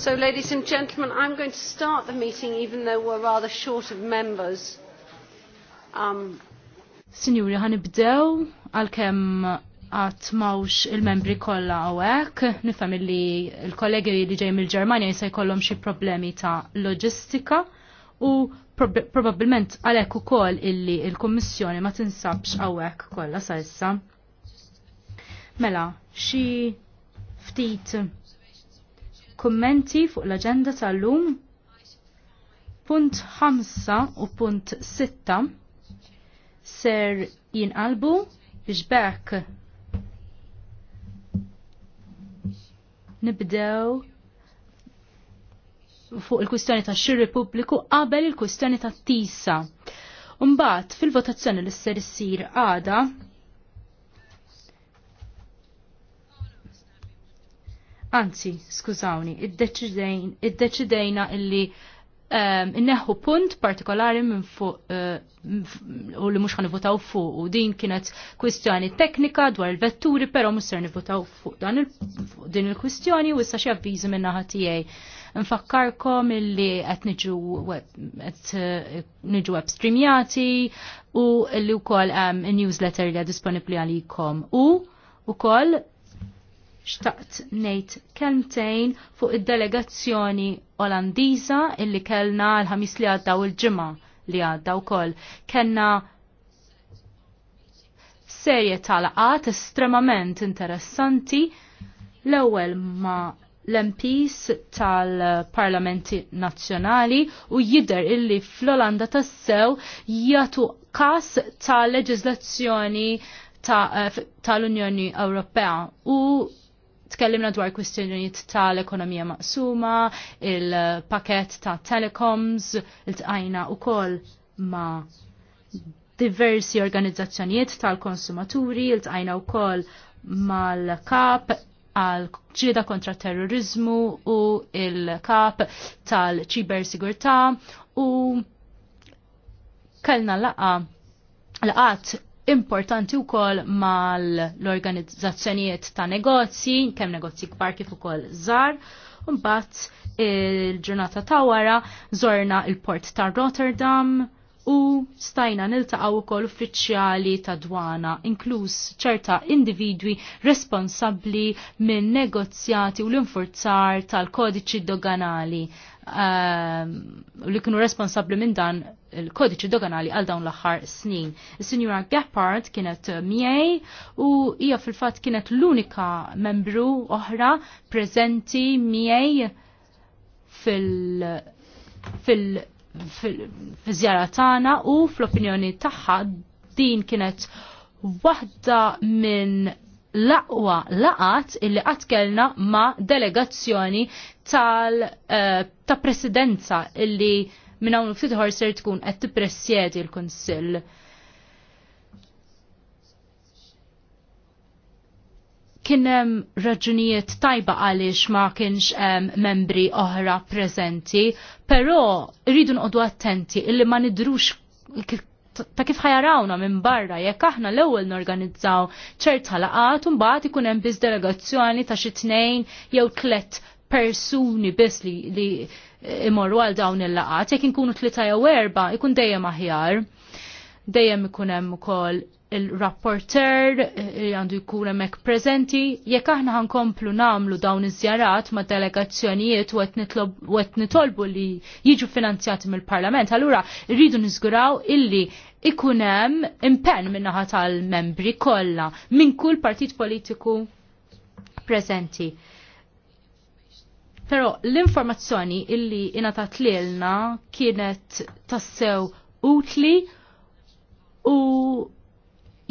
So, ladies and gentlemen, I'm going to start the meeting even though we're rather short of members. Um, Signori, ħanibdew għal-kem għat mawx il-membri kolla għawek, nifem li il-kollegi li ġej mill-ġermania jisaj kollom xie problemi ta' loġistika u prob probabilment għalek u koll illi il-kommissjoni ma tinsabx għawek kolla sa' issa. Mela, xie ftit kummenti fuq l-agenda tal-lum. Punt 5 u punt 6 ser jinqalbu biex nibdew fuq il-kwistjoni ta' xir Republiku qabel il-kwistjoni ta' tisa. Umbat fil-votazzjoni li s issir għada Anzi, skużawni, id-deċidejna illi um, inneħu punt partikolari minn fuq eh, u li mhux għanivotaw fuq u din kienet kwistjoni teknika dwar il-vetturi, però mux ser nivotaw fuq dan din il-kwistjoni u issa xi avviżi minn naħa tiegħi. Nfakkarkom illi qed niġu qed eh, niġu web streamjati u li wkoll hemm newsletter li disponibbli għalikom u ukoll xtaqt nejt kelmtejn fuq id-delegazzjoni Olandiża illi kellna l-ħamis li għadda u l-ġimgħa li għadda wkoll. Kenna serje tal għat estremament interessanti l-ewwel ma' l-MPs tal-parlamenti nazzjonali u jider illi fl-Olanda tassew jgħatu kas tal-leġizlazzjoni eh, tal-Unjoni Ewropea u Tkellimna dwar kwistjonijiet tal-ekonomija maqsuma, il-paket ta' telecoms, il-tqajna u koll ma' diversi organizzazzjonijiet tal-konsumaturi, il-tqajna u koll mal-kap għal ġrida kontra terrorizmu u il-kap tal-ċiber sigurtà u kellna laqa laqat importanti wkoll mal-organizzazzjonijiet ta' negozji, kemm negozji kbar kif zar, żgħar, mbagħad il-ġurnata ta' wara żorna il-port ta' Rotterdam u stajna niltaqgħu wkoll uffiċjali ta' dwana, inkluż ċerta individwi responsabbli minn negozjati u l-infurzar tal-kodiċi doganali uh, li kienu responsabbli minn dan il-kodiċi doganali għal dawn l-aħħar snin. Is-Sinjura Gappard kienet eh, miej u hija fil-fatt kienet l-unika membru oħra prezenti miej fil- fil- fil-żjara tagħna u fl-opinjoni tagħha din kienet waħda minn laqwa laqat illi għatkelna ma delegazzjoni tal uh, ta' presidenza illi minn hawn ftit ser tkun qed tippressjedi l-Kunsill. Kien hemm raġunijiet tajba għaliex ma kienx hemm membri oħra preżenti, però rridu nqogħdu attenti illi ma nidrux ta' kif ħajarawna minn barra jekk aħna l-ewwel norganizzaw ċert ħalaqat u mbagħad ikun hemm biss delegazzjoni ta' xi tnejn jew tlett persuni biss li, li imorru għal dawn il-laqat, jekk inkunu tlita jew erba, ikun dejjem aħjar, dejjem ikun hemm ukoll il-rapporter eh, eh, għandu jkun hemmhekk preżenti, jekk aħna ħankomplu nagħmlu dawn iż-żjarat ma' delegazzjonijiet u qed nitolbu li jiġu finanzjati mill-Parlament, allura rridu niżguraw illi ikun hemm impenn min-naħa tal-membri kollha minn kull partit politiku preżenti Pero l-informazzjoni illi inatat lilna kienet tassew utli u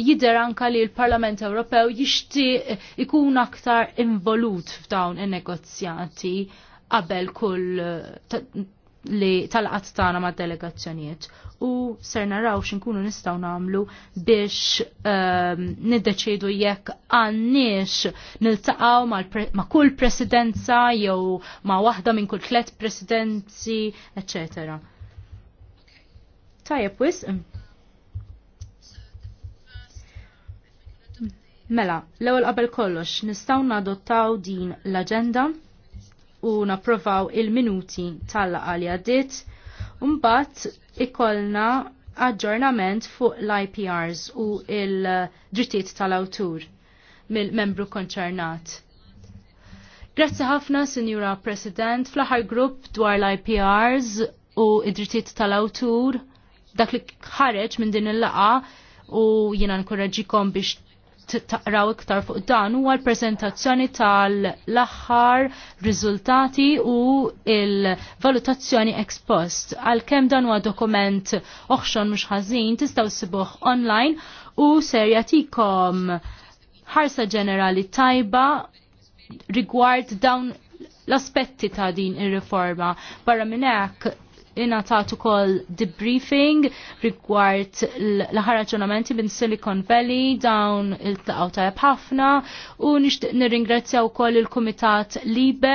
jider anka li l-Parlament Ewropew jixti ikun aktar involut f'dawn in-negozjati qabel kull li tal qat tagħna mad-delegazzjonijiet u ser naraw x'inkunu nistgħu nagħmlu biex um, niddeċidu jekk għandniex niltaqgħu ma' kull presidenza jew ma' waħda minn kull tliet presidenzi, eċetera. Tajjeb wis. Mela, l-ewwel qabel kollox nistgħu nadottaw din l-aġenda u napprovaw il-minuti tal-laqa li għaddit. Mbagħad ikollna aġġornament fuq l-IPRs u il-drittijiet tal-awtur mill-membru konċernat. Grazzi ħafna, Sinjura President, fl-aħħar grupp dwar l-IPRs u id-drittijiet tal-awtur dak li ħareġ minn din il-laqa u jiena nkoraġikom biex taqraw iktar fuq dan huwa l-prezentazzjoni tal-aħħar riżultati u il-valutazzjoni ex post. Għalkemm dan huwa dokument oħxon mhux ħażin tistgħu ssibuh online u serjatikom ħarsa ġenerali tajba rigward dawn l-aspetti ta' din ir-riforma. Barra minn hekk li natatu kol debriefing rigward l-ħarraġunamenti bin Silicon Valley dawn il-tlaqaw tajab ħafna u nirringrazzjaw kol il-Kumitat Libe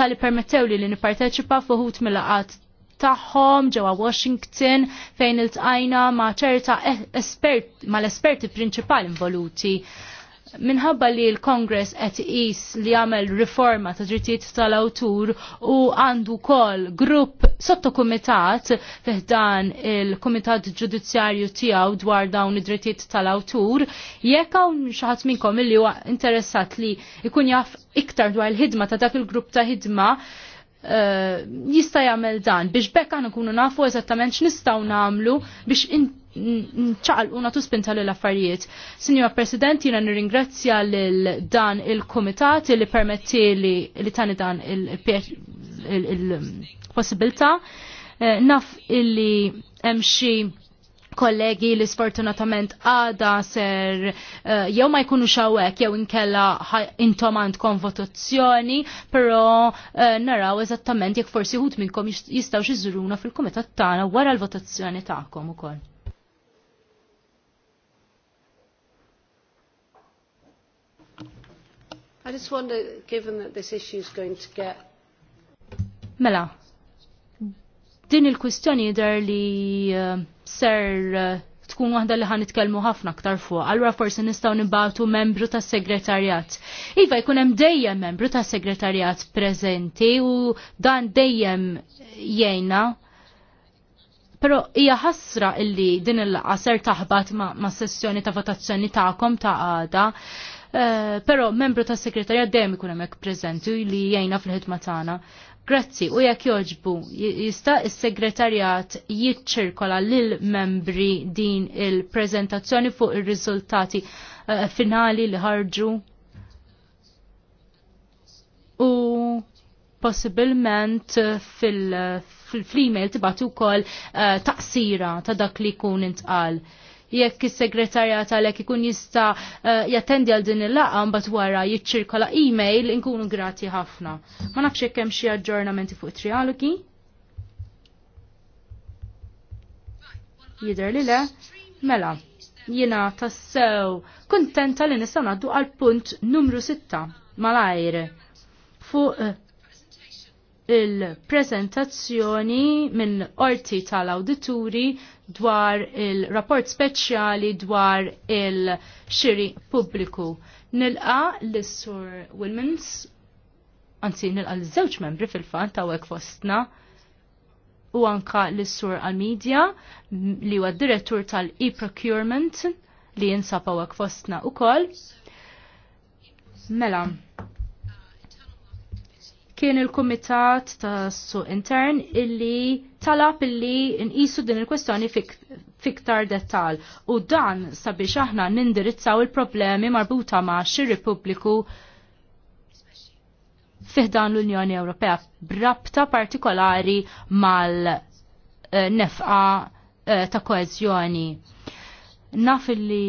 tal-li permettew li li niparteċipa fuħut mill-laqat tagħhom ġewwa Washington fejn iltqajna ma' ċerta ma mal-esperti prinċipali involuti minħabba li l-Kongress qed is li għamel riforma ta' drittijiet tal-awtur u għandu kol grupp sottokumitat fiħdan il-Kumitat Ġudizzjarju tiegħu dwar dawn id-drittijiet tal-awtur, jekk hawn xi ħadd minnkom illi huwa interessat li jkun jaf iktar dwar il-ħidma ta' dak il-grupp ta' ħidma eh, jista' jagħmel dan biex bekk aħna nkunu nafu eżattament x'nistgħu nagħmlu biex ċaqalquna tu spinta l-affarijiet. Signor President, jina nirringrazzja l-dan il-komitat li permetti li tani dan il-possibilta. Eh, naf illi emxi kollegi li sfortunatament għada ser eh, jew ma jkunu xawek jew inkella intom għandkom votazzjoni, però eh, naraw eżattament jekk forsi ħut minnkom jistgħu xizzuruna fil-kumitat tagħna wara l-votazzjoni tagħkom ukoll. I just wonder, given that this issue is going to get... Mela, din il-kwistjoni jidher li uh, ser uh, tkun waħda li ħan itkelmu ħafna aktar fuq, allura forsi nistgħu nibgħatu membru tas-segretarjat. Iva jkun hemm dejjem membru tas-segretarjat preżenti u dan dejjem jgħinna Pero hija ħasra illi din il-laqa ser taħbat ma', ma sessjoni ta' votazzjoni ta'kom ta' għada. Ta Eh, però membru tas sekretarja dejjem ikun hemmhekk preżenti li jgħinna fil-ħidma tagħna. Grazzi, u jekk joġbu, jista' is-segretarjat jiċċirkola lil membri din il-preżentazzjoni fuq ir-riżultati eh, finali li ħarġu. U possibilment fil-email fil, fil tibatu kol eh, taqsira ta' dak li kun intqal jekk is-segretarjat talek ikun jista' eh, jattendi għal din il-laqgħa mbagħad wara jiċċirkola email inkunu grati ħafna. Ma nafx jekk hemm xi aġġornamenti fuq trialogi. Jidher li le? Mela, jiena tassew kuntenta li nistgħu ngħaddu għal punt numru 6 malajr fuq eh, il-prezentazzjoni minn orti tal-awdituri dwar il-rapport speċjali dwar il-xiri pubbliku. Nilqa l-Sur Wilmans, anzi nilqa l-żewġ membri fil-fan ta' għek fostna, u anka l-Sur Al-Media li huwa direttur tal-e-procurement li jinsab għek fostna u kol. Mela, kien il-Kumitat ta' Su Intern illi talab illi nqisu din il-kwestjoni fiktar dettal u dan sabiex aħna nindirizzaw il-problemi marbuta ma' xirri pubbliku fiħdan l-Unjoni Ewropea brabta partikolari mal-nefqa eh, eh, ta' koezjoni. Naf illi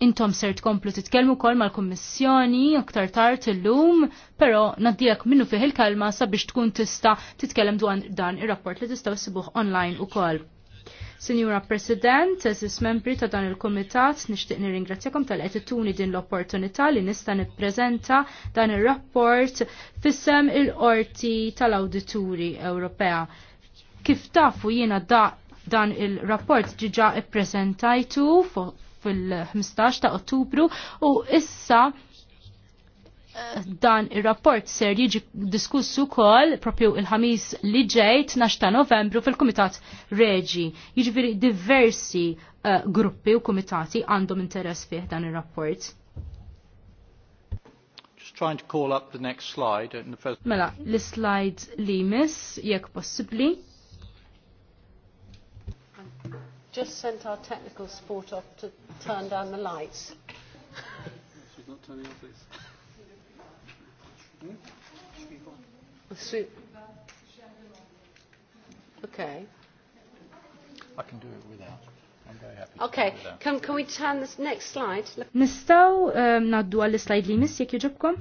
intom ser tkomplu titkellmu kol mal-Kummissjoni aktar tard illum, però naddijak minnu fih il-kelma sabiex tkun tista' titkellem dwar dan ir-rapport li tistgħu sibuh online ukoll. Sinjura President, eżis membri ta' dan il-Komitat, nixtieq nirringrazzjakom tal-qed din l-opportunità li nista' nippreżenta dan ir-rapport fissem il-qorti tal-Awdituri Ewropea. Kif tafu jiena da' dan il-rapport ġiġa ippreżentajtu fil-15 ta' Ottubru u issa eh, dan ir-rapport ser jiġi diskussu kol propju il-ħamis li ġej 12 ta' Novembru fil-Kumitat Reġi. Jiġifieri diversi uh, gruppi u kumitati għandhom interess fih dan ir-rapport. Just trying to call up the next slide. The first... Mela, l-slide li miss, jekk possibbli. just sent our technical support off to turn down the lights. She's not turning off this. Hmm? Okay. I can do it without. okay, can, can we turn this next slide? Nistaw um, naddu għall-slide li miss jek jġobkom?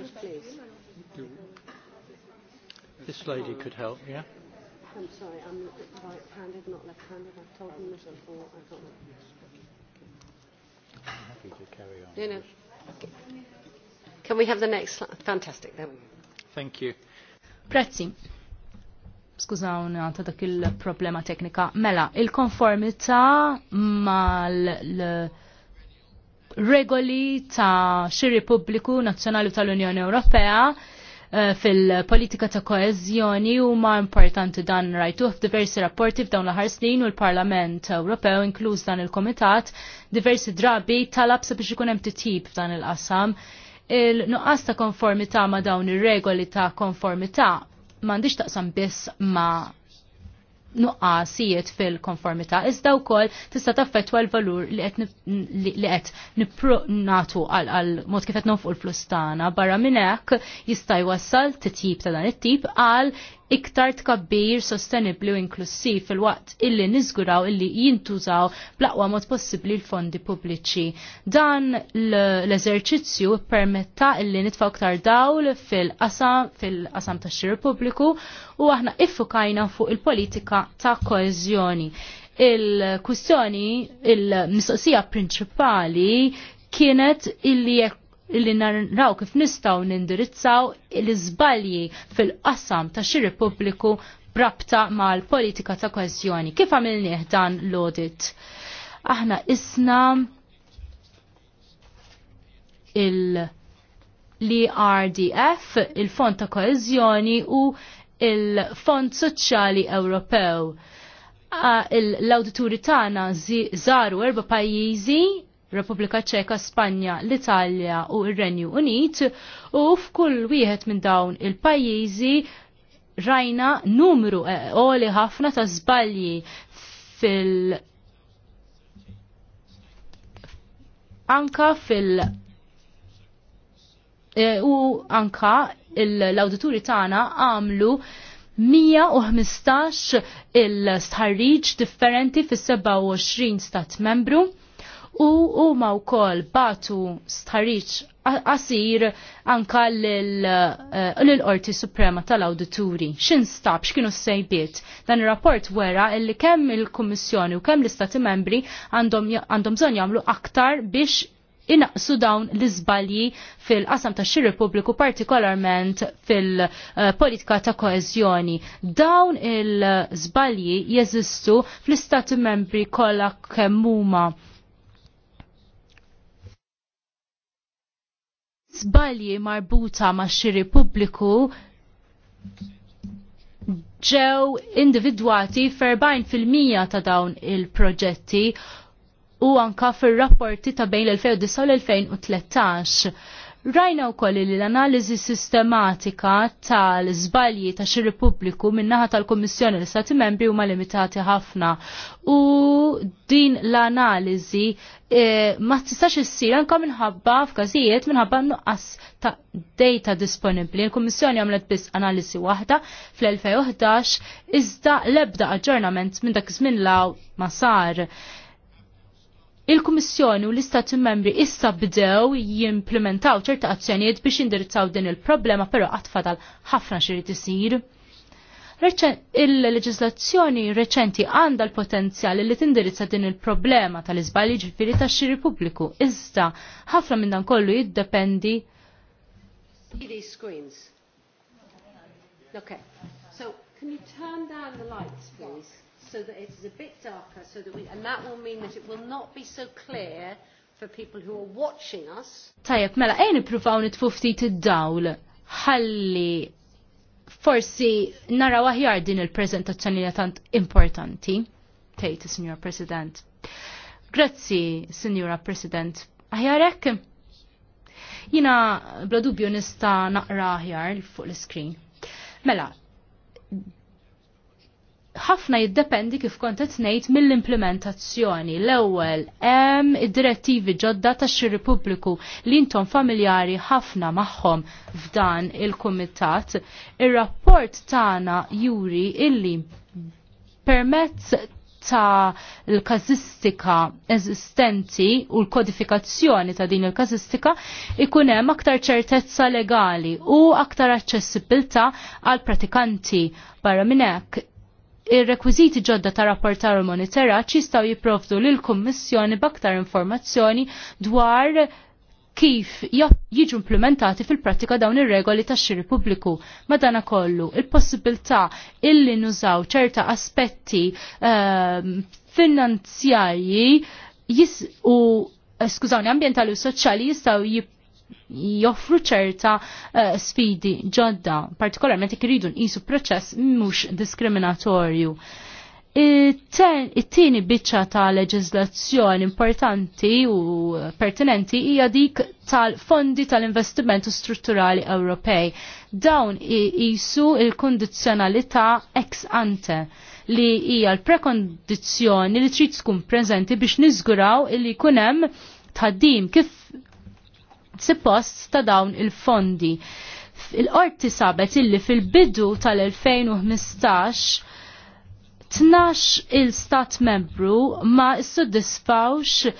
nice place. This lady could help, yeah? I'm sorry, I'm right-handed, not left-handed. I've told them this before. I don't know. I'm happy to carry on. You know. Can we have the next slide? Fantastic, there we go. Thank you. Prezzi. Skużawna ta' dak il-problema teknika. Mela, il-konformita mal regoli ta' xiri pubbliku nazzjonali tal-Unjoni Ewropea eh, fil-politika ta' koezjoni huma importanti dan rajtu f'diversi rapporti f'dawn l-aħħar snin u l-Parlament Ewropew inkluż dan il-Komitat diversi drabi talab sabiex ikun hemm titjib f'dan il-qasam. Il-nuqqas ta' konformità ma' dawn ir-regoli ta' konformità m'għandix taqsam biss ma' nuqqasijiet fil-konformità, iżda wkoll tista' taffettwa l-valur li qed nipronatu għal mod kif qed nonfuq il-flus tagħna barra minn hekk jista' jwassal tit-tip ta' dan it-tip għal iktar tkabbir sostenibli u inklusiv fil-waqt illi niżguraw illi jintużaw blaqwa mod possibli l-fondi pubbliċi. Dan l-eżerċizzju permetta illi nitfaw iktar dawl fil-qasam fil-qasam ta' xir pubbliku u aħna iffukajna fuq il-politika ta' koezjoni. Il-kwistjoni, il-mistoqsija prinċipali kienet illi jekk illi naraw kif nistaw nindirizzaw l-izbalji fil-qasam ta' xiri publiku brabta mal-politika ta' kohezjoni. Kif għamilnieh dan l-audit? Aħna isna il-LRDF, il-Fond ta' Koezjoni u il-Fond Soċjali Ewropew. L-awdituri tagħna żaru erba' pajjiżi Repubblika Ċeka, Spanja, l-Italja u r-Renju Unit u f'kull wieħed minn dawn il-pajjiżi rajna numru għoli e, ħafna ta' żbalji fil- anka fil- e, u anka l-awdituri tagħna għamlu 115 il-starriġ differenti fis-27 stat membru u huma wkoll batu stħarriċ qasir anka l-Qorti eh, Suprema tal-Awdituri. X'in stab x'kienu sejbiet? Dan ir-rapport wera illi kemm il-Kummissjoni u kemm l-Istati Membri għandhom bżonn jagħmlu aktar biex inaqsu dawn l-izbalji fil-qasam eh, ta' xir Republiku partikolarment fil-politika ta' koezjoni. Dawn il żbalji jeżistu fl-istati membri kollha kemmuma zbalji marbuta ma' xiri pubbliku ġew individwati fil-mija ta' dawn il-proġetti u anka fir-rapporti ta' bejn l-2009 u l-2013 Rajna u koll li l-analizi sistematika tal-zbalji ta' xi Repubbliku minnaħa tal komissjoni l stati membri huma limitati ħafna. U din l-analizi eh, ma tistax issir anka minħabba f'każijiet minħabba nuqqas ta' data disponibbli. Il-Kummissjoni għamlet biss analiżi waħda fl-2011 iżda l-ebda aġġornament minn dak żmien law ma sar. Il-Kummissjoni u l-Istati membri issa bdew jimplementaw ċerta azzjonijiet biex indirizzaw din il-problema, però għatfadal ħafna xirrit isir il-leġislazzjoni reċenti għanda l-potenzjal li tindirizza din il-problema tal izbali ġifiri ta' xiri pubbliku. Iżda, ħafna minn dan kollu jiddependi. Okay. So, can you turn down the lights, please? so that it is a bit darker, so that we, and that will mean that it will not be so clear for people who are watching us. Tajab, mela, ejn iprufaw nitfu ftit id-dawl, ħalli forsi naraw aħjar din il-prezentazzjoni li tant importanti, tgħid is President. Grazzi, Sinjora President. Aħjarek? Jina bla dubju nista naqra aħjar fuq l-screen. Mela, ħafna jiddependi kif kont qed ngħid mill-implementazzjoni. L-ewwel hemm id-direttivi ġodda tax-xiri Repubbliku li intom familjari ħafna magħhom f'dan il-kumitat. Ir-rapport tagħna juri illi permezz ta' l-kazistika eżistenti u l-kodifikazzjoni ta' din il-kazistika ikun hemm aktar ċertezza legali u aktar aċċessibilta għal pratikanti barra minn hekk ir rekwiziti ġodda ta' rapportar u monitera jistgħu jipprovdu l kummissjoni b'aktar informazzjoni dwar kif jiġu implementati fil-pratika dawn ir-regoli tax xiri pubbliku. Madana kollu, il-possibilità illi nużaw ċerta aspetti uh, finanzjarji u eh, skużawni ambientali u soċali jistgħu jip joffru ċerta uh, sfidi ġodda, partikolarment jekk iridu nqisu proċess mhux diskriminatorju. It-tieni biċċa ta' leġiżlazzjoni importanti u pertinenti hija dik tal-fondi tal-investimentu strutturali Ewropej. Dawn jisu il kondizjonalità ex ante li hija l-prekondizzjoni li trid tkun preżenti biex niżguraw li jkun hemm tħaddim kif suppost ta' dawn il-fondi. Il-qorti sabet illi fil-bidu tal-2015 tnax il-stat membru ma s-soddisfawx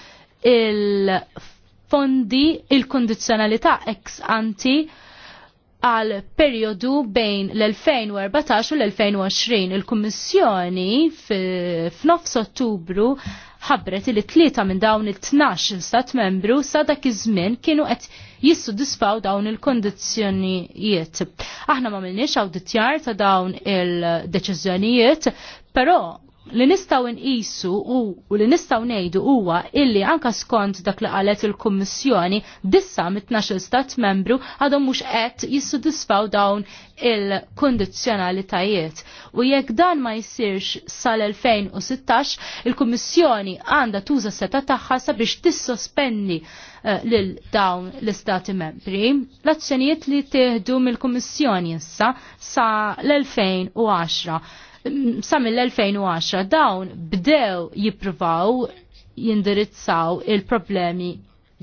il-fondi il-kondizjonalità ex anti għal periodu bejn l-2014 u l-2020. Il-Kummissjoni f'nofs Ottubru ħabbret li tlieta minn dawn il-12 stat membru sa dak iż-żmien kienu qed jissudisfaw dawn il-kondizzjonijiet. Aħna ma milniex awditjar ta' dawn il-deċiżjonijiet, però li nistaw nqisu u, u li nistaw nejdu huwa illi anka skont dak li qalet il-Kummissjoni dissa mit-12 stat membru għadhom mhux qed jissudisfaw dawn il-kondizzjonalitajiet. U jekk dan ma jsirx sal-2016, il-Kummissjoni għandha tuża seta tagħha sabiex tissospendi eh, lil dawn l-istati membri l-azzjonijiet li teħdu mill-Kummissjoni issa sa l-2010 sa mill-2010 dawn bdew jippruvaw jindirizzaw il-problemi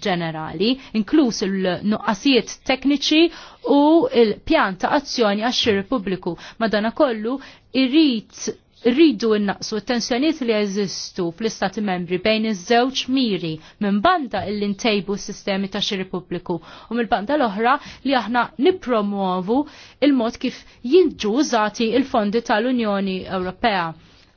ġenerali, inkluż il-nuqqasijiet tekniċi u il-pjan ta' azzjoni għax xir pubbliku. Madana kollu irrit rridu innaqsu t-tensjoniet li jeżistu fl-istati membri bejn iż-żewġ miri minn banda illi ntejbu s-sistemi ta' xiri pubbliku u mill banda l-oħra li aħna nipromuovu il-mod kif jinġu użati il-fondi tal-Unjoni Ewropea.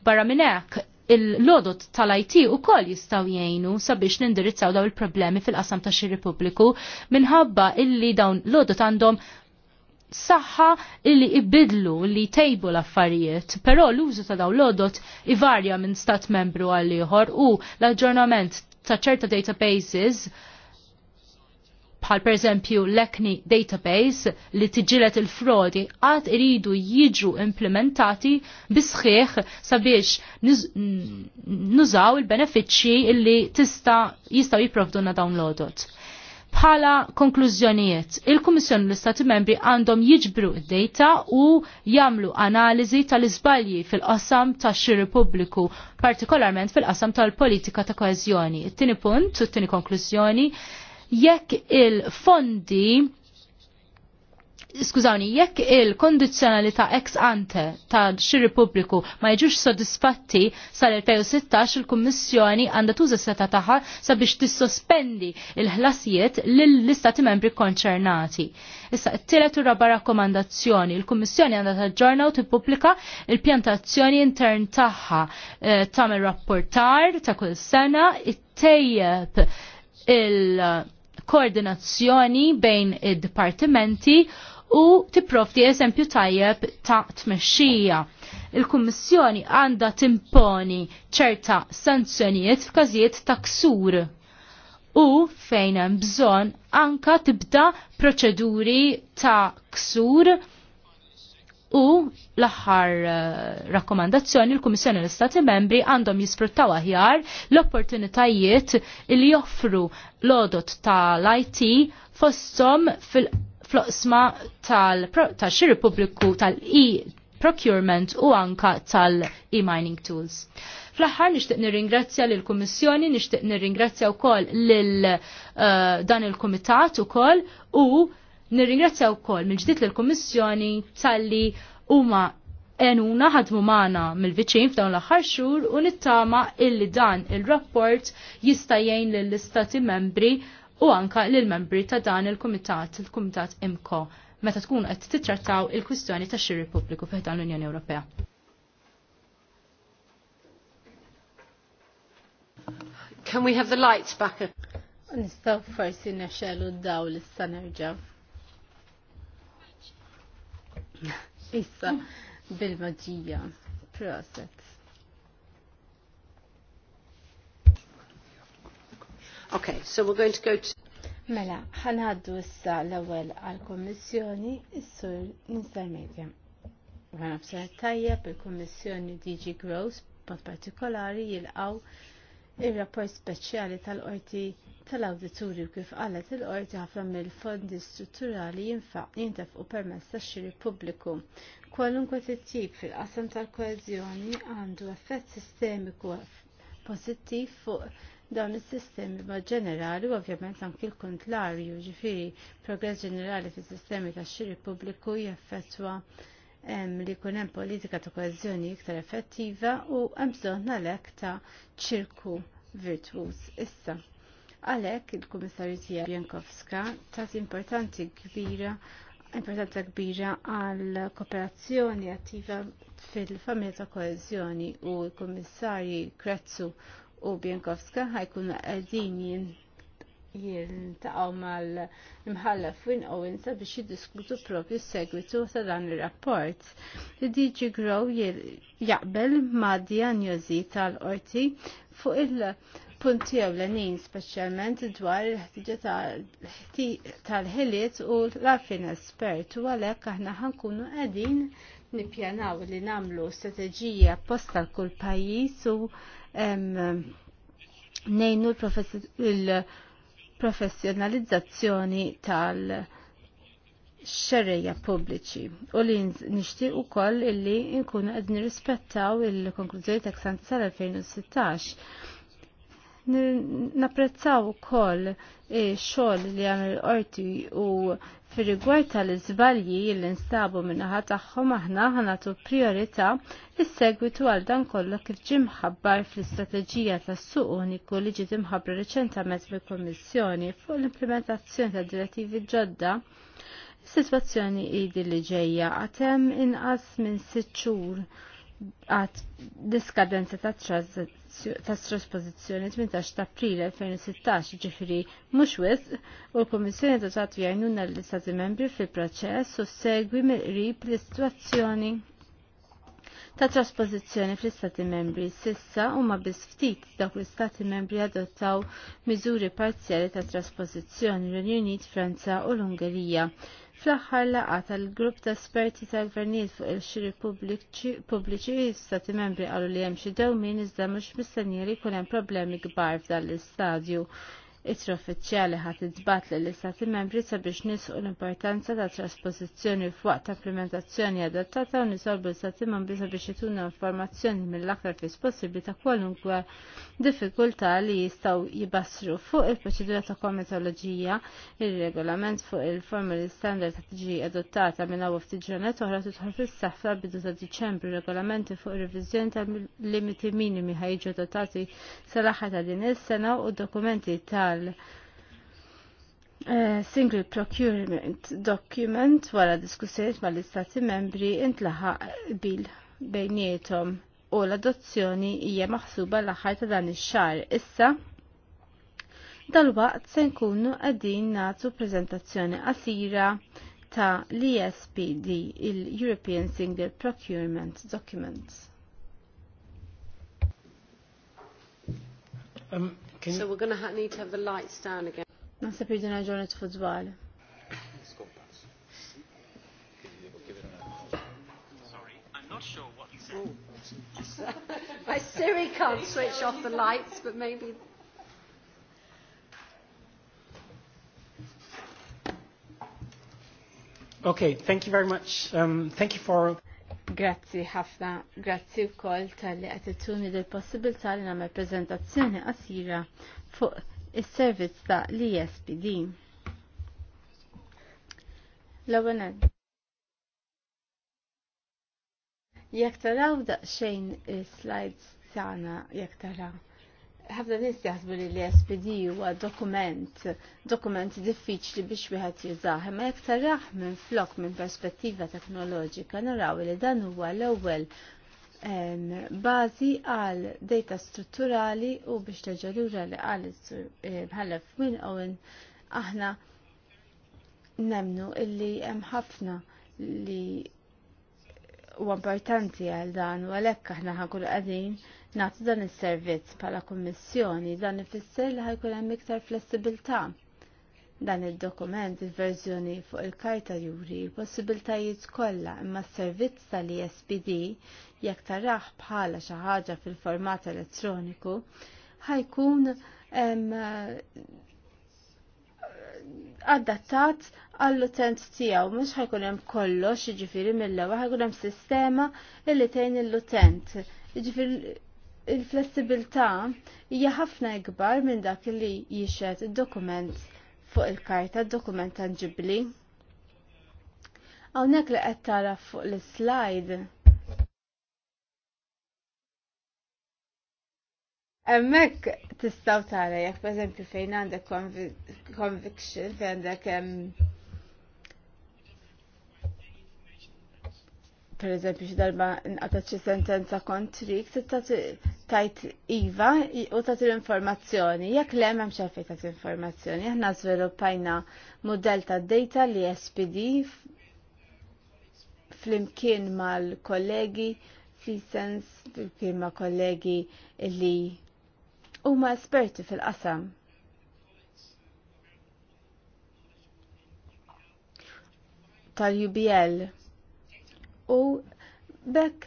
Barra minn hekk, il-lodot tal-IT u koll jistaw jgħinu sabiex nindirizzaw daw il-problemi fil-qasam ta' xiri pubbliku minħabba illi dawn lodot għandhom saħħa illi ibidlu li tejbu l-affarijiet, però l-użu ta' daw l-odot ivarja minn stat membru għal ieħor u l-aġġornament ta' ċerta databases bħal per eżempju l-ECNI database li tiġilet il-frodi għad iridu jiġu implementati bisħieħ sabiex nużaw il-benefiċċji illi tista' jistaw na dawn l-odot Bħala konklużjonijiet, il-Kummissjoni l-Istati Membri għandhom jiġbru id-data u jagħmlu analiżi tal-iżbalji fil-qasam tax-xiri pubbliku, partikolarment fil-qasam tal-politika ta' koeżjoni. It-tieni punt, it-tieni konklużjoni, jekk il-fondi Skużawni, jekk il-kondizjonalità ex ante ta' xir Repubbliku ma jiġux sodisfatti sal-2016 il-Kummissjoni għandha tuża seta tagħha sabiex tissospendi il-ħlasijiet lill-istati membri konċernati. Issa t-tielet u raba rakkomandazzjoni, il-Kummissjoni għandha taġġorna u tippubblika il-pjantazzjoni intern tagħha eh, tagħmel rapportar ta' kull sena bejn id-dipartimenti il- koordinazzjoni bejn id-dipartimenti u tipprovdi eżempju tajjeb ta' tmexxija. Il-Kummissjoni għandha timponi ċerta sanzjonijiet f'każijiet ta' ksur u fejn hemm bżonn anka tibda proċeduri ta' ksur u l-aħħar eh, rakkomandazzjoni l-Kummissjoni l-Istati Membri għandhom jisfruttaw aħjar l-opportunitajiet li joffru l-odot tal-IT fossom fil- floqsma tal-xiri pubbliku tal-e-procurement u anka tal-e-mining tools. Fl-aħħar nixtieq nirringrazzja nishtiq kummissjoni nixtieq nirringrazzja wkoll lil uh, dan il-kumitat ukoll u nirringrazzja wkoll mill-ġdid lill kummissjoni talli huma enuna ħadmu maħna mill-viċin f'dawn l-aħħar xhur u nittama illi dan il-rapport jista' jgħin lill-istati membri u anka lil membri ta' dan il-Kumitat, il-Kumitat IMCO, meta tkun qed titrattaw il-kwistjoni ta' xiri pubbliku fih dan l-Unjoni Ewropea. Can we have the lights back up? Nistaw forsi nexxelu daw l-issa nerġaw. Issa, bil-maġija. Proset. Okay, so we're going to go to... Mela, ħanaddu issa l-ewel għal-Kommissjoni, is-sur Nisar Media. Għanafsar tajjeb il-Kommissjoni DG Gross, b'mod partikolari jilqaw il-rapport speċjali tal-qorti tal-awdituri kif qalet il-qorti ħafna mill-fondi strutturali jintefqu permess tax-xiri pubbliku. Kwalunkwe tittib fil-qasam tal-koeżjoni għandu effett sistemiku pożittiv fuq dawn is-sistemi ma' ġenerali u ovvjament anki l-kontlarju ġifiri progress ġenerali fis sistemi tax xiri pubbliku jaffettwa li jkun hemm politika ta' koeżjoni iktar effettiva u hemm bżonn għalhekk ta' ċirku virtuż issa. Għalhekk il-Kummissarju Tija Bjankowska ta' importanti kbira importanza kbira għal kooperazzjoni attiva fil-familja ta' koezjoni u l-Kummissarji Kretzu u Bjankowska ħajkunu għedin jiltaqaw mal-imħallaf Win Owen sabiex jiddiskutu propju segwitu ta' dan ir-rapport. Diġi Grow jaqbel ma' diagnosi tal-qorti fuq il-punti ewlenin speċjalment dwar il-ħtiġa tal-ħiliet u l-arfin espert u għalhekk aħna ħankunu qegħdin nippjanaw li namlu strateġija posta l-kull pajis u nejnu l-professjonalizzazzjoni tal- xerreja pubbliċi u li nixtieq ukoll illi nkunu qed nirrispettaw il-konklużjoni ta' Xanti sal-2016. u ukoll eh, xogħol li għamil orti u Fir-rigward tal-iżbalji li nstabu minnaħa tagħhom aħna ħanatu priorità is-segwitu għal dan kollu kif ġie mħabbar fl-istrateġija tas-suq uniku li ġiet imħabbra riċentament mill-Kummissjoni fuq l-implementazzjoni ta' direttivi ġodda Is-sitwazzjoni idi li ġejja għatem inqas minn sitt xhur għad diskadenza ta' tas-trasposizzjoni 18 ta' April 2016 ġifiri mhux wisq u l-Kummissjoni ta' tagħti jgħinuna l-Istati Membri fil-proċess u segwi mill-qrib l-istwazzjoni ta' trasposizzjoni fl-Istati Membri. Sissa huma biss ftit dawk l-Istati Membri adottaw miżuri parzjali ta' trasposizzjoni l-Unjoni Franza u l-Ungerija Fl-aħħar laqa tal-grupp ta' esperti tal-gvernijiet fuq il-xiri pubbliċi stati membri qalu li hemm xi dewmien iżda mhux mistennija li jkun hemm problemi kbar f'dan l-istadju Itra uffiċjali ħat idbat li l-Istati membri sabiex nisqu l-importanza ta' trasposizzjoni f'waqt ta' implementazzjoni adattata u nisolbu l-Istati membri sabiex jituna informazzjoni mill-aktar fis possibbli ta' kwalunkwe diffikultà li jistaw jibassru fuq il-proċedura ta' komitoloġija, il-regolament fuq il-formuli standard ta' tiġi adottata minn għaw ftiġranet oħra tidħol fis saffa bidu ta' Diċembru regolamenti fuq revizjoni ta' limiti minimi ħajġu adottati sal-aħħar ta' din is-sena u dokumenti ta' għal eh, Single Procurement Document wara diskussijiet mal-Istati membri intlaħaq bil bejnietom u l-adozzjoni hija maħsuba l-aħħar ta' dan ix-xahar. Issa dal-waqt se nkunu qegħdin nagħtu preżentazzjoni qasira ta' l-ESPD, il-European Single Procurement Document. Um, Okay. so we're going to need to have the lights down again. Non jirdina ġurni t-futbal. Sure what My Siri can't switch off the lights, but maybe Okay, thank you very much. Um, thank you for... Grazzi ħafna, grazzi wkoll tal-li qed ittuni l-possibilità li nagħmel preżentazzjoni qasira fuq is-servizz ta' l ispd L-ewwel Jekk taraw daqsxejn is-slides tagħna jekk taraw ħafna nies jaħsbu li l-SPD huwa dokument, dokument diffiċli biex wieħed jużah, imma jekk raħ minn flok minn perspettiva teknoloġika naraw li dan huwa l-ewwel bażi għal data strutturali u biex teġalura li għal eh, bħalef minn Owen aħna nemnu illi hemm ħafna li huwa importanti għal dan u għalhekk aħna ħakul qegħdin nagħtu dan is-servizz bħala kummissjoni dan ifisser li ħajkun hemm iktar flessibilità. Dan id-dokument il-verżjoni fuq il-karta juri l-possibiltajiet kollha imma s-servizz tal-ISPD jekk taraħ bħala xi ħaġa fil-format elettroniku ħajkun adattat għall-utent tiegħu mhux ħajkun hemm kollox, jiġifieri mill ewwel ħajkun hemm sistema illi tgħin l-utent. Jiġifieri il-flessibilità hija ħafna ikbar minn dak li jixed id-dokument fuq il-karta, dokument tangibli. Hawnhekk li qed tara fuq l-slide Emmek tistaw tara jekk per fejn għandek conviction fejn għandek ehm, per eżempju xi darba nqatat xi sentenza kontrik, se tajt iva u tagħti l-informazzjoni. Jekk le hemm xafej tagħti informazzjoni, aħna żviluppajna mudell ta' data li SPD flimkien mal-kollegi fl-sens flimkien ma' kollegi li huma esperti fil-qasam. tal-UBL u bekk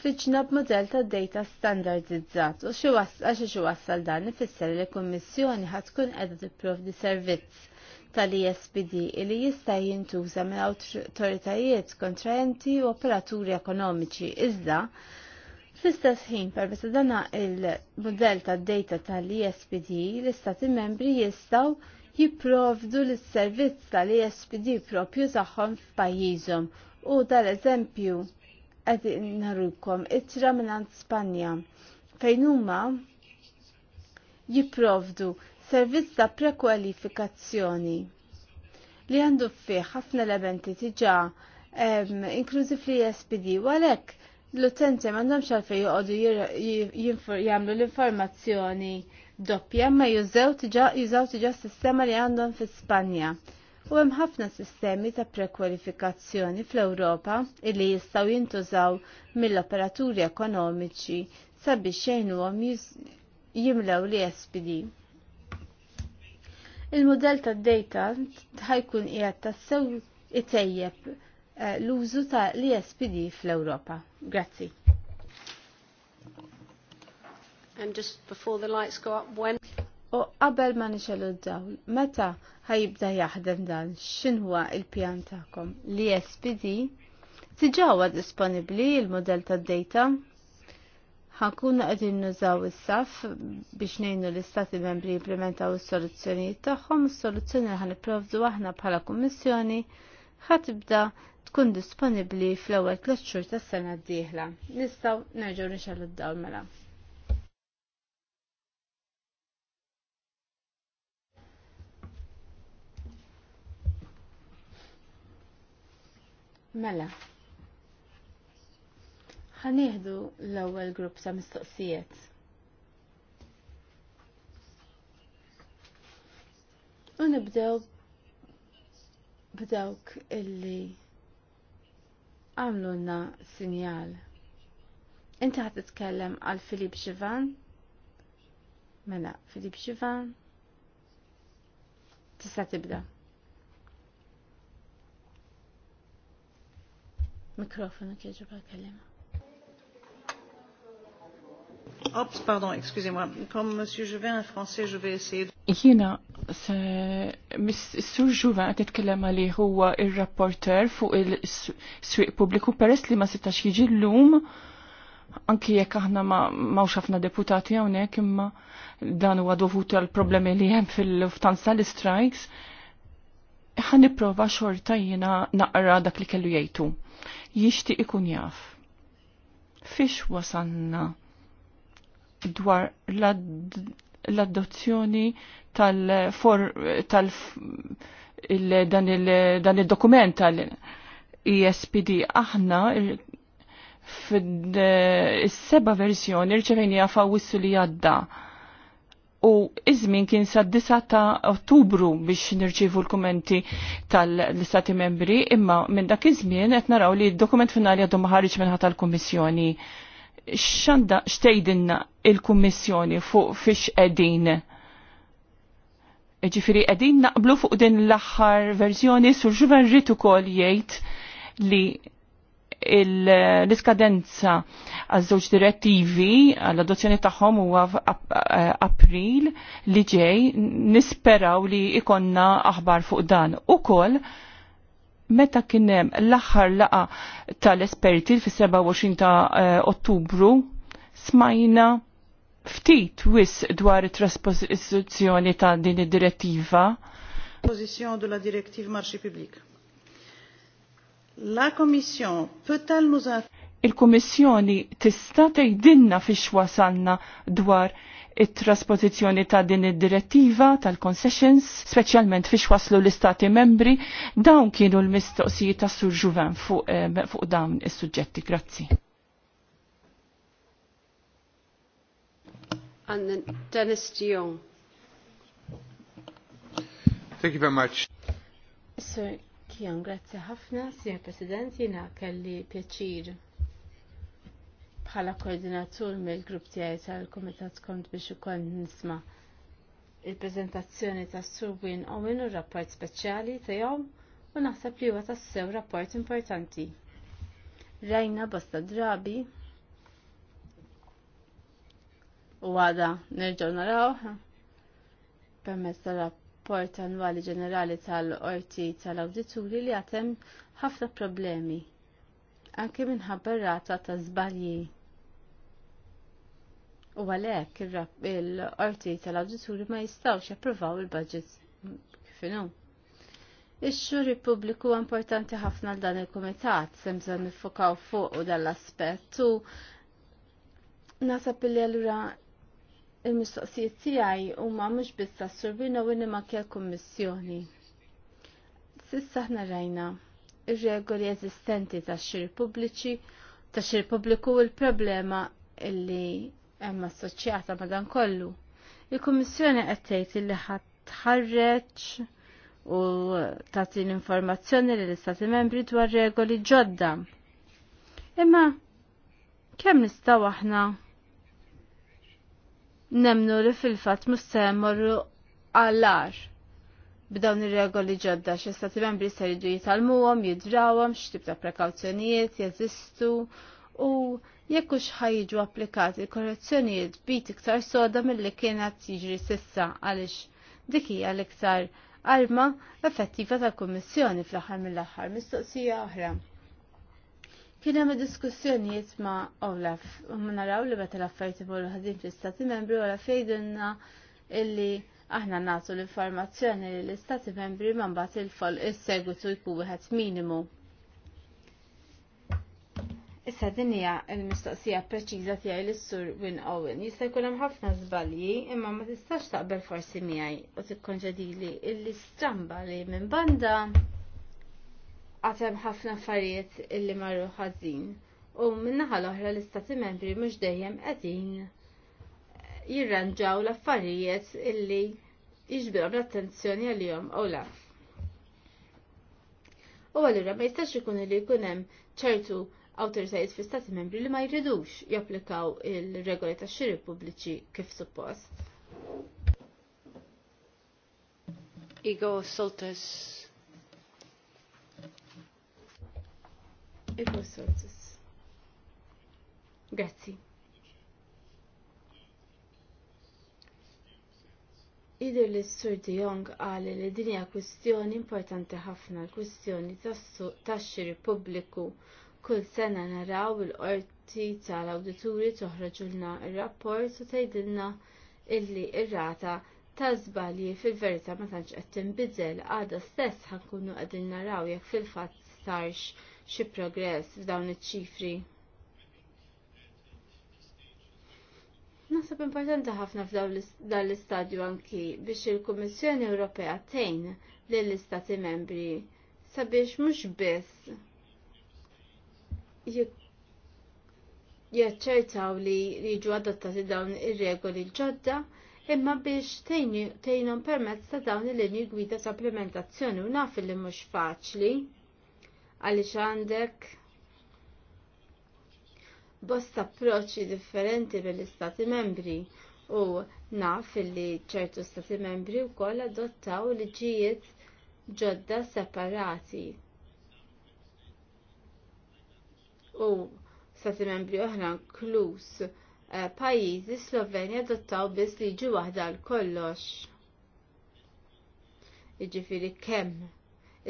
ħriġna b'modell ta' data standardizzat u xi għax wassal dan ifisser li l-Kummissjoni ħad tkun qiegħda tipprovdi servizz tal-ESPD li jista' jintuża minn autoritajiet kontraenti u operaturi ekonomiċi iżda Fl-istess ħin permezz dana il-modell tad-data tal-ESPD l-istati membri jistgħu jipprovdu l-servizz tal-ESPD propju tagħhom f'pajjiżhom U dal-eżempju qed narukom it-tra minn Spanja fejn huma jipprovdu servizz ta' prekwalifikazzjoni li għandu fih ħafna elementi tiġa inklużi fl-ESPD u għalhekk l-utenti m'għandhomx għalfejn joqogħdu jagħmlu l-informazzjoni doppja ma jużaw tiġa sistema li għandhom fi Spanja. U hemm ħafna sistemi ta' prekwalifikazzjoni fl-Ewropa illi jistgħu jintużaw mill-operaturi ekonomiċi sabiex jgħinuhom jimlew li SPD. Il-modell tad-data ħajkun qiegħed tassew itejjeb eh, l-użu ta' l-ESPD fl-Ewropa. Grazzi. And just before the lights go up, when? u qabel ma nixelu d-dawl, meta ħajibda jaħdem dan x'inhuwa il-pjan ta'kom l SPD? tiġawa disponibbli il model tad-data ħakun qegħdin nużaw is-saf biex ngħinu l-istati membri jimplementaw is-soluzzjonijiet tagħhom, is-soluzzjoni li ħanipprovdu aħna bħala kummissjoni ħatibda tkun disponibbli fl-ewwel tliet ta' tas-sena d-dieħla. Nistgħu nerġgħu nixelu d-dawl mela. Mela. Ħanieħdu l-ewwel grupp ta' mistoqsijiet. U nibdew b'dawk illi lna sinjal. Inti ħad titkellem għal Filip Xivan? Mela, Filip Xivan? Tista' tibda. Mikrofonu kieġu kellim. Ops, pardon, excusez-moi. Comme Monsieur Jouvin est français, je vais essayer de... Jina, Sur Jouvin, għet t-tkellem għalli huwa il-rapporter fuq il-swiq publiku peress li ma setax jiġi l-lum anki jekk aħna ma ħafna deputati hawnhekk imma dan huwa dovut għal problemi li hemm fil ftanza l-strikes ħan niprofa xorta jina naqra dak li kellu jajtu. Jixti ikun jaf. Fix wasanna dwar l-adozzjoni tal-for tal dan il-dokument tal-ESPD aħna fid-seba verżjoni rċevejni fa' wissu li għadda u iż-żmien kien sa' 9 ta' Ottubru biex nirċievu l-kumenti tal-Istati Membri, imma minn dak iż-żmien qed naraw li d-dokument finali għadu ma ħareġ minnħa tal-Kummissjoni. Xanda xtejdinna il-Kummissjoni fuq fiex qegħdin? Ġifiri, qegħdin naqblu fuq din l-aħħar verżjoni surġu ġuven rrid ukoll jgħid li l-iskadenza għal żewġ direttivi għall-adozzjoni tagħhom huwa eh, April li ġej nisperaw li ikonna aħbar fuq dan. Ukoll meta kien hemm l-aħħar laqa tal-esperti fis-27 ta' eh, Ottubru smajna ftit wis dwar it-trasposizzjoni ta' din id-direttiva. Pożizzjoni la direttiva marxi pubblika La Commission peut-elle nous Il-Kummissjoni tista' tgħidilna fix wasalna dwar it-trasposizzjoni ta' din id-direttiva tal-concessions, speċjalment fiex waslu l-istati membri, dawn kienu l-mistoqsijiet ta' Sur Juven fuq eh, fu dawn is-suġġetti. Grazzi. And Dennis Dion. Thank you very much. Sorry. Kjon, grazzi ħafna, Sir President, jina kelli pjaċir bħala koordinatur mill-grupp tiegħi tal-Kumitat kont biex ukoll nisma' il-preżentazzjoni tas Sur Owen u rapport speċjali tiegħu u naħseb li huwa tassew rapport importanti. Rajna bosta drabi u għada nerġgħu naraw permezz tal-rapport rapport annwali ġenerali tal-orti tal-awdituri li għatem ħafna problemi. Anke minħabba rata ta' zbalji. U għalek il-orti tal-awdituri ma jistawx jappruvaw il-budget kifinu. ix Republiku pubbliku importanti ħafna l dan il-komitat, semżan nifokaw fuq u dal-aspett u nasab li allura il-mistoqsijiet u huma mux biss tas-surbina u ma kell kummissjoni. Sissa ħna rajna ir-regoli eżistenti tax-xir pubbliċi ta' xir pubbliku u l-problema illi hemm assoċjata ma' dan kollu. Il-Kummissjoni qed illi li u tagħti l-informazzjoni lill istati membri dwar regoli ġodda. Imma kemm nistaw aħna nemnu li fil-fat mustemorru għallar b'dawn ir-regoli ġodda xi stati membri se jridu jitalmuhom, jidrawhom, x'tib ta' prekawzjonijiet jeżistu u jekk hux ħajġu applikati korrezzjonijiet bit iktar soda milli kienet jiġri sissa għaliex dik hija l-iktar arma effettiva tal-Kummissjoni fl-aħħar mill-aħħar mistoqsija oħra. Kien hemm diskussjonijiet ma' Olaf u ma naraw li meta l-affarijiet imorru ħadin fl-Istati Membri wara fejdilna illi aħna nagħtu l-informazzjoni li l-Istati Membri ma mbagħad il-fol is-segwitu jkun wieħed minimu. Issa din hija l-mistoqsija preċiża tiegħi lis sur Win Owen. Jista' jkun hemm ħafna żbalji imma ma tistax taqbel forsi miegħi u tikkonġedili l-istramba li minn banda għatem ħafna affarijiet illi marru ħażin. U minnaħa l-oħra l-istati membri mhux dejjem qegħdin jirranġaw l-affarijiet illi jġbirom l-attenzjoni għalihom u la. U allura ma jistax ikun li jkun hemm ċertu awtoritajiet fi stati membri li ma jridux japplikaw il-regoli tax-xiri pubbliċi kif suppost. Igor Soltes il-consortis. Grazzi. Idir li s-sur de Jong għali li dinja kwistjoni importanti ħafna l-kwistjoni tax-xiri pubbliku kull sena naraw il-qorti tal-awdituri toħroġulna il-rapport u tgħidilna illi ir-rata ta' żbalji fil-verità ma tantx qed tinbidel għada stess ħankunu qegħdin naraw jekk fil-fatt sarx xi progress f'dawn iċ-ċifri. Nasab importanti ħafna f'dan l-istadju anki biex il-Kummissjoni Ewropea tgħin lill-Istati Membri sabiex mhux biss jaċċertaw li jiġu adottati dawn ir-regoli ġodda imma biex tgħinhom permezz ta' dawn il-linji gwida supplementazzjoni u naf li mhux faċli għaliex għandek bosta approċċi differenti mill-istati membri u naf li ċertu stati membri wkoll adottaw liġijiet ġodda separati. U stati membri oħra inkluż eh, pajjiżi Slovenja adottaw biss liġi waħda l kollox. Jiġifieri kemm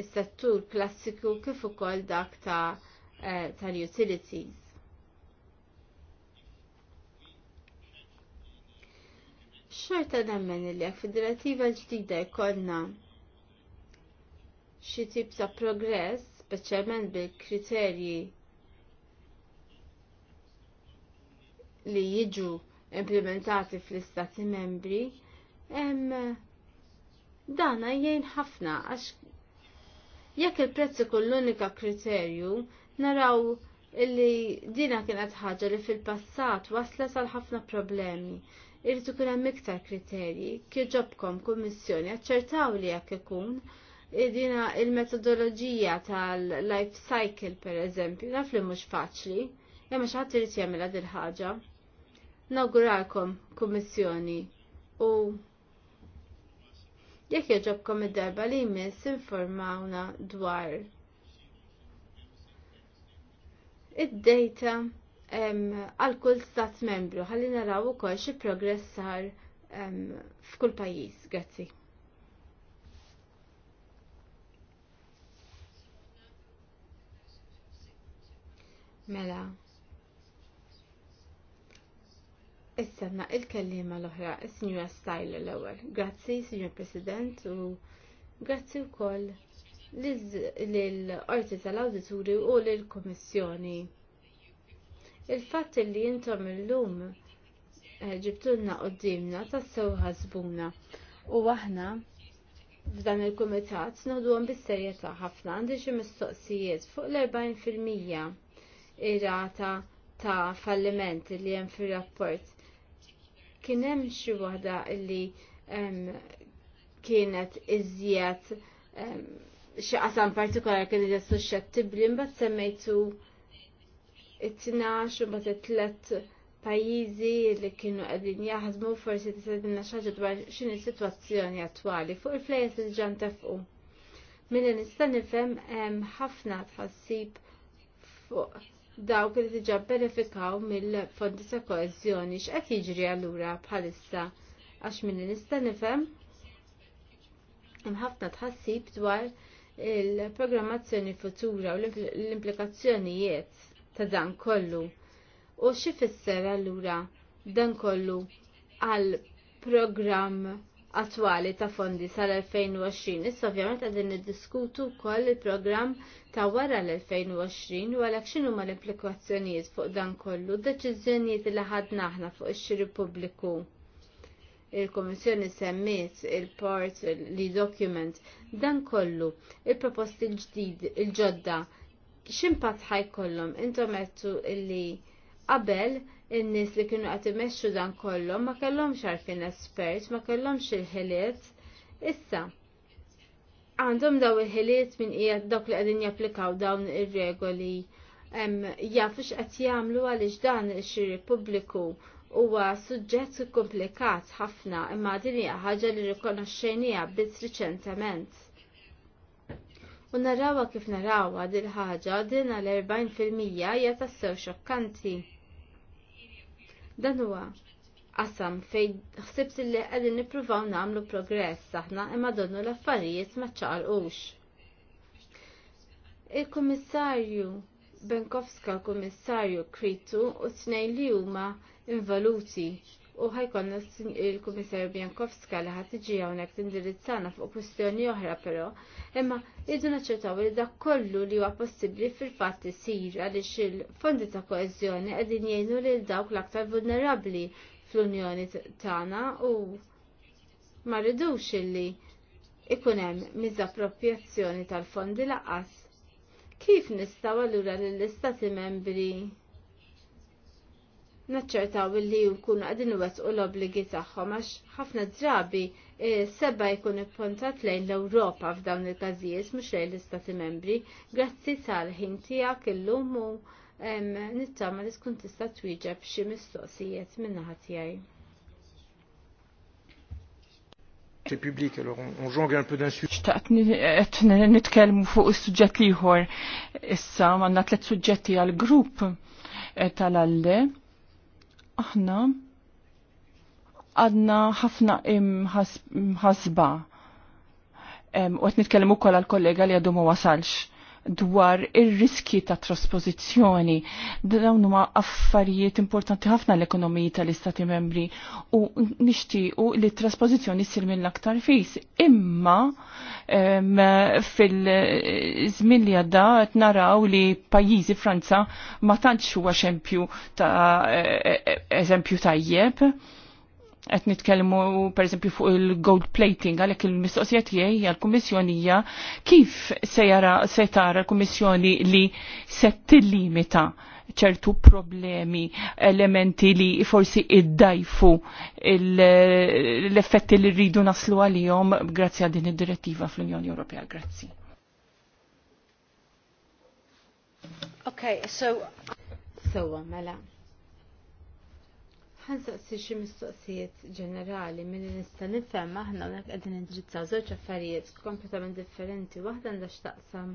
is-settur klassiku kif ukoll dak ta' eh, tal-utilities. Xorta nemmen li għak federativa direttiva ġdida jkollna xi tip ta' progress, speċjalment bil-kriterji li jiġu implementati fl-istati membri, hemm dana jgħin ħafna għax Jekk il-prezz ikun l-unika kriterju, naraw illi dina kienet ħaġa li fil-passat waslet għal ħafna problemi. Irrid ikun hemm iktar kriterji, kieġobkom kummissjoni aċċertaw li jekk ikun dina il-metodoloġija tal-life cycle per eżempju, naf li mhux faċli, hemm xi ħadd irid jagħmilha dil ħaġa. Nawguralkom kummissjoni u Jekk joġobkom id-darba li jmiss informawna dwar id-data għal kull stat membru ħalli naraw ukoll xi progress sar f'kull pajjiż. Grazzi. Mela. Issanna il-kellima l-oħra, is sinjura Style l-ewel. Grazzi, Sinjur President, u grazzi u koll l-orti tal-auditori u l-Komissjoni. Il-fatt li jintom illum lum eh, ġibtunna u d tassew ħazbuna u aħna f'dan il-komitat nodu għom bis-serjeta ħafna għandi xi mistoqsijiet fuq l-40% irrata ta' fallimenti li hemm fir-rapport kien hemm xi waħda li kienet iżjed xi qasam partikolari kien iżjed suscettibbli mbagħad semmejtu it-tnax u mbagħad it-tlet pajjiżi li kienu qegħdin jaħdmu forsi tisedilna xi ħaġa dwar x'inhi s-sitwazzjoni attwali fuq il-flejjes li ġan tefqu. Milli nista' nifhem hemm ħafna tħassib fuq dawk li diġa benefikaw mill-fondi ta' koezjoni x'qed jiġri allura bħalissa għax min nista' nifhem hemm ħafna tħassib dwar il-programmazzjoni futura u l-implikazzjonijiet ta' dan kollu. U x'ifisser allura dan kollu għal programm attwali ta' fondi sal-2020. Issa ovvjament qegħdin niddiskutu wkoll il-programm ta' wara l-2020 u għalhekk x'inhu ma l-implikazzjonijiet fuq dan kollu, deċiżjonijiet li ħadna aħna fuq ix-xiri pubbliku. Il-Komissjoni semmiet il-port li dokument dan kollu il-proposti l-ġdid il-ġodda x'impatt ħajkollhom intom qedtu li qabel in-nies li kienu qed imexxu dan kollhom ma kellhomx kien espert, ma kellhomx il-ħiliet. Issa, għandhom daw il-ħiliet minn qiegħed dawk li qegħdin japplikaw dawn ir-regoli jafux qed jagħmlu għaliex dan ix-xiri pubbliku huwa suġġett komplikat ħafna imma din hija ħaġa li rikonoxxejnija biss riċentement. U narawha kif narawha din ħaġa din għal 40% hija tassew xokkanti. Dan huwa qasam fejn ħsibt li qegħdin nippruvaw nagħmlu progress aħna imma donnu l-affarijiet ma ċċaqalqux. Il-Kummissarju Benkowska Kummissarju Kritu u tnejn li huma involuti u ħajkonna il-Kummissarju Benkowska li ħad tiġi hawnhekk tindirizzana fuq kwistjoni oħra però imma jridu naċċertaw li dak kollu li huwa possibbli fil-fatt isir għaliex il-fondi ta' koeżjoni qegħdin jgħinu lil dawk l-aktar vulnerabbli fl-Unjoni tagħna u ma rridux illi ikun hemm miżappropriazzjoni tal-fondi laqas. Kif nistgħu allura lill-istati membri naċċertaw li jkunu qegħdin iwettqu l-obbligi tagħhom għax ħafna drabi E, seba jkun ippuntat lejn l-Ewropa f'dawn il-każijiet mhux lejn l-Istati Membri. Grazzi tal-ħin tiegħek illum u nittama li tkun tista' twieġeb xi mistoqsijiet min-naħa tiegħi. Republik, alors on jongle un peu Xtaqt nitkellmu fuq is-suġġett ieħor issa għandna tliet suġġetti għall-grupp eh, tal-alle. Aħna għadna ħafna imħasba. U għet nitkellem ukoll għal kollega li għadu ma wasalx dwar ir-riski ta' trasposizjoni. Dawn huma affarijiet importanti ħafna l-ekonomiji tal-Istati membri u nixtiequ li trasposizjoni ssir minn aktar fis. Imma fil-żmien li għadda qed naraw li pajjiżi Franza ma tantx huwa xempju ta' e, e, e, eżempju tajjeb qed nitkellmu pereżempju fuq il-gold plating għalhekk il mistoqsijiet tiegħi hija l kif se jara tara l-Kummissjoni li se tillimita ċertu problemi, elementi li forsi iddajfu l-effetti li rridu naslu għalihom grazzi għal din id-direttiva fl-Unjoni Ewropea. Grazzi. Okay, so... so, mela, saqsi xi mistoqsijiet ġenerali milli nista' nifhem aħna unek qegħdin indirizzaw żewġ affarijiet kompletament differenti waħda għandha x'taqsam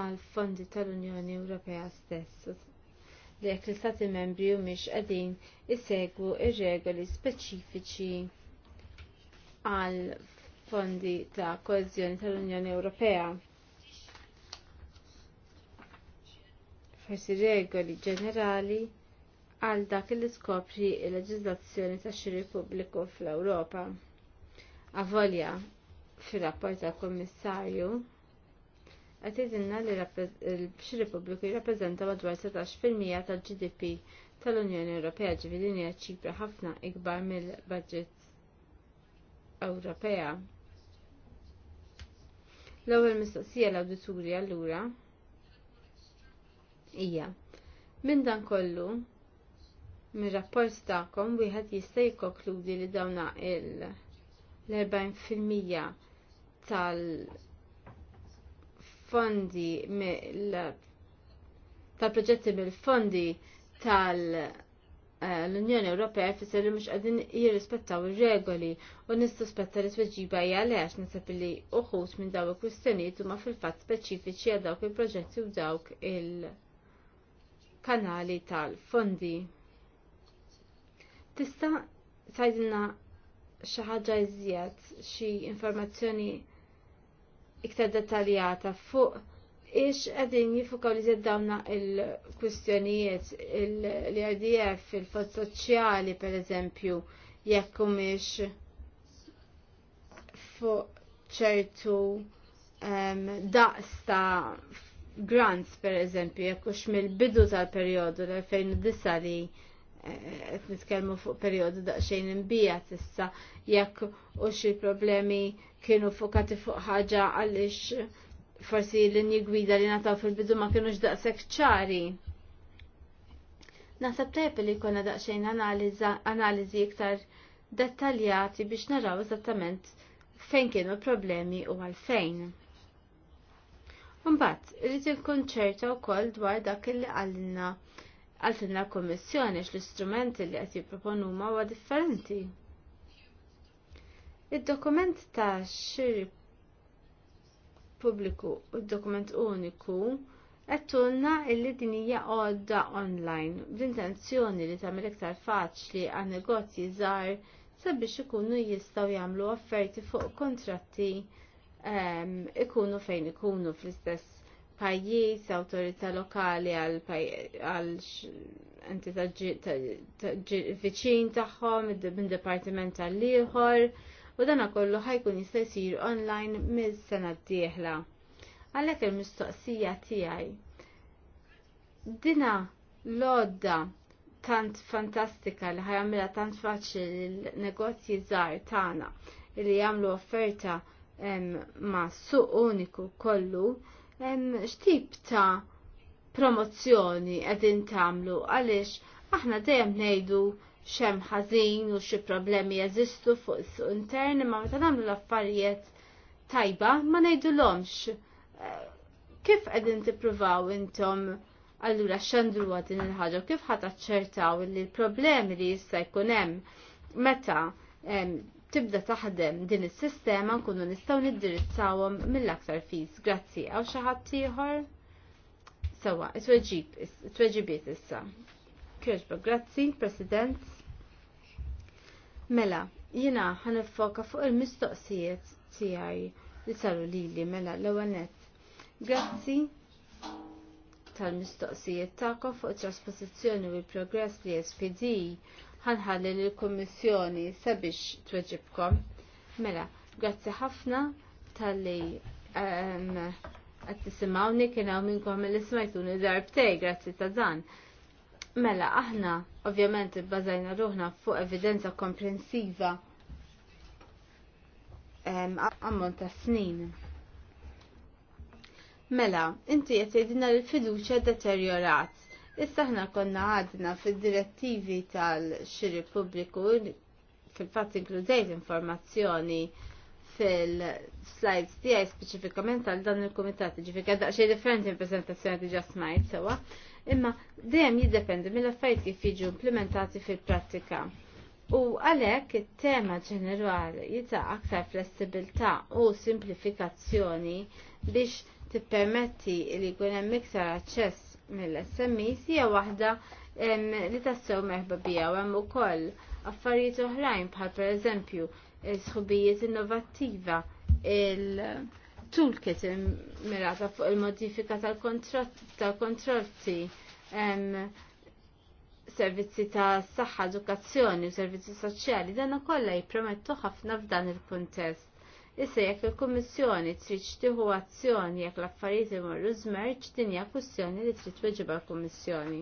mal-fondi tal-Unjoni Ewropea stess li għek l-istati membri mhumiex qegħdin jisegwu ir-regoli speċifiċi għal fondi ta' koeżjoni tal-Unjoni Ewropea. Forsi regoli ġenerali għal dak li skopri il-leġizlazzjoni ta' xiri pubbliku fl-Ewropa. Avolja, fil-rapport tal kommissarju qed jidilna li xiri pubbliku jirrappreżenta madwar 17% tal-GDP tal-Unjoni Ewropea ġivirini hija ċifra ħafna ikbar mill-budget Ewropea. L-ewwel mistoqsija l awdituri allura hija minn dan kollu mir-rapport tagħkom wieħed jista' jikkonkludi li dawna il- l-40% tal-fondi tal-proġetti mill-fondi tal-Unjoni Ewropea fisser li mhux qegħdin jirrispettaw ir-regoli u nissospetta li tweġiba hija għaliex nasab li uħut minn dawk il-kwistjonijiet huma fil-fatt speċifiċi għal dawk il-proġetti u dawk il-kanali tal-fondi. Tista' tajdilna xi ħaġa iżjed, xi informazzjoni iktar dettaljata fuq ix qegħdin jifukaw li zjed dawna il-kwistjonijiet l-IRDF, il-fond soċjali pereżempju, jekk mhix fuq ċertu um, daqs ta' grants pereżempju, jekk hux mill-bidu tal-perjodu l-2009 li qed nitkellmu fuq perjodu daqsxejn imbijat issa jekk u xi problemi kienu fokati fuq ħaġa għaliex forsi l inji gwida li nataw fil-bidu ma kienux daqshekk ċari. Nasab tajb li jkollna daqsxejn analiżi iktar dettaljati biex naraw eżattament fejn kienu problemi u għalfejn. Mbagħad irid inkun ċerta wkoll dwar dak li għalna għaltin l-Kommissjoni x-l-istrumenti li qed jipproponu huwa differenti. Id-dokument ta' xiri pubbliku u d-dokument uniku għettunna illi din hija għodda online b'intenzjoni intenzjoni li tagħmel iktar faċli għan negozji żgħar sabiex ikunu jistgħu jagħmlu offerti fuq kontratti ehm, ikunu fejn ikunu fl-istess pajjiż awtorità lokali għal entità viċin tagħhom minn dipartiment tal ieħor u dan kollu ħajkun jista' jsir online mill-sena d-dieħla. Għalhekk il-mistoqsija tiegħi. Dina lodda tant fantastika li ħajamilha tant faċli l-negozji żgħar tagħna li jagħmlu offerta ma' suq uniku kollu x'tip ta' promozzjoni qegħdin tagħmlu għaliex aħna dejjem ngħidu xem ħażin u xi problemi jeżistu fuq is-suq intern imma meta nagħmlu l-affarijiet tajba ma ngħidulhomx. Eh, kif qegħdin tippruvaw intom allura x'għandu din il-ħaġa kif ħadd taċċertaw li l-problemi li jista' jkun hemm meta tibda taħdem din is-sistema nkunu nistgħu niddirizzawhom mill-aktar fis. Grazzi għaw xi ħadd ieħor. Sewa, it-tweġibiet issa. Kirchberg, grazzi, President. Mela, jiena niffoka fuq il-mistoqsijiet tiegħi li saru lili mela l-ewwel nett. Grazzi tal-mistoqsijiet tagħkom fuq it trasposizzjoni u l-progress li SPD ħanħalli l-Kommissjoni sabiex tweġibkom. Mela, grazzi ħafna tal-li ehm, għat tisimawni kien hawn minnkom li smajtuni darbtej, grazzi ta' dan. Mela, aħna ovvjament bbażajna ruħna fuq evidenza komprensiva ehm, ammont ta' snin. Mela, inti qed l-fiduċja deteriorat Issa ħna konna għadna fil-direttivi tal-xiri pubbliku fil-fatt inkludejt informazzjoni fil-slides tiegħi speċifikament għal dan il-kumitat, ġifika daqsxejn differenti mill prezentazzjoni di smajt sewa, imma dejjem jiddependi mill affajt kif jiġu implementati fil-prattika. U għalhekk it-tema ġenerali ta' aktar flessibilità u simplifikazzjoni biex tippermetti li jkun hemm iktar aċċess mill-SMEs hija waħda li tassew meħba bija u hemm ukoll affarijiet oħrajn bħal pereżempju sħubijiet innovattiva il toolkit mirata fuq il-modifika tal-kontratti servizzi ta' saħħa, edukazzjoni u servizzi soċjali dan ukoll jippromettu ħafna f'dan il-kuntest. Issa jekk il-Kummissjoni trid tieħu azzjoni jekk l-affarijiet imorru żmerġ din hija kwistjoni li trid tweġiba l-Kummissjoni.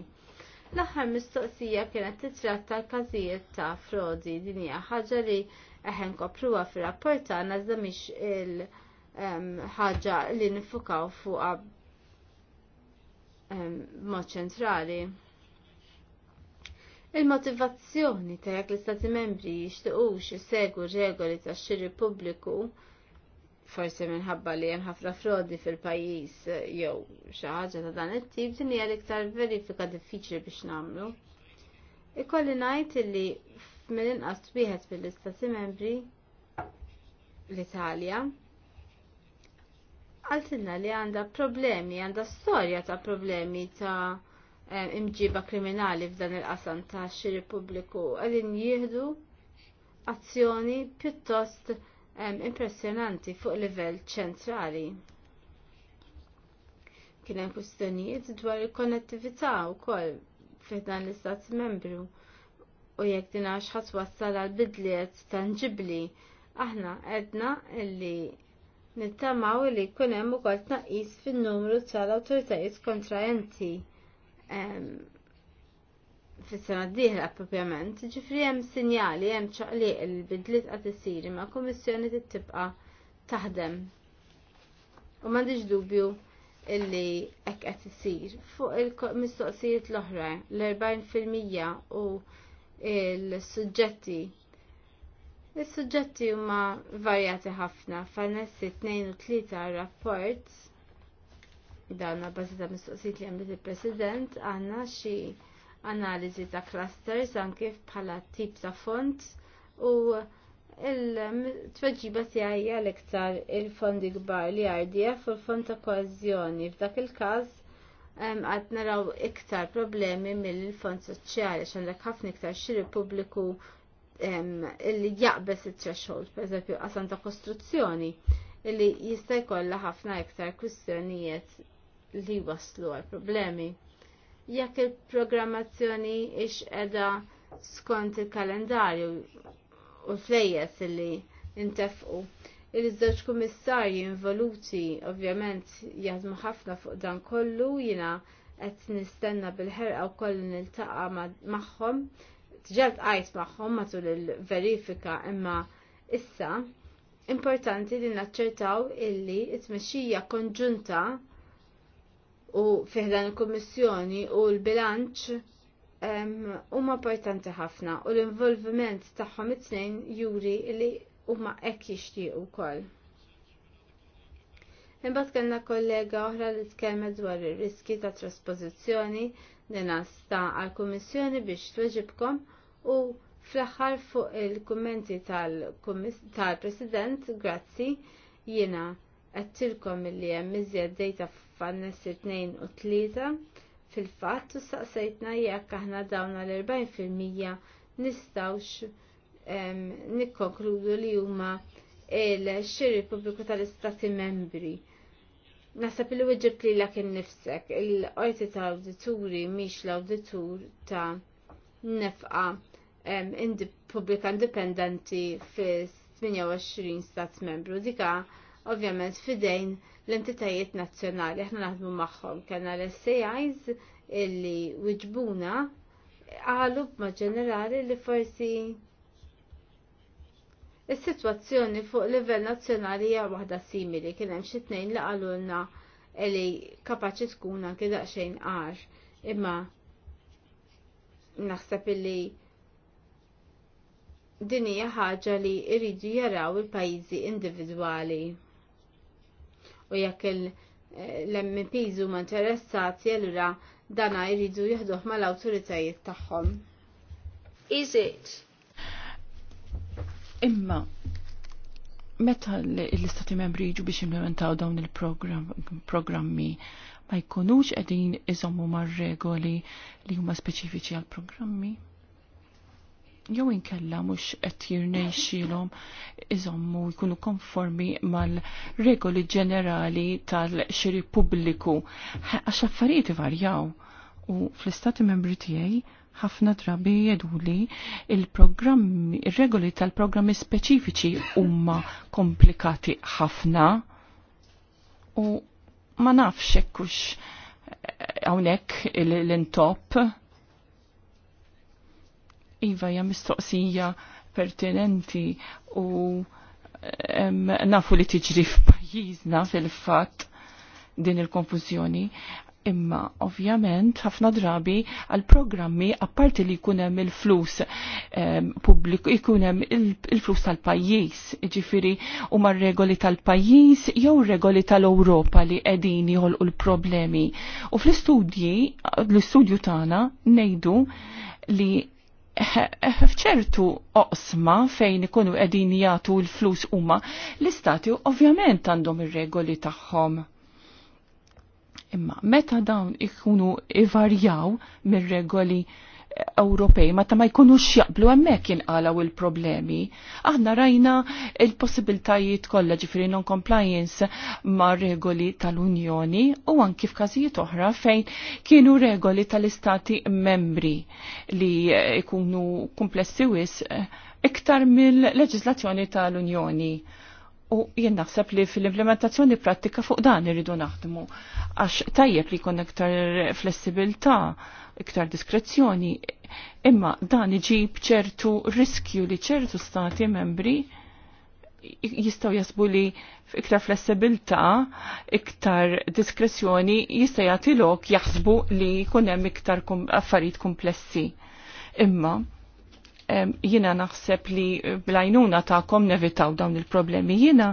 L-aħħar mistoqsija kienet titratta l-każijiet ta' frodi din hija ħaġa li eħen kopruha fir-rapport tagħna iżda mhix il-ħaġa li nifukaw fuqha mod ċentrali. Il-motivazzjoni ta' jekk l-Istati membri jixtiqux jissegu regoli ta' xirri pubbliku forse minħabba li hemm ħafna frodi fil-pajjiż jew xi ħaġa ta' dan it-tip din hija l-iktar verifika diffiċli biex nagħmlu. Ikolli ngħid li mill-inqas wieħed fil-Istati membri l-Italja għaltilna li għandha problemi, għandha storja ta' problemi ta' Eh, imġiba kriminali f'dan il-qasam ta' xiri pubbliku għalin jieħdu azzjoni pjuttost impressjonanti fuq livell ċentrali. Kien hemm kwistjonijiet dwar il-konnettività wkoll f'dan l-Istat membru u jekk din għax ħadd wassal għal bidliet tanġibli aħna edna illi nittamaw li jkun hemm ukoll tnaqqis fin-numru tal-awtoritajiet kontraenti fis-sena d-dieħla propjament, ġifri hemm sinjali, hemm ċaqliq il bidlit qed isiri ma' kummissjoni tittibqa' taħdem. U m'għandix dubju illi hekk qed isir. Fuq il-mistoqsijiet l-oħra, l-40 fil u il-suġġetti Is-suġġetti huma varjati ħafna, fanessi 2 u 3 rapport dawna bażi ta' mistoqsijiet li għamlet il-President għandna xi analiżi ta' clusters anke bħala tip ta' font u il-tweġiba tiegħi l-iktar il-fondi kbar li RDF u l-fond ta' kważjoni. f'dak il-każ għad naraw iktar problemi mill-fond soċjali x'għandek ħafna iktar xiri pubbliku illi jaqbes it-threshold, per qasam ta' kostruzzjoni, illi jista' jkollha ħafna iktar kwistjonijiet li waslu għal problemi. Jekk il-programmazzjoni ix edha skont il-kalendarju u flejjes li intefqu. Il-żewġ kummissarji involuti ovvjament jaħdmu ħafna fuq dan kollu jina qed nistenna bil-ħerqa u kollu niltaqa' magħhom. Ġelt għajt magħhom matul il-verifika imma issa importanti li naċċertaw illi t tmexxija konġunta u fiħdan il-Kommissjoni u l-bilanċ huma importanti ħafna u l-involviment tagħhom it-tnejn juri li huma hekk jixtiequ wkoll. Imbagħad kellna kollega oħra li tkellmet dwar ir-riski ta' trasposizzjoni li nasta għall-Kummissjoni biex tweġibkom u fl-aħħar fuq il-kummenti tal-President, grazzi, jiena għattilkom li hemm iżjed dejta f'annes 2 u t-tlieta fil-fatt u staqsejtna jekk aħna dawna l-40% nistawx nikkonkludu li huma il-xiri pubbliku tal-istati membri. Nasab li wieġib li l nifsek, il-qorti tal-awdituri miex l-awditur ta' nefqa pubblika indipendenti fi 28 stat membru. Dika ovvjament fidejn l-entitajiet nazzjonali, aħna naħdmu magħhom, kena l-SAIs illi wiġbuna għalu b'ma ġenerali li forsi Is-sitwazzjoni fuq livell nazzjonali hija waħda simili kien hemm xi tnejn li qalulna li kapaċi tkun anke daqsxejn għar. Imma naħseb illi din hija ħaġa li jridu jaraw il-pajjiżi individwali u jekk l-MPs huma interessati allura dana jridu jieħduh mal-awtoritajiet tagħhom. Is it? Imma meta l-istati membri jiġu biex implementaw dawn il-programmi ma jkunux qegħdin iżommu mar-regoli li huma speċifiċi għal-programmi? jew inkella mhux qed jirnejxilhom iżommu jkunu konformi mal-regoli ġenerali tal-xiri pubbliku għax affarijiet varjaw u fl-istati membri tiegħi ħafna drabi jeduli il-programmi, il-regoli tal-programmi speċifiċi huma komplikati ħafna u ma nafx ekkux eh, hawnhekk l-intop Iva hija mistoqsija pertinenti u nafu li tiġri f'pajjiżna fil-fatt din il-konfużjoni imma ovvjament ħafna drabi għal programmi apparti li hemm il-flus eh, pubbliku jkunem il-flus tal-pajjiż, ġifiri u ma regoli tal-pajjiż jew regoli tal-Ewropa li qegħdin jolqu l-problemi. U fl-istudji, l-istudju tagħna ngħidu li fċertu oqsma fejn ikunu qegħdin jagħtu l-flus huma l-istati ovvjament għandhom ir-regoli tagħhom. Imma meta dawn ikunu ivarjaw mir-regoli Ewropej ma ta' ma jkunux jaqblu hemmhekk jinqalaw il-problemi. Aħna rajna il-possibiltajiet kollha ġifieri non-compliance ma' regoli tal-Unjoni u anki f'każijiet oħra fejn kienu regoli tal-istati membri li jkunu komplessi wis eh, iktar mill-leġislazzjoni tal-Unjoni. U jien naħseb li fil-implementazzjoni pratika fuq dan irridu naħdmu. Għax tajjeb li jkun iktar flessibilità, iktar diskrezzjoni, imma dan iġib ċertu riskju li ċertu stati membri jistaw jasbu li iktar flessibilità, iktar diskrezzjoni jista' lok jaħsbu li jkun hemm iktar affarijiet komplessi. Imma jina naħseb li blajnuna kom nevitaw dawn il-problemi. Jina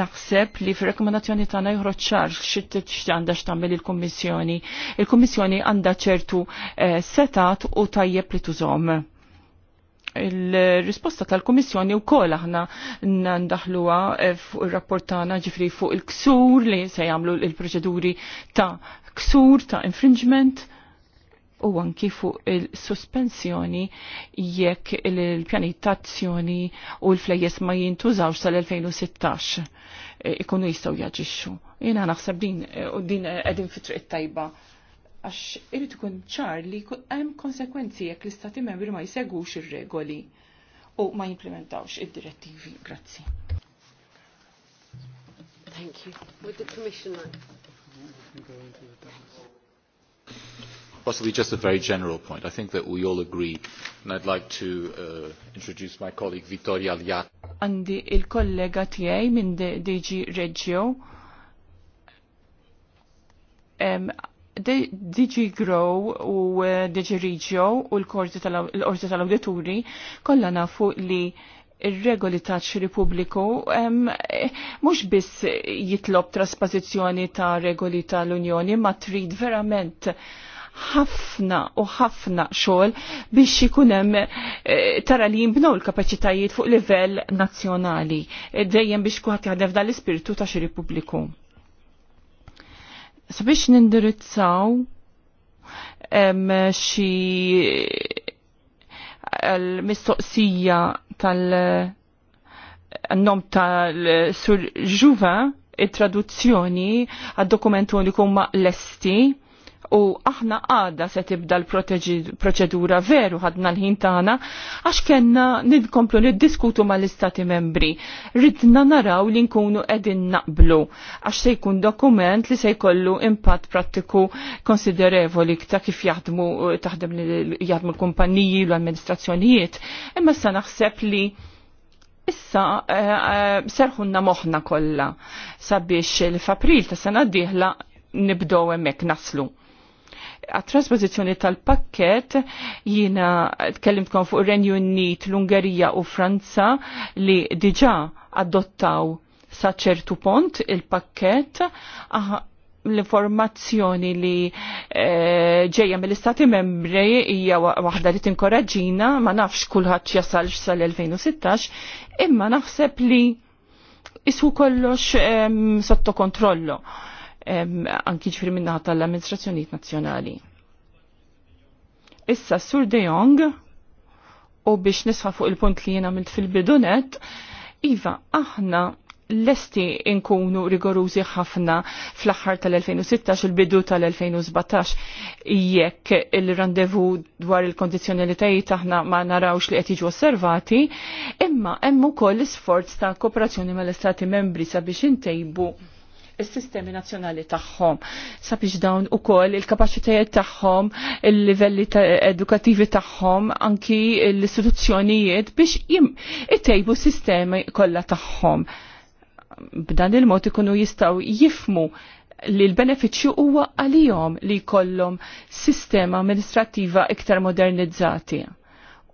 naħseb li fil-rekomendazzjoni tagħna joħroġ ċar x'titx għandha x'tagħmel il-Kummissjoni. Il-Kummissjoni għandha ċertu eh, setat u tajjeb li tużom. Il-risposta tal-Kummissjoni u kol aħna nandaħluha eh, fuq ir-rapport tagħna ġifri fuq il-ksur li se jagħmlu il-proċeduri ta' ksur ta' infringement u anki fuq il-suspensjoni jekk il-pjanit u l-flejjes ma jintużawx sal-2016 eh, ikunu jistaw jaġixxu. Jena naħseb din eh, u din eh, qegħdin fi triq tajba għax irid ikun ċar li hemm konsekwenzi jekk l-istati membri ma jsegwux ir-regoli u ma jimplementawx id-direttivi. Grazzi. Thank you. With the commissioner? possibly just a very general point. I think that we all agree, and I'd like to uh, introduce my colleague Vittoria Liat. Andi il-kollega tiegħi minn DG Reggio. Um, DG Grow u uh, DG Reggio u l korti tal-Awdituri kollha nafu li il regoli ta' xiri pubbliku mhux biss jitlob trasposizzjoni ta' regoli tal-Unjoni ma trid verament ħafna u ħafna xogħol biex ikun hemm eh, tara li jinbnew l-kapaċitajiet fuq livell nazzjonali eh, dejjem biex kulħadd jaħdem dan l-ispirtu ta' xi Repubbliku. Sabiex nindirizzaw xi eh, l-mistoqsija tal-nom tal-sur Juva, it-traduzzjoni għad-dokumentu li kumma l-esti, u aħna għada se tibda l-proċedura veru ħadna l-ħin tagħna għax kellna nidkomplu niddiskutu mal-istati membri. Ridna naraw li nkunu qegħdin naqblu għax se jkun dokument li se jkollu impatt prattiku konsiderevoli ta' kif jaħdmu taħdem jaħdmu l-kumpanniji u l-amministrazzjonijiet. Imma sa naħseb li issa eh, eh, serħunna moħna kollha sabiex l-Fapril ta' sena d-dieħla nibdow hemmhekk naslu għat-trasposizjoni tal-pakket jina tkellimtkom fuq Renju Unit, l-Ungerija u Franza li diġa adottaw sa ċertu pont il-pakket l-informazzjoni li eh, ġeja mill-istati membri hija waħda li tinkoraġina, ma nafx kulħadd jasal sal-2016 imma naħseb li isu kollox ehm, sotto kontrollo anki ġifri minnaħat tal-amministrazzjoniet nazzjonali. Issa Sur De Jong, u biex nisħa fuq il-punt li jena milt fil-bidunet, Iva, aħna lesti inkunu rigorużi ħafna fl aħħar tal-2016 il-bidu tal-2017 jekk il-randevu dwar il-kondizjonalitajiet aħna ma narawx li qed jiġu osservati, imma hemm ukoll l-isforz ta' kooperazzjoni mal-Istati membri sabiex intejbu is-sistemi nazzjonali tagħhom sabiex dawn ukoll il-kapaċitajiet tagħhom, il-livelli ta edukattivi tagħhom, anki l-istituzzjonijiet biex itejbu sistemi kollha tagħhom. B'dan il-mod ikunu jistgħu jifmu li l-benefiċċju huwa għalihom li jkollhom sistema amministrattiva iktar modernizzati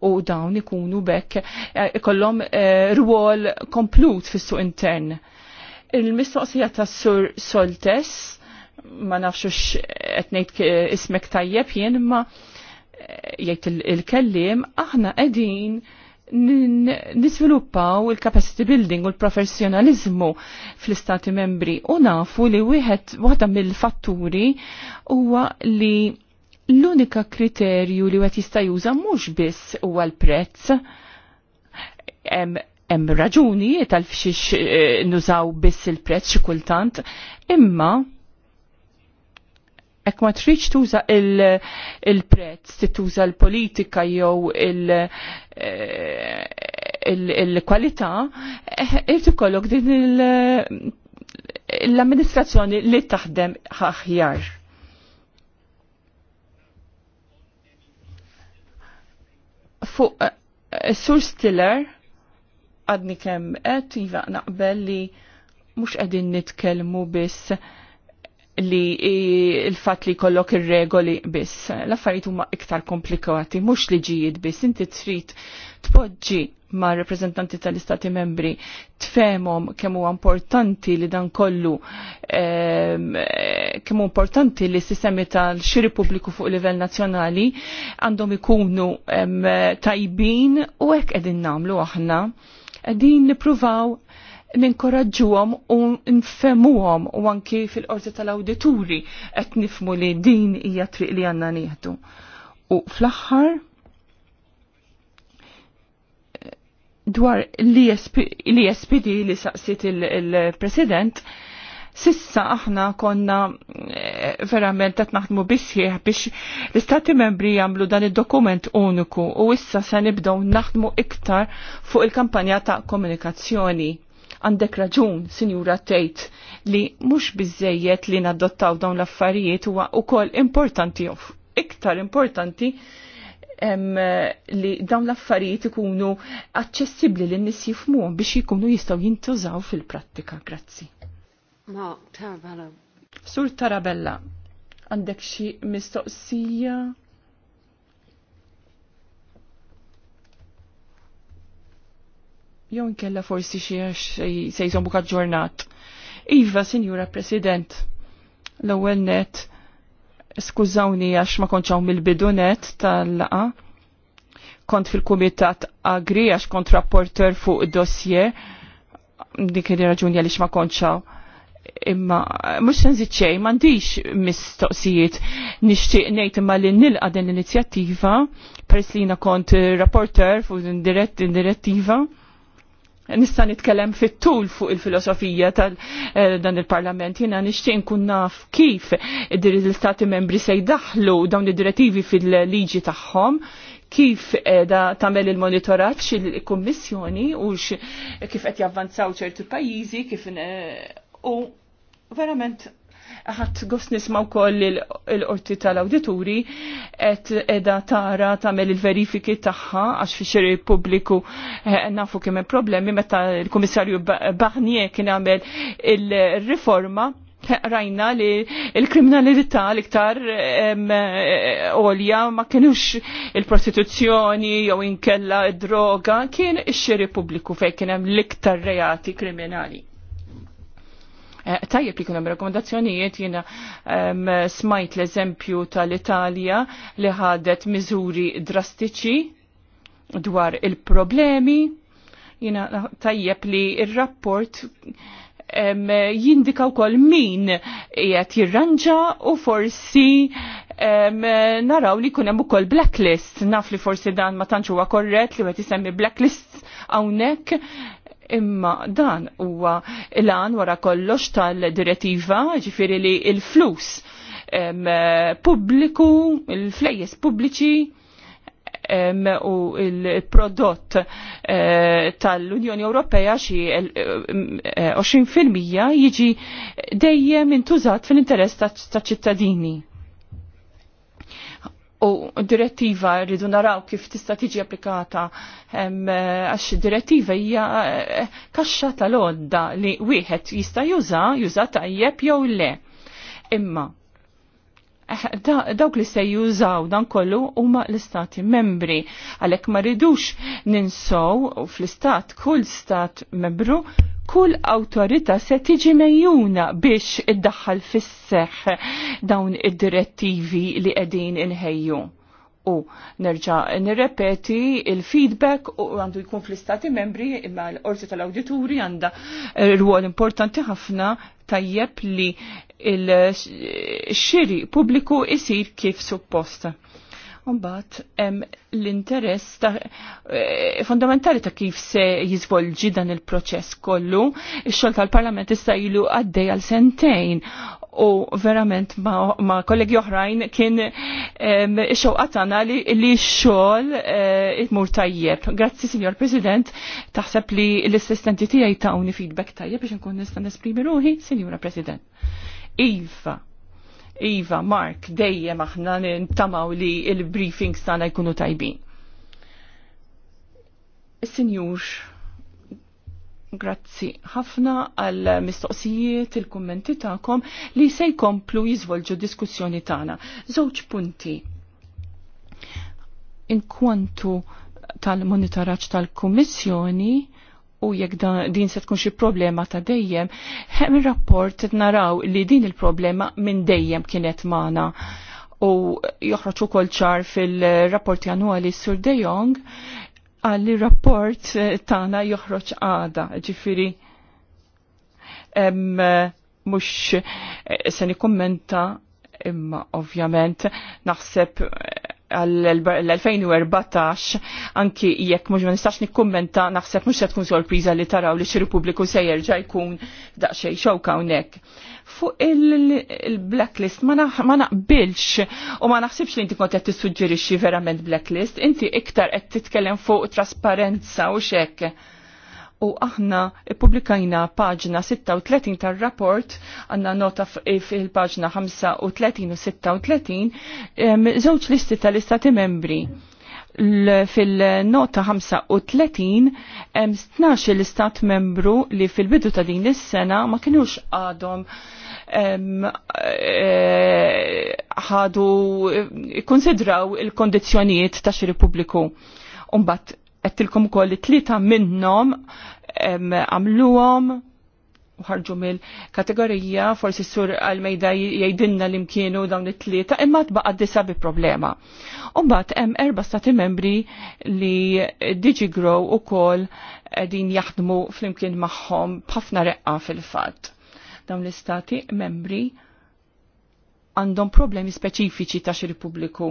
u dawn ikunu bekk eh, ikollhom e, rwol komplut fis-suq intern Il-mistoqsija ta' Sur Soltes, ma nafxux etnejt ismek tajjeb jien, ma eh, jgħid il-kellim, aħna qegħdin nisviluppaw il-capacity building u l professionalizmu fl-istati membri u nafu li wieħed waħda mill-fatturi huwa li l-unika kriterju li wieħed jista' juża mhux biss huwa l-prezz hemm raġuni tal-fxiex eh, nużaw biss il-prezz xi kultant, imma ek ma tridx tuża il-prezz, tuża l-politika jew eh, il-kwalità, eh, irid ikollok din l-amministrazzjoni li taħdem aħjar. Fuq Sur Stiller, għadni kem għed, jiva naqbel li mhux qegħdin nitkellmu biss li il-fat li kollok ir-regoli biss. L-affarijiet huma iktar komplikati, mhux liġijiet biss, inti trid tpoġġi ma' rappresentanti tal-istati membri tfemom kemm huwa importanti li dan kollu eh, importanti li sistemi tal-xiri pubbliku fuq livell nazzjonali għandhom ikunu ehm, tajbin u hekk qegħdin nagħmlu aħna Din nipruvaw ninkoraġġuhom u nfemuhom u anki fil-qorti tal-awdituri qed nifmu li din hija triq li għandna nieħdu. U fl-aħħar eh, dwar l jespidi li saqsit il-President il president Sissa aħna konna eh, verament qed naħdmu bisħieħ biex l-istati membri jagħmlu dan id-dokument uniku u issa se nibdew naħdmu iktar fuq il-kampanja ta' komunikazzjoni għandek raġun, sinjura tgħid, li mhux biżejjed li nadottaw dawn l-affarijiet huwa wkoll importanti iktar importanti em, li dawn l-affarijiet ikunu aċċessibbli lin nies jifmuhom biex jikunu jistgħu jintużaw fil-prattika. Grazzi. Ma Tarabella. Sur Tarabella, għandek xi mistoqsija? Jew nkella forsi xi sejżon buka ġurnat. Iva, Sinjura President, l-ewwel net, skużawni għax ma konċaw mill net tal-laqa. Kont fil-kumitat agri għax kont rapporter fuq dossier, dik raġuni għaliex ma konċaw imma mhux se ċej, xejn m'għandix mistoqsijiet nixtieq ngħid imma li nilqa' din l-inizjattiva peress li jina kont rapporter fuq din direttiva nista' nitkellem fit-tul fuq il-filosofija tal eh, dan il-Parlament jiena nixtieq nkun naf kif l-istati membri se jdaħlu dawn id-direttivi fil-liġi tagħhom kif da tamel il-monitoraċ il-Kommissjoni u kif qed javvanzaw ċertu pajjiżi kif eh, u verament ħat gost nismaw koll il-qorti tal-awdituri et edha tara tamel il-verifiki taħħa għax fi xeri publiku eh, nafu kemm problemi meta il-komissarju Barnier kien għamel il-riforma eh, rajna li il-kriminalità l-iktar eh, olja ma kienux il-prostituzzjoni jew inkella droga kien ix-xiri pubbliku fejn kien hemm l-iktar reati kriminali Eh, tajjeb li kunem rekomendazzjonijiet jena smajt l-eżempju tal-Italja li ħadet miżuri drastiċi dwar il-problemi jena tajjeb li il-rapport jindika wkoll min qiegħed jirranġa u forsi naraw li kunem ukoll blacklist naf li forsi dan ma tantx huwa korrett li qed isemmi blacklist hawnhekk Imma dan huwa l-an wara kollox tal-direttiva ġifiri li il-flus pubbliku, il-flejjes pubbliċi u il-prodott eh, tal-Unjoni Ewropea xi 20% eh, jiġi dejjem intużat fil-interess ta' ċittadini u direttiva rridu naraw kif tista' tiġi applikata eh, għax direttiva hija eh, kaxxa tal-odda li wieħed jista' juża, juża tajjeb jew le. Imma dawk li se jużaw dan kollu huma l-istati membri. Għalhekk ma ridux ninsow fl-istat kull stat membru kull awtorita se tiġi mejjuna biex iddaħħal fis-seħħ dawn id-direttivi li qegħdin inħejju u nerġa' nirrepeti il-feedback u għandu jkun fl-istati membri imma l-orti tal-awdituri għandha eh, rwol importanti ħafna tajjeb li il-xiri pubbliku isir kif supposta Umbat, l-interess eh, fondamentali ta' kif se jizvolġi dan il-proċess kollu, il-xol tal-parlament issa ilu għaddej għal sentejn u verament ma, ma kollegi oħrajn kien ix-xogħol' li, li xol xogħol eh, imur tajjeb. Grazzi, Signor President, taħseb li l-assistenti tijaj ta' feedback tajjeb biex nkun nista' nesprimi ruħi, Signora President. Iva Iva, Mark, dejjem aħna nintamaw li il briefing sana jkunu tajbin. Sinjur, grazzi ħafna għal mistoqsijiet il-kummenti tagħkom li se jkomplu jiżvolġu diskussjoni tagħna. Żewġ punti. Inkwantu tal monitoraċ tal-Kummissjoni, u jekk din se tkun xi problema ta' dejjem, hemm ir-rapport naraw li din il-problema minn dejjem kienet magħna u joħroġ ukoll ċar fil-rapporti annwali sur De Jong għalli rapport eh, tagħna joħroġ għada, ġifiri mhux eh, se nikkummenta imma ovvjament naħseb l-2014 anki jekk mhux ma nistax nikkummenta naħseb mhux se tkun sorpriża li taraw li xi Repubbliku se jerġa' jkun daqsxejn xawka hawnhekk. Fuq il-blacklist ma naqbilx u ma naħsibx li inti kont qed tissuġġerixxi verament blacklist, inti iktar qed titkellem fuq trasparenza u xekk u aħna publikajna paġna 36 tal-rapport, għanna nota eh, fil-paġna 35 u 36, żewġ listi tal-istati membri. Fil-nota 35, 12 l-istat membru li fil-bidu ta' din is-sena ma kienux għadhom eh, ħadu eh, konsidraw il-kondizjonijiet ta' xi Repubbliku. Umbat għettilkom kol li tlita minnom għamluwom u ħarġu mill kategorija forsi sur għal-mejda jajdinna l-imkienu dawn it-tlieta imma tbaqa' disa bi problema. Umbat, hemm erba' stati membri li Digi Grow ukoll din jaħdmu flimkien magħhom b'ħafna reqqa fil-fatt. Dawn l-istati membri għandhom problemi speċifiċi ta' xir pubbliku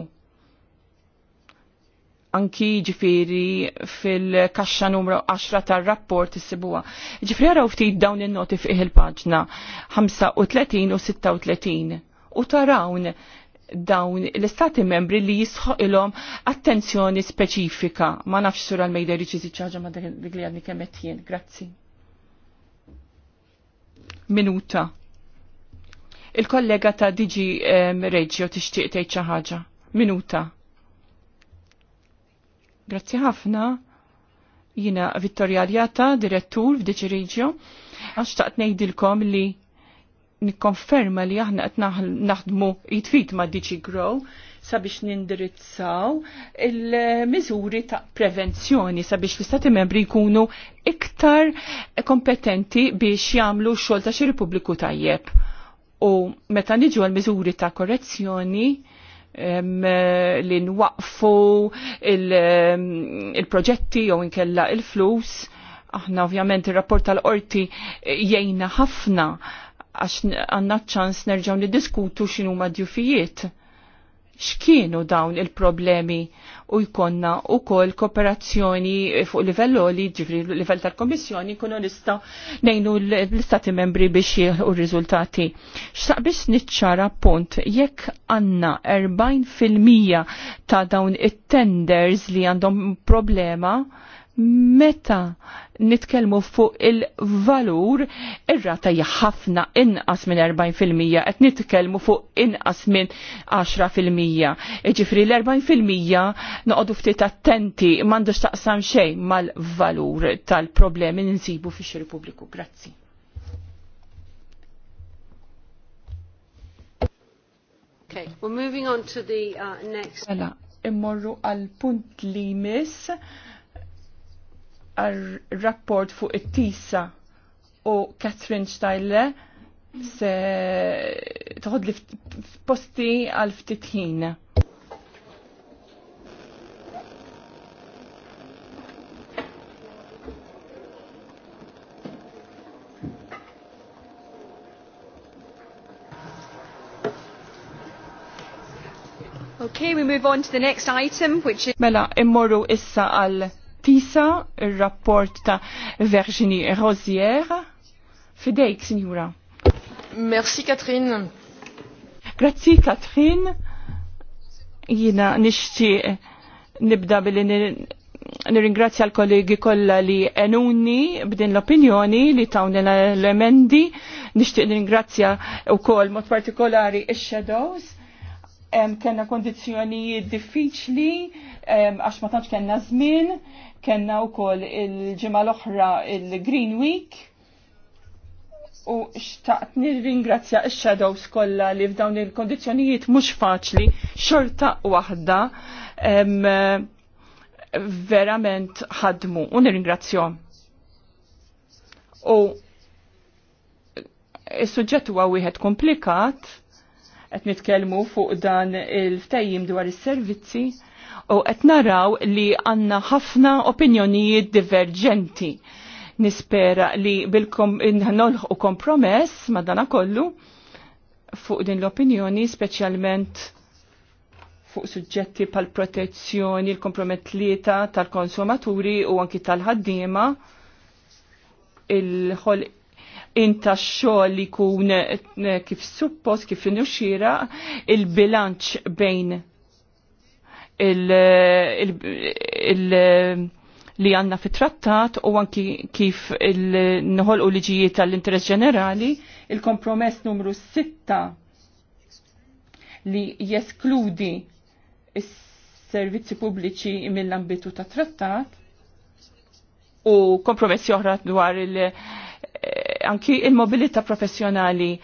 anki ġifiri fil-kaxxa numru 10 tar-rapport issibuha. Ġifiri għaraw ftit dawn il-noti fiħ il-paġna 35 u 36 u tarawn dawn l-istati membri li jisħoq ilhom attenzjoni speċifika. Ma nafx sura l mejda riċiżi ċaġa ma dik li għadni kemmet jien. Grazzi. Minuta. Il-kollega ta' Diġi Reġio tixtieq tgħid xi ħaġa. Minuta. Grazzi ħafna. Jina Vittoria Aljata, direttur f'Diċi għax taqt nejdilkom li nikkonferma li aħna qed naħdmu jitfit ma' Diċi Grow sabiex nindirizzaw il-miżuri ta' prevenzjoni sabiex l-istati membri jkunu iktar kompetenti biex jagħmlu xogħol ta' xi Repubbliku tajjeb. U meta niġu għal miżuri ta' korrezzjoni, li nwaqfu il-proġetti jew inkella il-flus. Aħna ovvjament ir-rapport tal-qorti jgħinna ħafna għax għanna ċans nerġaw niddiskutu xinu ma' djufijiet x'kienu dawn il-problemi u jkonna u kol kooperazzjoni fuq livell li ġifri livell tal-Komissjoni kunu nista' nejnu l-istati membri biex jieħu r-riżultati. X'saq biex niċċara punt jekk għandna 40% ta' dawn it-tenders li għandhom problema meta nitkelmu fuq il-valur, ir-rata hija ħafna inqas minn 40%, qed nitkellmu fuq inqas minn 10%. Ġifri l-40% noqogħdu ftit attenti m'għandux taqsam xejn mal-valur tal-problemi li nsibu fix-xiri pubbliku. Grazzi. Okay, we're moving on to the uh, next. Imorru mela, immorru għal punt li miss rapport fuq it-tisa u Catherine Steile se toħod li posti għal ftit ħin. Okay, we move on to the next item, which is... Mela, immorru issa għal tisa il-rapport ta' Virginie Rozier. Fidejk, signora. Merci, Katrin. Grazzi, Katrin. Jina nishti nibda billi nirringrazzja l-kollegi kollha li enuni b'din l-opinjoni li tawni l-emendi. Nishti nirringrazzja u kol mod partikolari il-shadows kena kondizjoni diffiċli, għax ma tantx zmin, żmien, u wkoll il-ġimgħa l-oħra il-Green Week. U xtaqt nirringrazzja x-shadows kollha li f'dawn il-kondizzjonijiet mhux faċli, xorta waħda verament ħadmu u nir-ringrazzja. U s suġġett huwa wieħed komplikat, qed nitkellmu fuq dan il-ftejjim dwar is-servizzi u qed naraw li għandna ħafna opinjonijiet diverġenti. Nispera li bil-kom nolħu kompromess madana kollu fuq din l-opinjoni speċjalment fuq suġġetti pal protezzjoni l-komprometlieta tal-konsumaturi u anki tal-ħaddiema il-ħol inta xogħol li jkun eh, kif suppost kif inuxira il-bilanċ bejn il-, il, il li għanna fit trattat u anki kif il-nħol u liġijiet tal-interess ġenerali, il-kompromess numru 6 li jeskludi s-servizzi pubbliċi mill-ambitu ta' trattat u kompromessi oħra dwar il- anki il-mobilita professjonali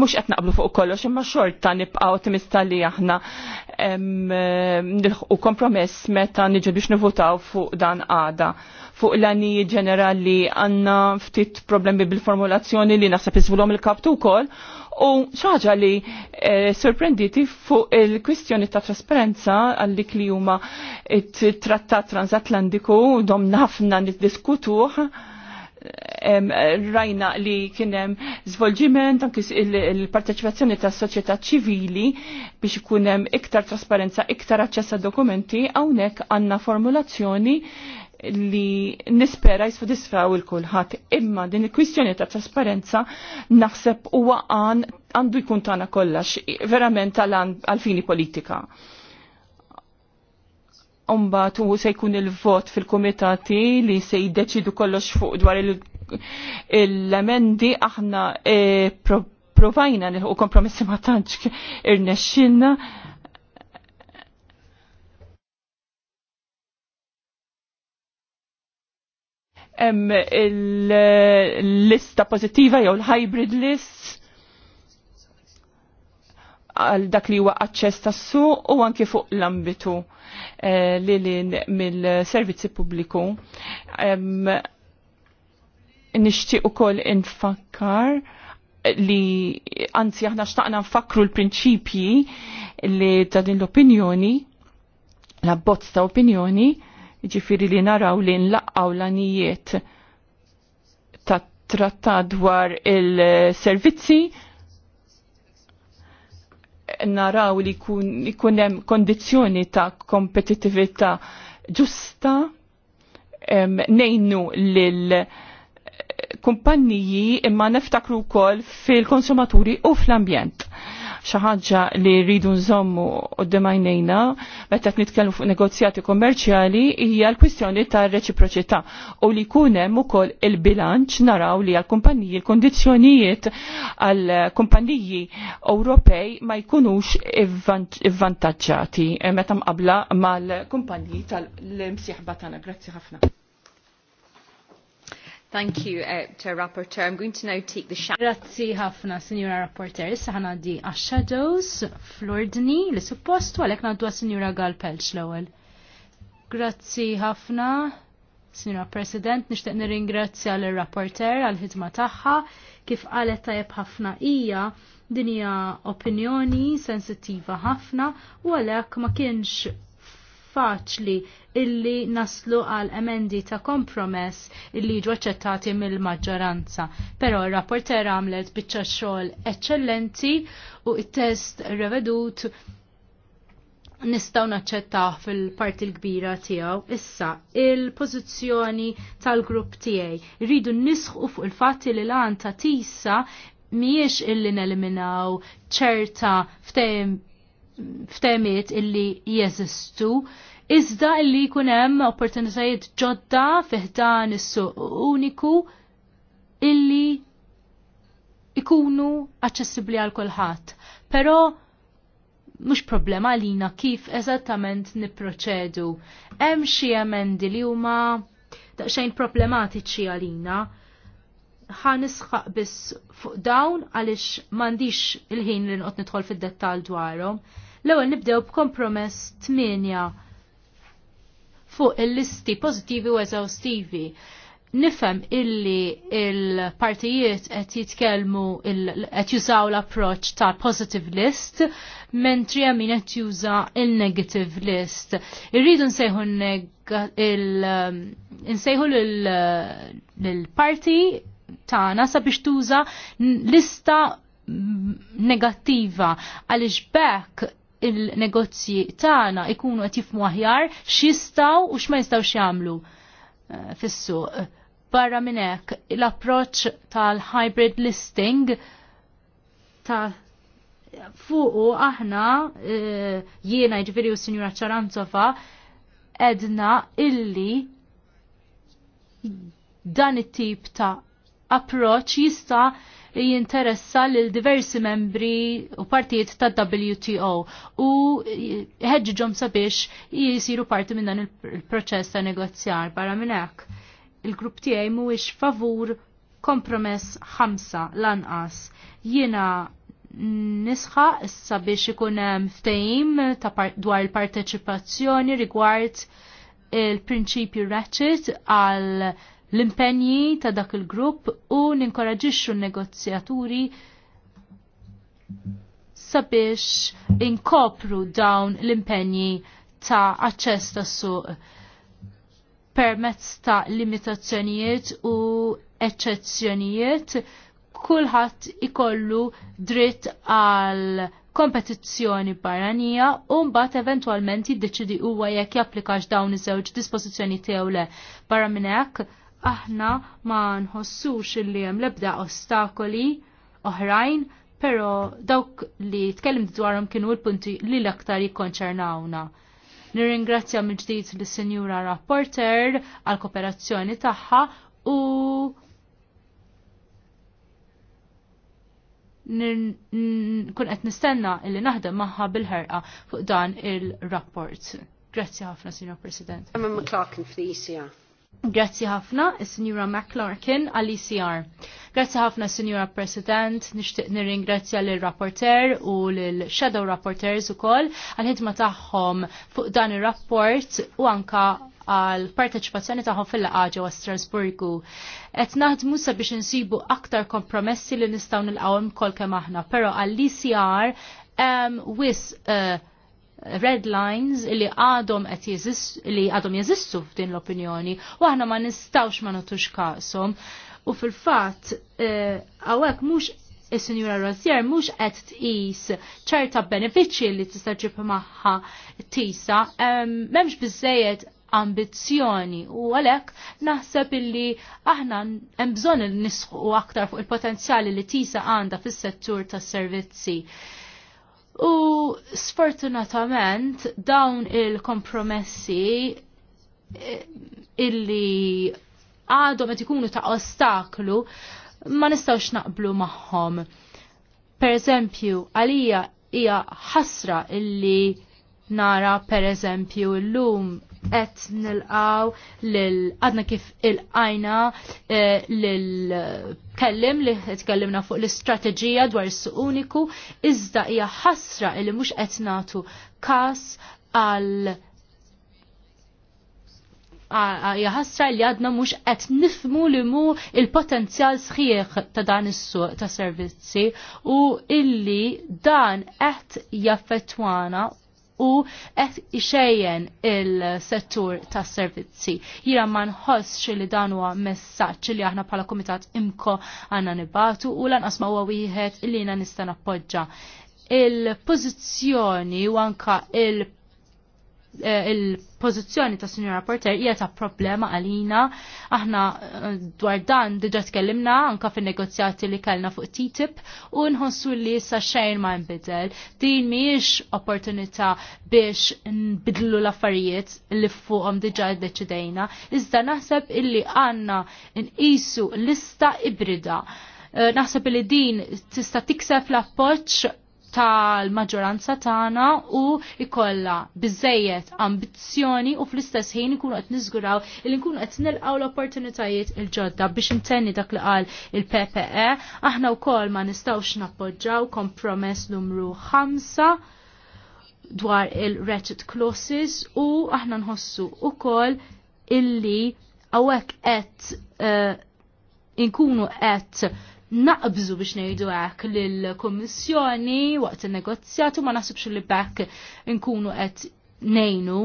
mux qed naqblu fuq kollox imma xorta nibqa' ottimista li aħna u kompromess meta niġu biex nivutaw fuq dan għada. Fuq l-għani ġenerali għanna ftit problemi bil-formulazzjoni li naħseb iżvulhom il-kaptu wkoll U xaġa li e, sorprenditi fuq il-kwistjoni ta' trasparenza għallik li huma it-trattat transatlantiku domna ħafna niddiskutuh rajna li kienem zvolġiment anki il-parteċipazzjoni ta' soċjetà ċivili biex ikunem iktar trasparenza, iktar aċċess dokumenti, hawnhekk għandna formulazzjoni li nispera jisfadisfaw il-kulħat. Imma din il-kwistjoni ta' trasparenza naħseb huwa għan għandu jkun tana kollax, verament għal-fini politika. Umba tu se jkun il-vot fil-komitati li se jiddeċidu kollox fuq dwar il-lamendi aħna eh, provajna u kompromissi ma tantx irnexxinna. hemm il-lista pozittiva jew l-hybrid list għal dak li huwa aċċess tas-suq u anke fuq l-ambitu eh, li lin mill-servizzi pubbliku. Nixtieq ukoll infakkar li anzi aħna xtaqna nfakru l-prinċipji li ta' din l-opinjoni, la bozz ta' opinjoni, ġifiri li naraw li nlaqqaw l-anijiet ta' trattat dwar il-servizzi, naraw li kunem hemm kondizjoni ta' kompetitivita ġusta, nejnu lil kumpanniji imma neftakru kol fil-konsumaturi u fl-ambjent xi ħaġa li rridu nżommu d-demajnejna, għajnejna meta nitkellmu fuq negozjati kommerċjali hija l-kwistjoni tar-reċiproċità u li jkun hemm ukoll il-bilanċ naraw li għall kumpanniji l kondizjonijiet għall kumpanniji Ewropej ma jkunux ivvantaġġati eh, meta mqabla mal-kumpaniji tal-imsieħba tagħna. Grazzi ħafna. Thank you uh, to Rapporteur. I'm going to now take the shadow. Grazzi ħafna, Signora Rapporteur. Issa ħana di għax-shadows fl li suppost u għalek naddu Signora Galpelċ l-ewel. Grazzi ħafna, Signora President. Nishtiq nirringrazzja l-Rapporteur għal-ħidma tagħha kif qalet tajjeb ħafna hija dinja opinjoni sensittiva ħafna u għalek ma kienx faċli illi naslu għal emendi ta' kompromess illi ġu aċċettati mill-maġġoranza. Però r-rapporter għamlet biċċa xogħol eccellenti u il test revedut nistaw naċċettaħ fil-parti l-kbira tiegħu. Issa, il-pożizzjoni tal-grupp tiegħi. Rridu nisħu fuq il-fatti li l għanta tisa miex illi neliminaw ċerta ftejm ftemiet illi jeżistu, iżda illi jkun hemm opportunitajiet ġodda fiħdan is-suq uniku illi ikunu aċċessibbli għal kulħadd. Però mhux problema lina kif eżattament nipproċedu. Hemm xi emendi li huma daqsxejn problematiċi għalina isħaq biss fuq dawn għalix mandiċ il-ħin li nqot nidħol fid-dettal dwarhom. L-ewwel nibdew b'kompromess 8 fuq il-listi pożittivi u eżawstivi nifem illi il-partijiet qed jitkellmu qed jużaw l-approċ ta' positive list mentri min qed juża il-negative list. Irridu nsejħu nsejħu l-parti tagħna sabiex tuża lista negattiva għaliex bekk il-negozji tagħna ikunu qed jifmu aħjar x'jistgħu u x'ma jistgħux jagħmlu eh, fissu. Eh, barra minn hekk l-approċċ tal-hybrid listing ta' fuqu aħna eh, jiena ġifieri u s-Sinjura Ċaranzova edna illi dan it-tip ta' approċċ jista' li jinteressa lil diversi membri u partijiet ta' WTO u ħedġiġom sabiex jisiru parti minn dan il-proċess ta' negozjar barra minn hekk. Il-grupp tiegħi mhuwiex favur kompromess ħamsa lanqas. Jiena nisħa issa biex ikun hemm ftehim dwar il-parteċipazzjoni rigward il-prinċipju ratchet għal l-impenji ta' dak il-grupp u ninkoraġixxu n-negozjaturi sabiex inkopru dawn l-impenji ta' aċċess tas suq permezz ta' limitazzjonijiet u eċċezzjonijiet kulħadd ikollu dritt għal kompetizzjoni barranija u mbagħad eventwalment jiddeċidi huwa jekk japplikax dawn iż-żewġ dispożizzjoni tiegħu le. Barra minn hekk aħna ma nħossux illi hemm lebda ostakoli oħrajn, però dawk li tkellim dwarhom kienu l-punti li l-aktar jikkonċernawna. Nirringrazzja mill-ġdid lis sinjura Rapporter għal kooperazzjoni tagħha u kun qed nistenna illi naħdem magħha bil-ħerqa fuq dan il-rapport. Grazzi ħafna, Signor President. Emma McClarkin fl-ECR. Grazzi ħafna, il-Sinjura McLarkin, għal-ICR. Grazzi ħafna, Sinjura President, nishtiq nirringrazzja l-rapporter u l-shadow rapporters u koll għal-ħidma taħħom fuq dan il-rapport u anka għal-parteċipazzjoni taħħom fil laqġa għa Strasburgu. Et naħdmu sabiex nsibu aktar kompromessi li nistaw nil-qawem kol kem aħna, pero għall-ICR um, wis uh, red lines li għadhom qed li għadhom jeżistu f'din l-opinjoni u aħna ma nistawx ma nagħtux kasom u fil-fatt hawnhekk eh, mhux is-Sinjura Rozier mhux qed tqis ċerta benefiċċji li tista' ġib magħha tisa, m'hemmx biżejjed ambizzjoni u għalhekk naħseb illi aħna hemm bżonn nisħu aktar fuq il-potenzjali li tisa għandha fis-settur tas-servizzi. U sfortunatament dawn il-kompromessi eh, illi għadhom qed ikunu ta' ostaklu ma nistgħux naqblu magħhom. Per eżempju, għalija hija ħasra illi nara per eżempju llum qed nilqaw lil għadna kif il-qajna eh, lil kellim li tkellimna fuq l-istrateġija dwar is-suq uniku iżda hija ħasra li mhux qed nagħtu każ għal jaħasra li għadna mux qed nifmu li mu il-potenzjal sħiħ ta' dan is-suq ta' servizzi u illi dan qed jaffettwana u qed ixejjen il-settur tas servizzi. Jira ma nħossx li dan huwa messaġġ li aħna bħala kumitat imko għandna nibatu u lanqas ma huwa wieħed li jiena nista' nappoġġa il-pożizzjoni u anka il Eh, il-pozizjoni ta' Sinjora Porter hija ta' problema għalina. Aħna eh, dwar dan diġa tkellimna anka fin-negozjati li kellna fuq TTIP u nħossu li sa xejn ma nbidel. Din mhijiex opportunità biex nbidlu l-affarijiet li fuqhom diġa ddeċidejna, iżda naħseb illi għandna nqisu lista ibrida. Eh, naħseb li din tista' tikseb l-appoġġ tal-maġġoranza tagħna u ikolla biżejjed ambizzjoni u fl-istess ħin ikunu qed niżguraw li nkunu qed nilqgħu l-opportunitajiet il-ġodda biex intenni dak li qal il-PPE aħna wkoll ma nistgħux nappoġġaw kompromess numru 5 dwar il-ratchet clauses u aħna nħossu wkoll illi għawek qed uh, inkunu qed naqbżu biex nejdu għak l komissjoni waqt il negozzjatu ma nasibx li bekk nkunu għet nejnu.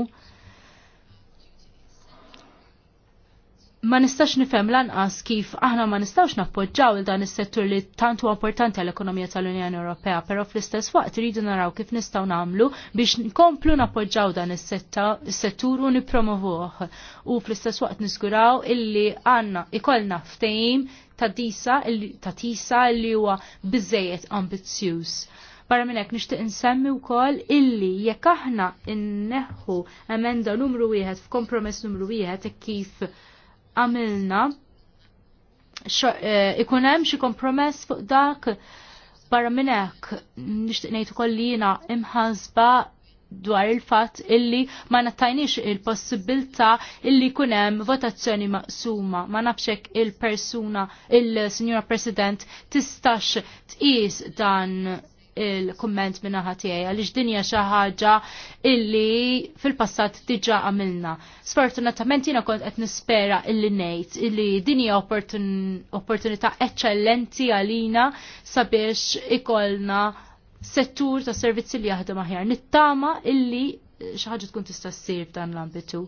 Ma nistax nifem lanqas kif aħna ma nistax nappoġġaw il dan is-settur li tant huwa importanti għall ekonomija tal-Unjoni Ewropea, però fl-istess waqt rridu naraw kif nistgħu nagħmlu biex nkomplu nappoġġaw dan is-settur u nippromovuh. U fl-istess waqt niżguraw illi għandna ikollna ftehim ta' disa ta' tisa li huwa biżejjed ambizzjuż. Barra minnek nishtiq nixtieq insemmi wkoll illi jekk aħna inneħħu emenda numru wieħed f'kompromess numru wieħed e kif għamilna e, ikun hemm xi kompromess fuq dak barra minn hekk nixtieq ngħid ukoll li jiena imħasba dwar il-fatt illi ma nattajnix il-possibilità illi kunem votazzjoni maqsuma. Ma nafxek il-persuna, il-Signora President, tistax tqis dan il-komment minna ħatijaj, għalix dinja xaħġa illi fil-passat diġa għamilna. Sfortunatament jina kont qed nispera illi nejt, illi dinja opportunità eccellenti għalina sabiex ikolna settur ta' servizzi li jaħdem aħjar. Nittama illi eh, xi ħaġa tkun tista' ssir f'dan l-ambitu.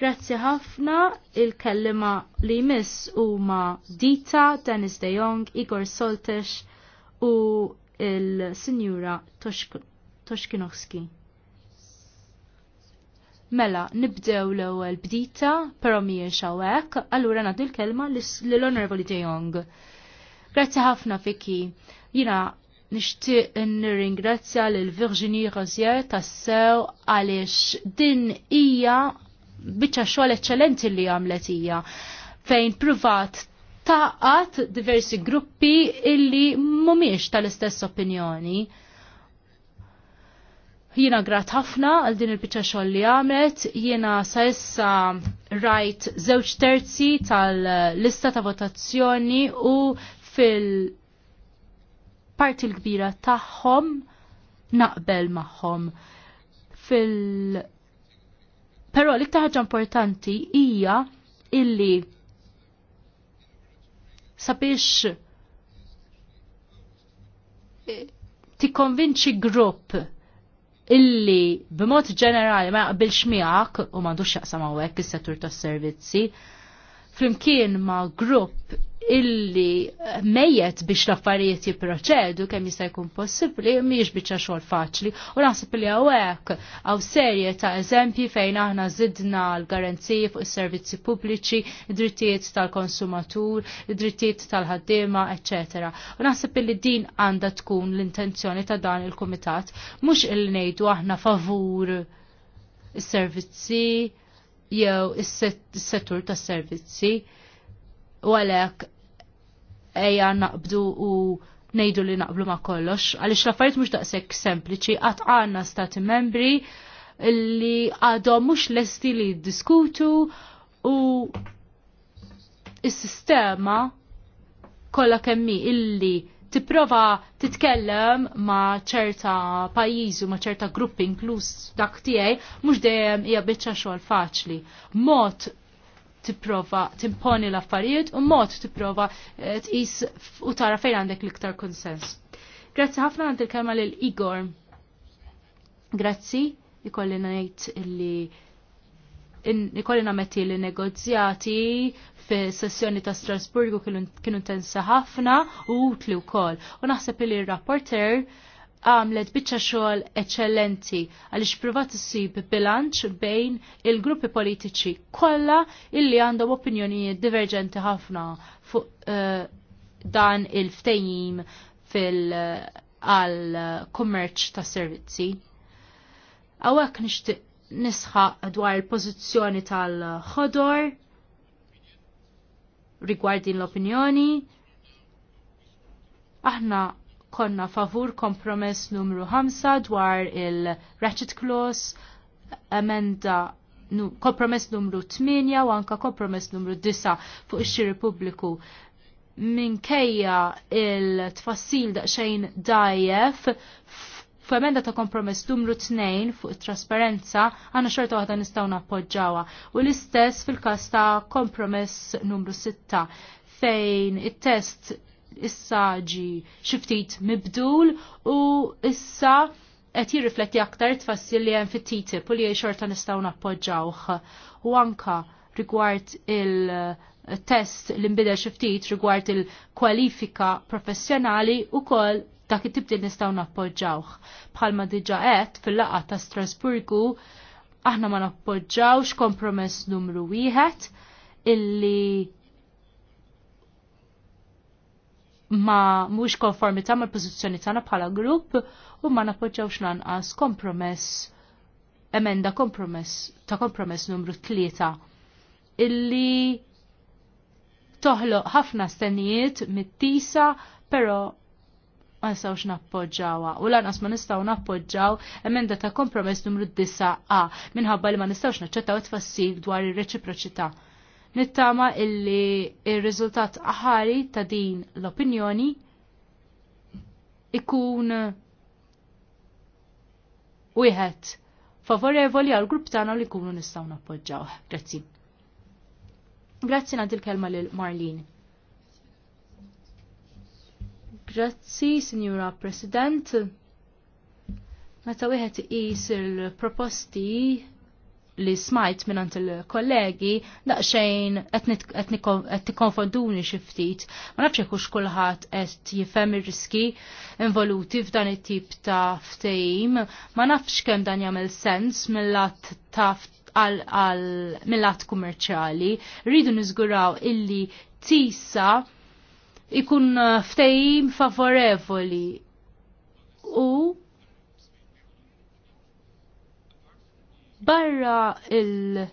Grazzi ħafna il-kellima li jmiss huma Dita, Dennis De Jong, Igor Soltex u il-Sinjura Toshkinowski. Mela, nibdew l-ewwel bdita, però mhijiex hawnhekk, allura nagħti l-kelma lill honorable De Jong. Grazzi ħafna Fiki. Jina nixtieq nirringrazzja l Virginie Rosier tassew għaliex din hija biċċa xogħol eċċellenti li għamlet hija fejn privat taqat diversi gruppi illi mumiex tal-istess opinjoni. Jiena grat ħafna għal din il-bicċa xoll li għamet, jiena sa issa rajt zewċ terzi tal-lista ta' votazzjoni u fil- parti l-kbira tagħhom naqbel magħhom. Fil Però l-iktar ħaġa importanti hija illi sabiex eh, tikkonvinċi grupp illi b'mod ġenerali ma jaqbilx miegħek u m'għandux xaqsam hawnhekk is-settur tas-servizzi, flimkien ma' grupp illi mejet biex l-affarijiet jiproċedu kemm jista' jkun possibbli mhijiex biċċa xogħol faċli u naħseb li hawnhekk hawn serje ta' eżempji fejn aħna żidna l-garanziji fuq is-servizzi pubbliċi, id-drittijiet tal-konsumatur, id-drittijiet tal-ħaddiema, eccetera. U naħseb li din għandha tkun l-intenzjoni ta' dan il-kumitat mhux il ngħidu aħna favur is-servizzi jew is-settur tas-servizzi u għalhekk ejja naqbdu u nejdu li naqblu ma kollox, għalix laffariet mux daqsek sempliċi, għat għanna stati membri li għadhom mux lesti li diskutu u is sistema kolla kemmi illi tipprova titkellem ma' ċerta pajjiżi, ma' ċerta gruppi inkluż dak tiegħi, mhux dejjem hija biċċa xogħol faċli. Mod tipprova timponi l-affarijiet u mod tipprova eh, tqis u tara fejn għandek l-iktar konsens. Grazzi ħafna għand il-kelma lil Igor. Grazzi, ikolli ngħid illi Nikolli nametti li negozjati fi sessjoni ta' Strasburgu kienu tensa ħafna u utli wkoll. U naħseb li r-rapporter għamlet bicċa xogħol eċċellenti għaliex provat issib bilanċ bejn il-gruppi politiċi kollha illi għandhom opinjonijiet diverġenti ħafna fuq uh, dan il-ftejjim fil- għal kummerċ ta' servizzi. Għawak nishtiq Nisħa dwar il-pożizzjoni tal-ħodor rigwardin l-opinjoni. Aħna konna favur kompromess numru 5 dwar il-ratchet clause, emenda kompromess numru 8 u anka kompromess numru 9 fuq ix Republiku pubbliku minkejja il-tfassil daqsxejn dajef F'emenda ta' kompromess numru 2 fuq trasparenza għandna xorta waħda nistgħu nappoġġawha u l-istess fil-każ ta' kompromess numru 6 fejn it-test issa ġi xiftit mibdul u issa qed jirrifletti aktar tfassil li hemm fit-TTIP u li xorta nistgħu nappoġġawh. U anka rigward il- test l-imbidel xiftit rigward il-kwalifika professjonali u kol dak it-tibdil nistgħu nappoġġawh. Bħalma diġà qed fil-laqgħa ta' Strasburgu aħna ma nappoġġawx kompromess numru wieħed illi ma mhux konformità mal pożizzjoni tagħna bħala grupp u ma nappoġġawx lanqas kompromess emenda kompromess ta' kompromess numru tlieta illi toħloq ħafna stenijiet mit-tisa, pero ma nistawx nappoġġawha u lanqas ma nistgħu nappoġġaw emenda ta' kompromess numru 9A minħabba li ma nistgħux naċċettaw it-tfassil dwar ir-reċiproċità. Nittama illi ir-riżultat aħari ta' din l-opinjoni ikun wieħed favorevoli għal grupp tagħna li jkunu nistgħu nappoġġaw. Grazzi. Grazzi nagħti l-kelma lil Marlene. Grazzi, Signora President. Meta wieħed iqis il-proposti li smajt minnant il-kollegi, daqxejn qed tikkonfonduni xi ftit. Ma nafx hekk kulħadd qed jifhem ir-riski involuti f'dan it-tip ta' ftehim, ma nafx kemm dan jagħmel sens mill-att ta' għal mill-att kummerċjali, rridu niżguraw illi tisa' ikun uh, ftejim favorevoli u barra il-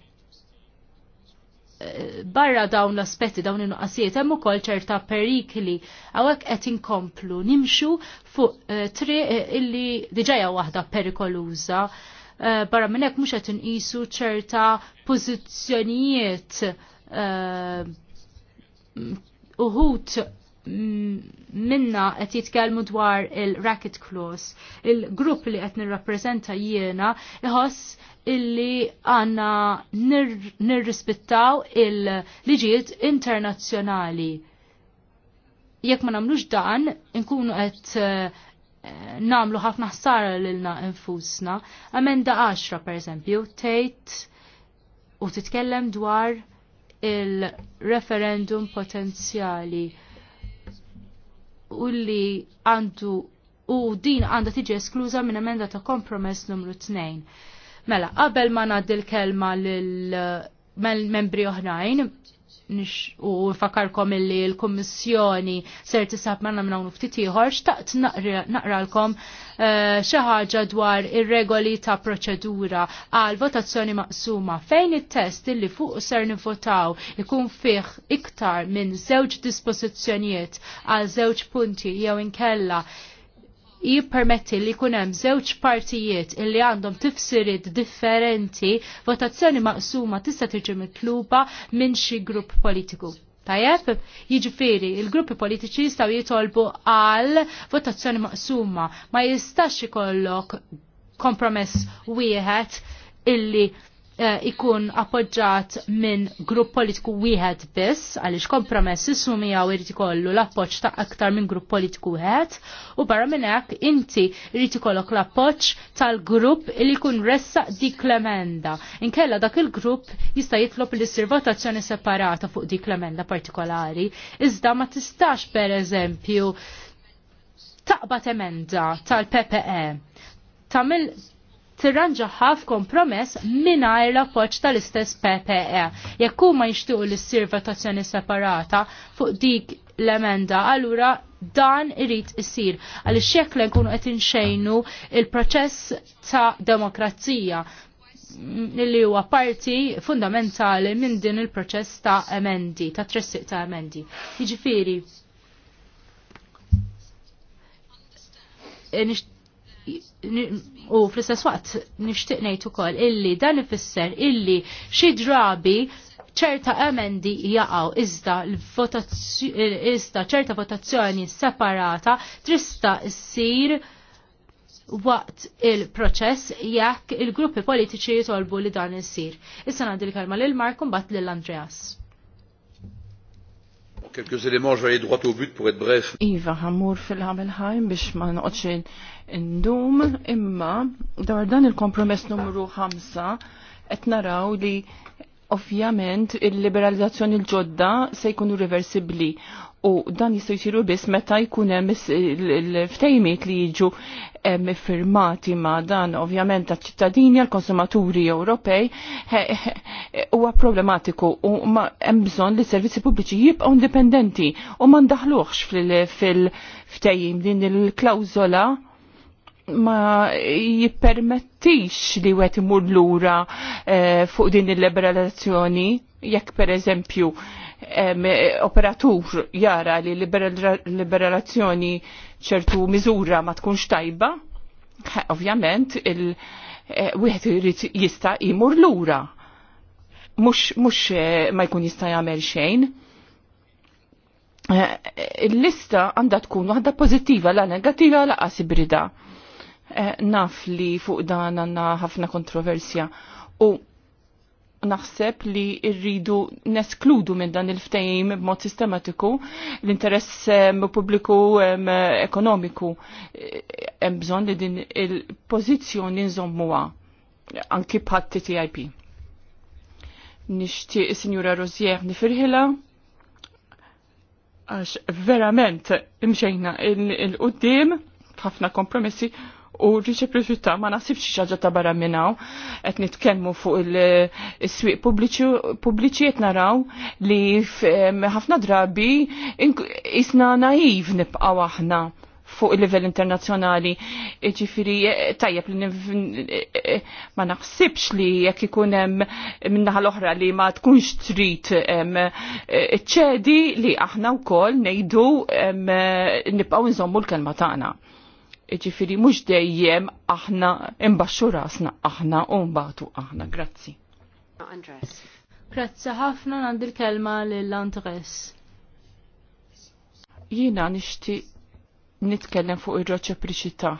eh, barra dawn l-aspetti dawn il nuqqasijiet hemm ukoll ċerta perikli hawnhekk qed inkomplu nimxu fuq eh, triq eh, illi diġeja waħda perikoluża barra minn hekk mhux qed inqisu ċerta pożizzjonijiet uħut minna qed jitkellmu dwar il-racket clause. Il-grupp li qed nirrappreżenta jiena iħoss illi għanna nirrispettaw il-liġijiet internazzjonali. Jekk ma nagħmlux dan, nkunu qed eh, namlu ħafna ħsara lilna infusna. Amenda 10 per eżempju, tgħid u titkellem dwar il-referendum potenzjali u li għandu u din għandha tiġi eskluża minn emenda ta' kompromess numru 2. Mela, qabel ma ngħaddi l-kelma lil membri oħrajn, u fakarkom illi l-Kommissjoni ser tisab manna minna unu ftit ieħor, xtaqt naqralkom eh, xi ħaġa dwar ir-regoli ta' proċedura għal votazzjoni maqsuma fejn it-test illi fuq ser nivotaw ikun fih iktar minn żewġ dispożizzjonijiet għal żewġ punti jew inkella jippermetti li kunem żewġ partijiet illi għandhom tifsirid differenti votazzjoni maqsuma tista' tiġi mitluba minn xi grupp politiku. Tajjeb, jiġifieri il-gruppi politiċi jistgħu jitolbu għal votazzjoni maqsuma, ma jistax ikollok kompromess wieħed illi Eh, ikun appoġġat minn grupp politiku wieħed biss, għaliex kompromess issu miegħu irid ikollu l-appoġġ ta' aktar minn grupp politiku wieħed, u barra minn hekk inti irid ikollok l-appoġġ tal-grupp li jkun ressa dik l-emenda. Inkella dak il-grupp jista' jitlob li ssir votazzjoni separata fuq dik l-emenda partikolari, iżda ma tistax pereżempju taqbad emenda tal-PPE tamil tirranġaħħa f'kompromess mingħajr l-appoġġ tal-istess PPE. Jekk huma jixtiequ li ssir votazzjoni separata fuq dik l-emenda, allura dan irid isir għaliex xekk li nkunu qed inxejnu il-proċess ta' demokrazija li huwa parti fundamentali minn din il-proċess ta' emendi, ta' tressiq ta' emendi. Jiġifieri, u fl-istess waqt nixtieq ngħid ukoll illi dan ifisser illi xi drabi ċerta emendi jaqaw iżda eh, iżda ċerta votazzjoni separata trista ssir waqt il-proċess jekk il-gruppi politiċi jitolbu li dan issir. Issa nagħdi l-kelma lil Mark mbagħad Andreas. Quelques éléments, je vais aller droit au but pour être bref. Iva, għamur fil-ħamelħajm biex ma noqċin ndum, imma dar dan il-kompromess numru 5 et naraw li ovvjament il-liberalizzazzjoni l-ġodda se jkunu reversibli u dan jistu jsiru biss meta jkun hemm il-ftejmiet li jiġu eh, firmati ma' dan ovvjament ta' ċittadini għall-konsumaturi Ewropej huwa problematiku u hemm bżonn li servizzi pubbliċi jibqgħu indipendenti u ma ndaħluħx fil-ftejim din il-klawżola ma jippermettix li wet imur lura eh, fuq din il-liberalizzazzjoni jekk per eżempju operatur jara li liberalazzjoni ċertu miżura ma tkunx tajba, ovvjament il e, wieħed irid jista' imur lura. Mhux mux e, ma jkun jista' jagħmel xejn. E, il-lista għandha tkun waħda pożittiva la negattiva laqas ibrida. Naf li fuq dan għandna ħafna kontroversja u naħseb li rridu neskludu minn dan il-ftejim b'mod sistematiku l-interess ehm, pubbliku ehm, ekonomiku. Hemm bżonn li din il-pożizzjoni nżommuha anki bħat TTIP. Nixtieq is-Sinjura Rozier nifirħilha għax verament imxejna il-qudiem b'ħafna ħafna kompromessi u riċiproċità ma nasibx xaġa ta' barra minnaw, qed nitkellmu fuq il-swieq pubbliċi qed naraw li ħafna drabi isna naiv nibqgħu aħna fuq il-livell internazzjonali. Ġifiri, tajjeb li ma naħsibx li jekk ikun hemm minnaħa l-oħra li ma tkunx trid ċedi li aħna wkoll ngħidu nibqgħu nżommu l-kelma tagħna iġifiri mux dejjem aħna imbaxxu rasna aħna u mbatu aħna. Grazzi. Andres. Grazzi ħafna għandi l-kelma l-Andres. Jina nishti nitkellem fuq ir roċa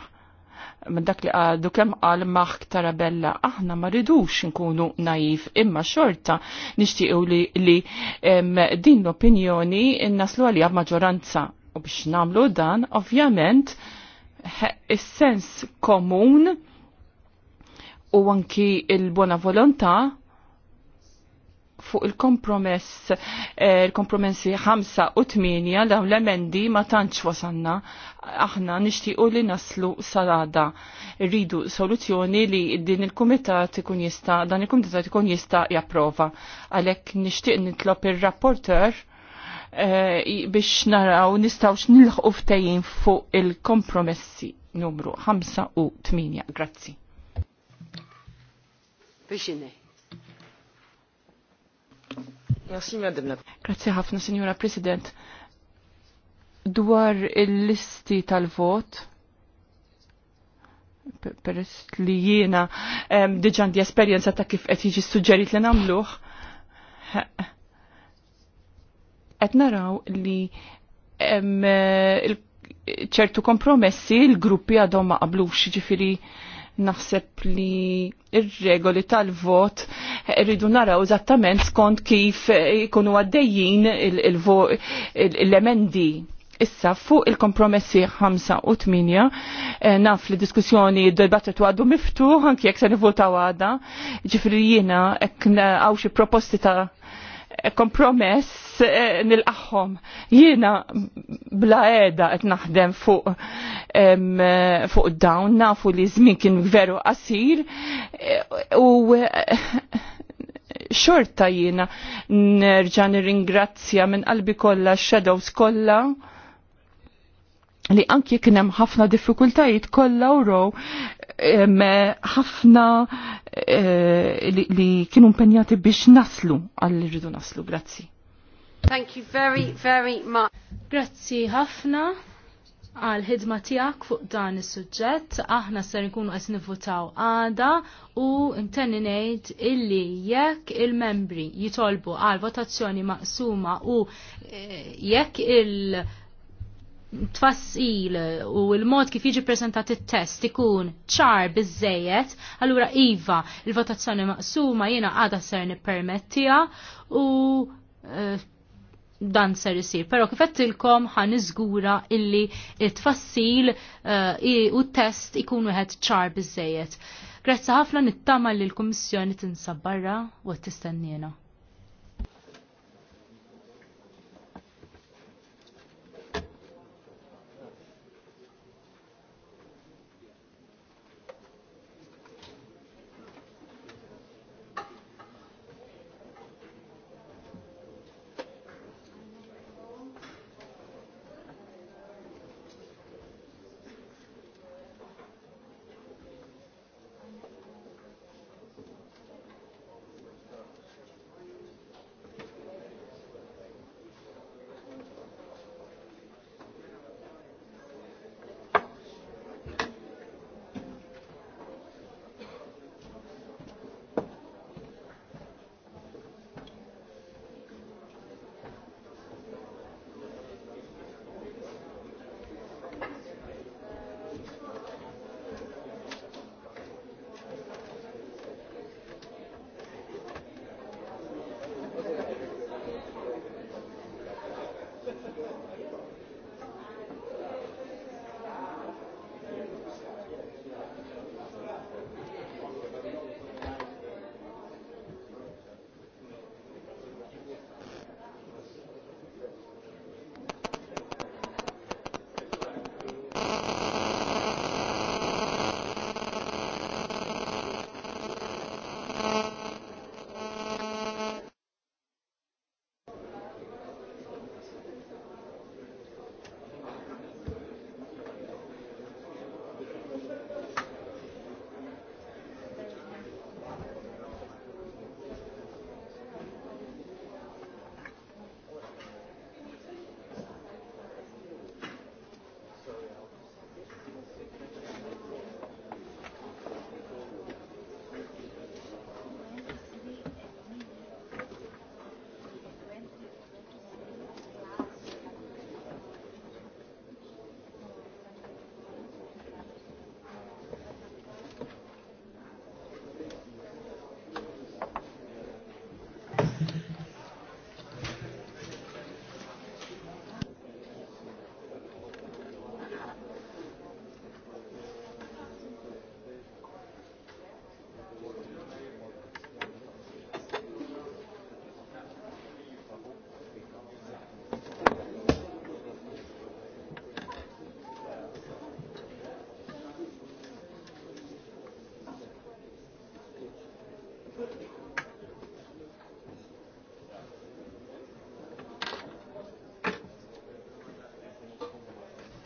Ma dak li għaddu kem għal maħk tarabella, aħna ma ridux nkunu naif, imma xorta nishtiqu li, li em, din l-opinjoni naslu għalija maġoranza. U biex namlu dan, ovvjament, is-sens komun u anki il-bona volontà fuq il-kompromess, eh, il-kompromessi 5 u 8 daw l-emendi ma tantx wasanna. Aħna nixtiequ li naslu salada. Rridu soluzzjoni li din il-kumitat ikun jista, dan il-kumitat ikun jista japprova. Għalhekk nixtieq nitlob ir rapporter Eh, biex naraw nistawx nilħqu ftejjin fuq il-kompromessi numru 5 u 8. Grazzi. Bixine. Grazie ħafna, Signora President. Dwar il-listi tal-vot, per li jiena diġan di esperienza ta' kif qed jiġi suġġerit li nagħmluh, qed naraw li eh, ċertu kompromessi l-gruppi għadhom ma qablux ġifiri naħseb li ir-regoli tal-vot rridu naraw eżattament skont kif ikunu għaddejjin l-emendi. Issa fuq il-kompromessi 5 u 8 eh, naf li diskussjoni d-dibattitu għaddu miftu għanki jekk se nivvotaw għada ġifri jiena hekk hawn xi proposti ta' kompromess eh, nil-qaħħom. Jiena bla edha qed naħdem fuq eh, fuq dawn nafu li żmien kien veru qasir eh, u xorta jiena nerġa' nirringrazzja minn qalbi kollha x-shadows kollha li anki kienem ħafna diffikultajiet kollha row ħafna eh, li, kienu impenjati biex naslu għall rridu naslu. Grazzi. Thank you very, very much. Grazzi ħafna għal ħidma tiegħek fuq dan is suġġett aħna ser ikunu qed nivvutaw għada u intenni ngħid illi jekk il-membri jitolbu għal votazzjoni maqsuma u eh, jekk il- tfassil u l-mod kif jiġi prezentat it-test ikun ċar biżejjed, allura iva il-votazzjoni maqsuma jiena għada ser nippermettija u eh, dan ser isir. Pero kifett ilkom ħan iżgura illi it-tfassil eh, u t-test ikun wieħed ċar biżejjed. Grazzi ħafna nittama li l-Kummissjoni tinsab barra u t-istennina.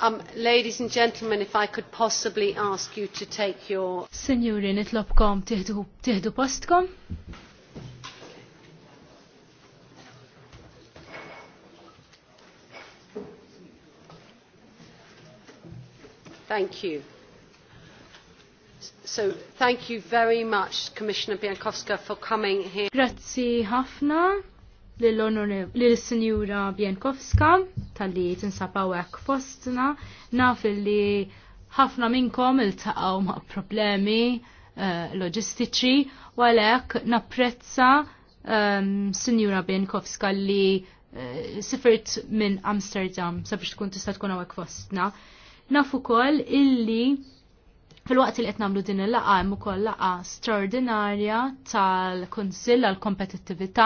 Um, ladies and gentlemen, if I could possibly ask you to take your... Signori, nitlobkom tihdu postkom. Thank you. So thank you very much, Commissioner Biankowska, for coming here. Grazzi ħafna lill-Sinjura Bienkowska tal-li tinsabaw hekk fostna, naf li ħafna minnkom iltaqgħu ma' problemi eh, loġistiċi u għalhekk napprezza ehm, sinjura Sinjura Benkowska li eh, sifert minn Amsterdam sabiex tkun tista' tkun hawnhekk fostna. Naf ukoll illi Fil-waqt li qed nagħmlu din il-laqa hemm ukoll laqa straordinarja tal-Kunsill għall kompetittività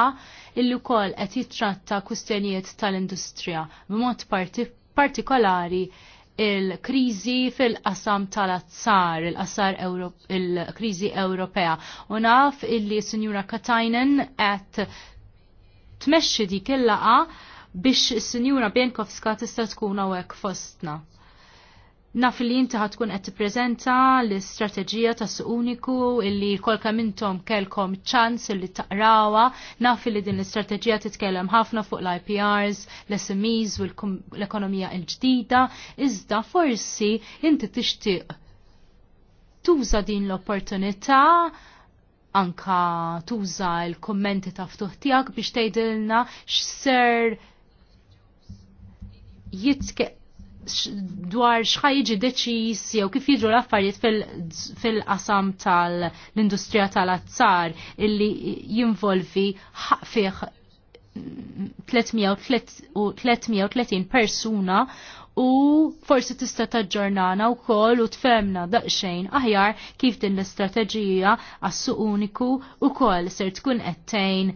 illi wkoll qed jitratta kwistjonijiet tal-industrija b'mod partikolari il-krizi fil-qasam tal-azzar, il-qasar il-krizi Ewropea. U naf illi Sinjura Katajnen qed tmexxi dik il-laqa biex Sinjura Bienkowska tista' tkun hawnhekk fostna. Naf li inti ħatkun qed tippreżenta l-istrateġija ta' suq uniku illi kolka mintom kelkom ċans illi taqrawa, naf li din l-istrateġija titkellem ħafna fuq l-IPRs, l-SMEs u l-ekonomija l-ġdida, iżda forsi inti tixtieq tuża din l-opportunità anka tuża l-kommenti ta' ftuħ tiegħek biex tgħidilna x'ser jitke dwar xħajġi deċis jew kif jidru l-affarijiet fil-qasam tal-industrija tal-azzar illi jinvolvi fih 330 persuna u forsi tista taġġornana u koll u tfemna daqxejn aħjar kif din l-istrateġija għassu uniku u koll ser tkun ettejn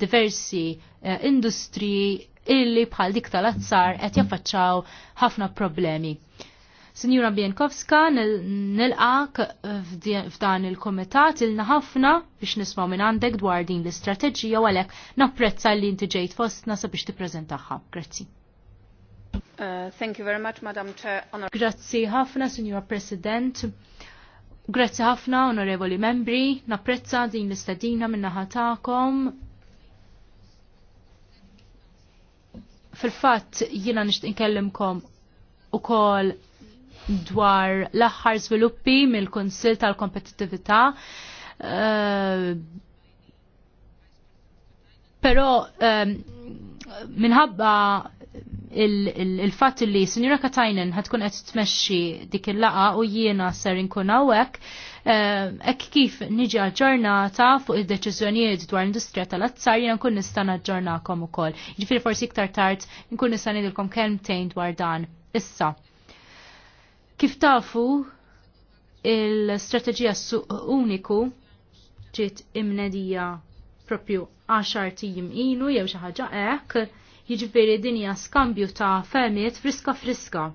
diversi eh, industriji illi bħal dik tal-azzar qed jaffaċċaw ħafna problemi. Sinjura Bienkowska, nilqak f'dan il-komitat il ħafna biex nismaw minn għandek dwar din l-istrateġija u għalhekk napprezza li inti ġejt fostna sabiex tippreżentaha. Grazzi. Uh, thank you very much, Madam Chair. Honor Grazzi ħafna, Sinjura President. Grazzi ħafna, onorevoli membri. Napprezza din l-istadina minna ħatakom fil-fatt jiena nixtieq inkellimkom ukoll dwar l-aħħar żviluppi mill-Kunsill tal kompetitivita Pero eh, Però eh, minħabba il fat il, li Sinjura Katajnen ħatkun qed tmexxi dik il-laqa u jiena ser inkun hawnhekk, Eh, ek kif niġi għal fuq id-deċizjonijiet dwar l-industrija tal-azzar jena nkun nista' naġġornakom ukoll. Ġifieri forsi iktar tard nkun nista' ngħidilkom kelmtejn dwar dan. Issa. Kif tafu il-strateġija uniku ġiet imnedija propju 10 tim ilu jew xi ħaġa hekk, jiġifieri dinja skambju ta' femiet friska friska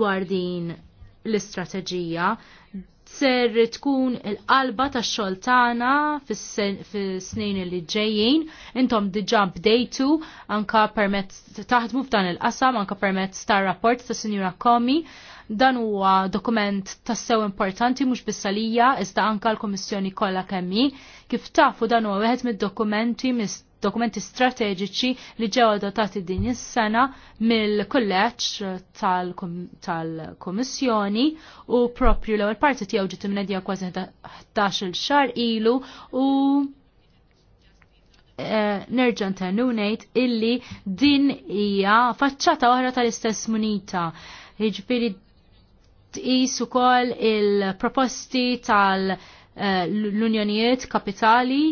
dwar din l-istrateġija ser tkun il-qalba ta' xoltana fis-snin li ġejjin, intom diġa bdejtu anka permezz taħdmu f'dan il-qasam, anka permezz ta' rapport ta' Sinjura Komi, dan huwa dokument tas-sew importanti mhux bissalija iżda anka l-Kummissjoni kollha kemmi, kif tafu dan huwa wieħed mid-dokumenti mis dokumenti strateġiċi li ġew adottati din is-sena mill-kulleġġ tal-Kummissjoni u propju l-ewwel parti tiegħu ġiet imnedja kważi 11-il xahar ilu u eh, nerġa' ntennu ngħid illi din hija faċċata oħra tal-istess munita. Jiġifieri tqis ukoll il-proposti tal- eh, l-unjonijiet kapitali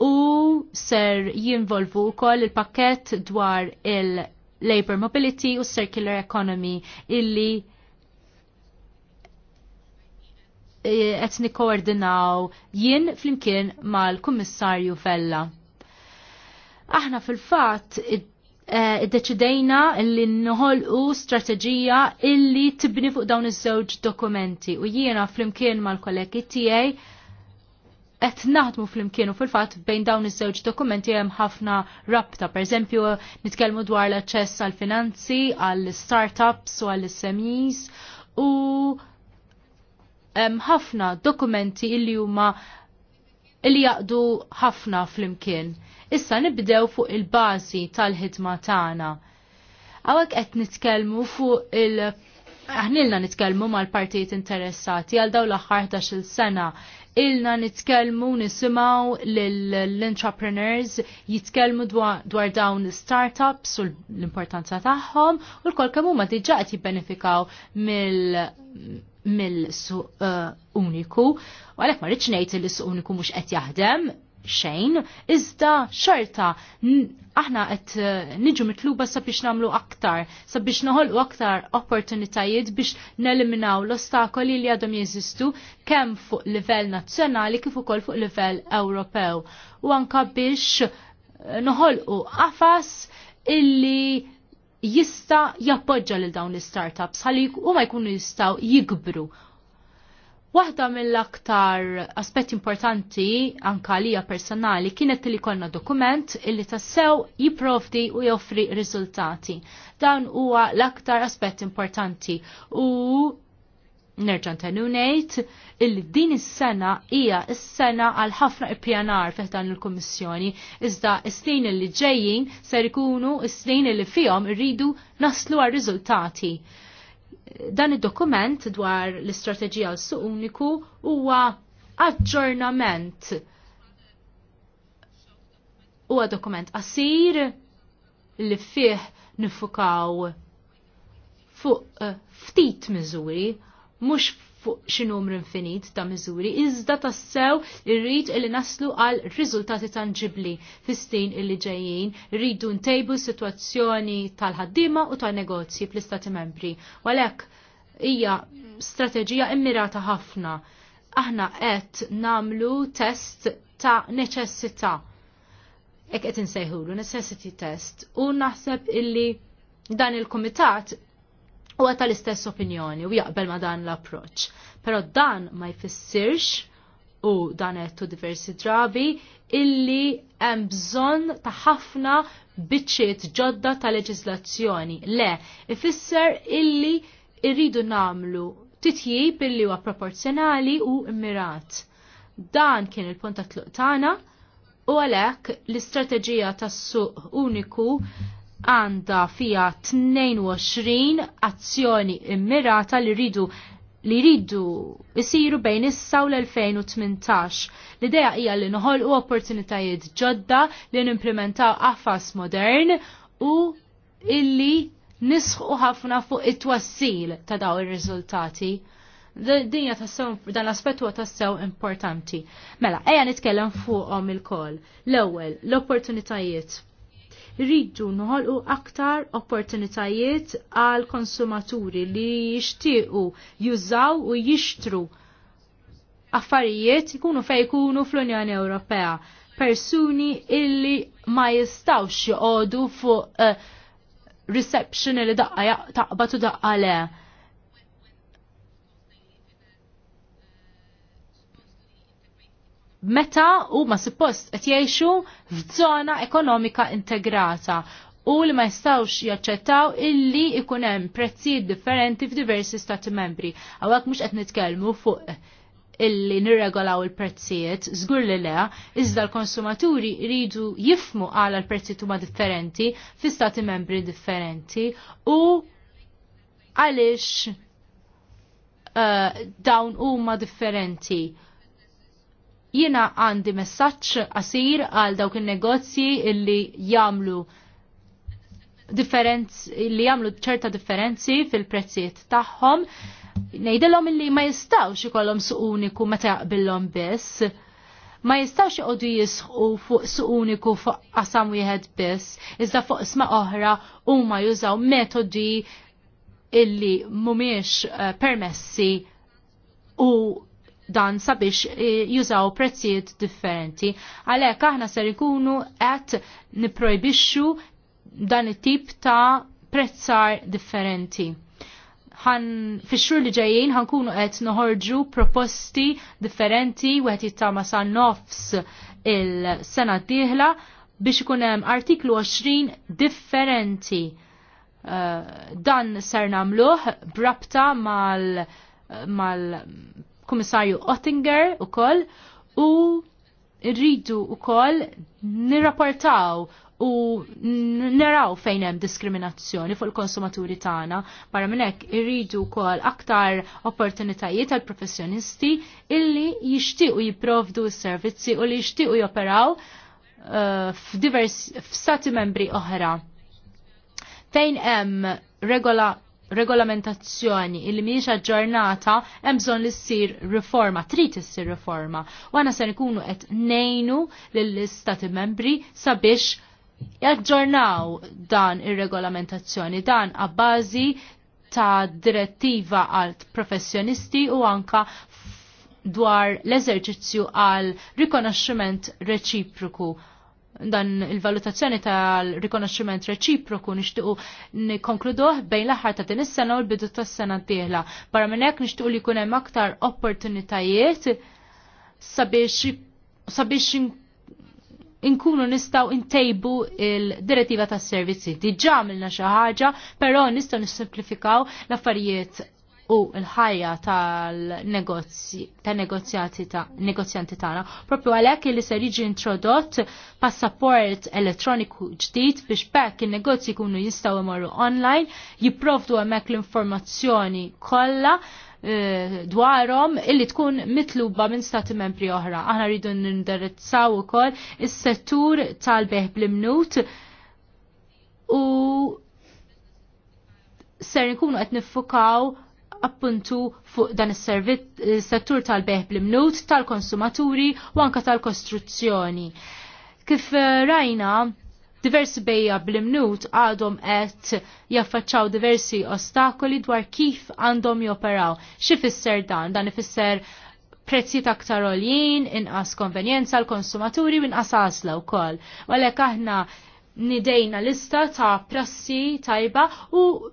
u ser jinvolvu wkoll il-pakket dwar il-Labor Mobility u Circular Economy illi eh, qed nikkoordinaw jien flimkien mal-Kummissarju Vella. Aħna fil-fatt eh, id-deċidejna li nħolqu strateġija illi tibni fuq dawn iż-żewġ dokumenti u jiena flimkien mal-kollegi tiegħi qed naħdmu fl-imkien u fil-fatt bejn dawn iż-żewġ dokumenti hemm ħafna rabta. Pereżempju, nitkellmu dwar l-aċċess għal finanzi, għal startups u għal SMEs u hemm ħafna dokumenti illi huma illi jaqdu ħafna fl-imkien. Issa nibdew fuq il-bażi tal-ħidma tagħna. Għawek qed nitkellmu fuq il- Aħnilna nitkellmu mal-partijiet interessati għal daw l-aħħar il sena ilna nitkellmu nisimaw l-entrepreneurs jitkellmu dwar dawn startups u l-importanza tagħhom u l-kol kemm huma diġà qed jibbenefikaw mill mill-suq uh, uniku. U għalhekk ma rridx ngħid li uniku mhux qed jaħdem, xejn, iżda xorta aħna qed eh, niġu mitluba sabiex nagħmlu aktar, sabiex noħolqu aktar opportunitajiet biex neliminaw l-ostakoli li għadhom jeżistu kemm fuq livell nazzjonali kif ukoll fuq livell Ewropew. U anka biex eh, noħolqu qafas illi jista jappoġġa lil dawn l-startups ħalli huma jkunu jistgħu jikbru Waħda mill-aktar aspetti importanti anka lija personali kienet li konna dokument illi tassew jiprovdi u joffri riżultati. Dan huwa l-aktar aspett importanti u nerġan tenunejt illi din is-sena hija s-sena għal ħafna ippjanar fih dan il-Kummissjoni iżda s-snin li ġejjin ser ikunu s-snin li fihom irridu naslu għal riżultati dan id-dokument dwar l-istrateġija għal suq uniku huwa aġġornament. Huwa dokument qasir li fih nifukaw fuq eh, ftit miżuri mhux fuq xi numru infinit ta' miżuri, iżda tassew irrid illi naslu għal riżultati tangibbli fis-snin illi ġejjin, rridu ntejbu situazzjoni tal-ħaddiema u tal negozji fl-Istati Membri. Għalhekk hija strateġija immirata ħafna. Aħna qed namlu test ta' neċessità. Ek qed insejħulu necessity test u naħseb illi dan il-kumitat u għata l-istess opinjoni u jaqbel ma dan l-approċ. Pero dan ma jfissirx u dan għettu diversi drabi illi hemm bżonn ta' ħafna biċċiet ġodda ta' leġizlazzjoni. Le, ifisser illi irridu namlu titjib illi huwa proporzjonali u immirat. Dan kien il-punt ta' tluqtana u għalhekk l-istrateġija tas-suq uniku għanda fija 22 azzjoni immirata li ridu li riddu jisiru bejn issa u l-2018. L-ideja hija li noħolqu opportunitajiet ġodda li nimplementaw affas modern u illi nisħu ħafna fuq it-twassil ta' daw ir-riżultati. Dinja sew, dan l-aspettu tassew importanti. Mela, eja nitkellem fuqhom il-kol. L-ewwel, l-opportunitajiet rridu noħolqu aktar opportunitajiet għal konsumaturi li jixtiequ jużaw u jixtru affarijiet ikunu fej ikunu fl-Unjoni Ewropea. Persuni illi ma jistawx joqogħdu fuq uh, reception li daqqa taqbatu daqqa le. meta u ma suppost qed jgħixu f'żona ekonomika integrata u li ma jistawx jaċċettaw illi ikun hemm prezzijiet differenti f'diversi stati membri. Għawek mhux qed nitkellmu fuq illi nirregolaw il-prezzijiet, żgur li le, iżda l-konsumaturi jridu jifmu għal l-prezzijiet huma differenti fi stati membri differenti u għaliex uh, dawn huma differenti Jiena għandi messaċ qasir għal dawk il-negozji illi jamlu illi jamlu ċerta differenzi fil-prezzijiet tagħhom. Nejdilhom illi ma jistawx ikollhom suq uniku meta jaqbilhom biss. Ma jistawx iqogħdu jisħu fuq suq uniku fuq qasam wieħed biss, iżda fuq isma oħra huma jużaw metodi illi mhumiex eh, permessi u dan sabiex e, jużaw prezzijiet differenti. Għalhekk aħna ser ikunu qed niprojbixxu dan it-tip ta' prezzar differenti. Han, fix-xhur li ġejjin ħankunu qed noħorġu proposti differenti wieħed jittama sa nofs il-sena d-dieħla biex ikun hemm artiklu 20 differenti. Uh, dan ser namluħ brabta mal mal kummissarju Ottinger u koll u rridu u koll nirrapportaw u naraw fejn hemm diskriminazzjoni fuq il-konsumaturi tagħna. Barra minn hekk irridu wkoll aktar opportunitajiet għal professjonisti illi jixtiequ jipprovdu s-servizzi u li jixtiequ joperaw eh, f'diversi f'stati membri oħra. Fejn hemm regola regolamentazzjoni il mhijiex aġġornata hemm bżonn li ssir riforma, trid issir riforma. U għana se nkunu qed ngħinu lill-istati membri sabiex jaġġornaw dan ir-regolamentazzjoni dan għabbażi ta' direttiva għal professjonisti u anka dwar l-eżerċizzju għal rikonoxximent reċiproku dan il-valutazzjoni tal-rikonoxximent reċiproku nixtiequ nikkonkluduh bejn l-aħħar ta' din is-sena u l-bidu tas-sena d-dieħla. Barra minn hekk nixtiequ li jkun hemm aktar opportunitajiet sabiex inkunu nistaw intejbu il-direttiva tas servizzi Diġà għamilna xi ħaġa, però nistgħu nissimplifikaw l-affarijiet u l-ħajja tal negozjanti ta' negozjati ta' negozjanti tagħna. Propju għalhekk li ser jiġi introdott passaport elettroniku ġdid biex bekk in-negozji jkunu jistgħu imorru online, jipprovdu hemmhekk l-informazzjoni kollha dwarom eh, dwarhom illi tkun mitluba minn stati membri oħra. Aħna rridu nindirizzaw ukoll is-settur tal-beħ bl-imnut u ser nkunu qed niffukaw appuntu fuq dan is-settur tal-beħ bl-imnut, tal-konsumaturi u anka tal-kostruzzjoni. Kif eh, rajna, diversi bejja bl-imnut għadhom qed jaffaċċaw diversi ostakoli dwar kif għandhom joperaw. Xi fisser dan? Dan ifisser prezzi aktar oljin, inqas konvenjenza l-konsumaturi u inqas għasla wkoll. Għalhekk aħna nidejna lista ta' prassi tajba u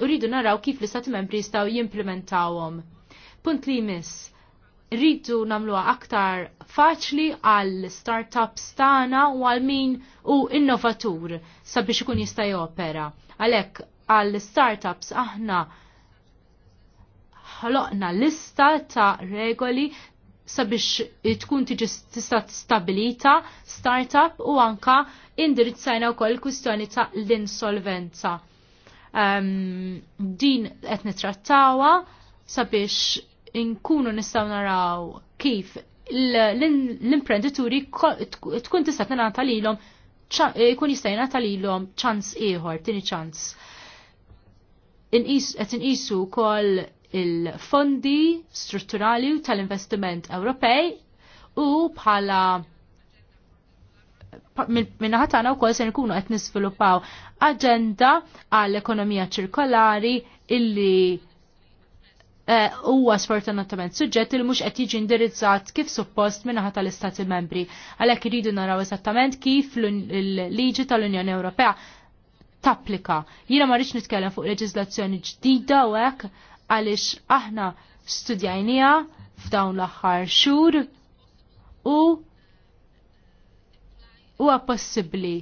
rridu naraw kif l-istati membri jistaw jimplementawhom. Punt li miss rridu namluha aktar faċli għal startups tagħna u għal min u innovatur sabiex ikun jista' jopera. Għalhekk għal startups aħna ħloqna lista ta' regoli sabiex tkun tiġi tista' stabilita startup u anka indirizzajna wkoll kustjoni ta' l-insolvenza. Um, din qed nitrattawa sabiex inkunu nistgħu naraw kif l-imprenditori tkun tista' tingħata lilhom eh, jkun jista' jingħata lilhom ċans ieħor, tieni ċans. Qed inqisu wkoll il-fondi strutturali tal-investiment Ewropej u bħala minnaħat għana u kol se nkunu għet nisvilupaw agenda għall-ekonomija ċirkolari illi eh, huwa sfortunatament suġġett li mhux qed jiġi indirizzat kif suppost minnaħat tal-Istati Membri. Għalhekk iridu naraw eżattament kif l-liġi tal-Unjoni Ewropea tapplika. Jiena ma nitkellem fuq leġiżlazzjoni ġdida u hekk għaliex aħna studjajnija f'dawn l-aħħar xhur u huwa possibbli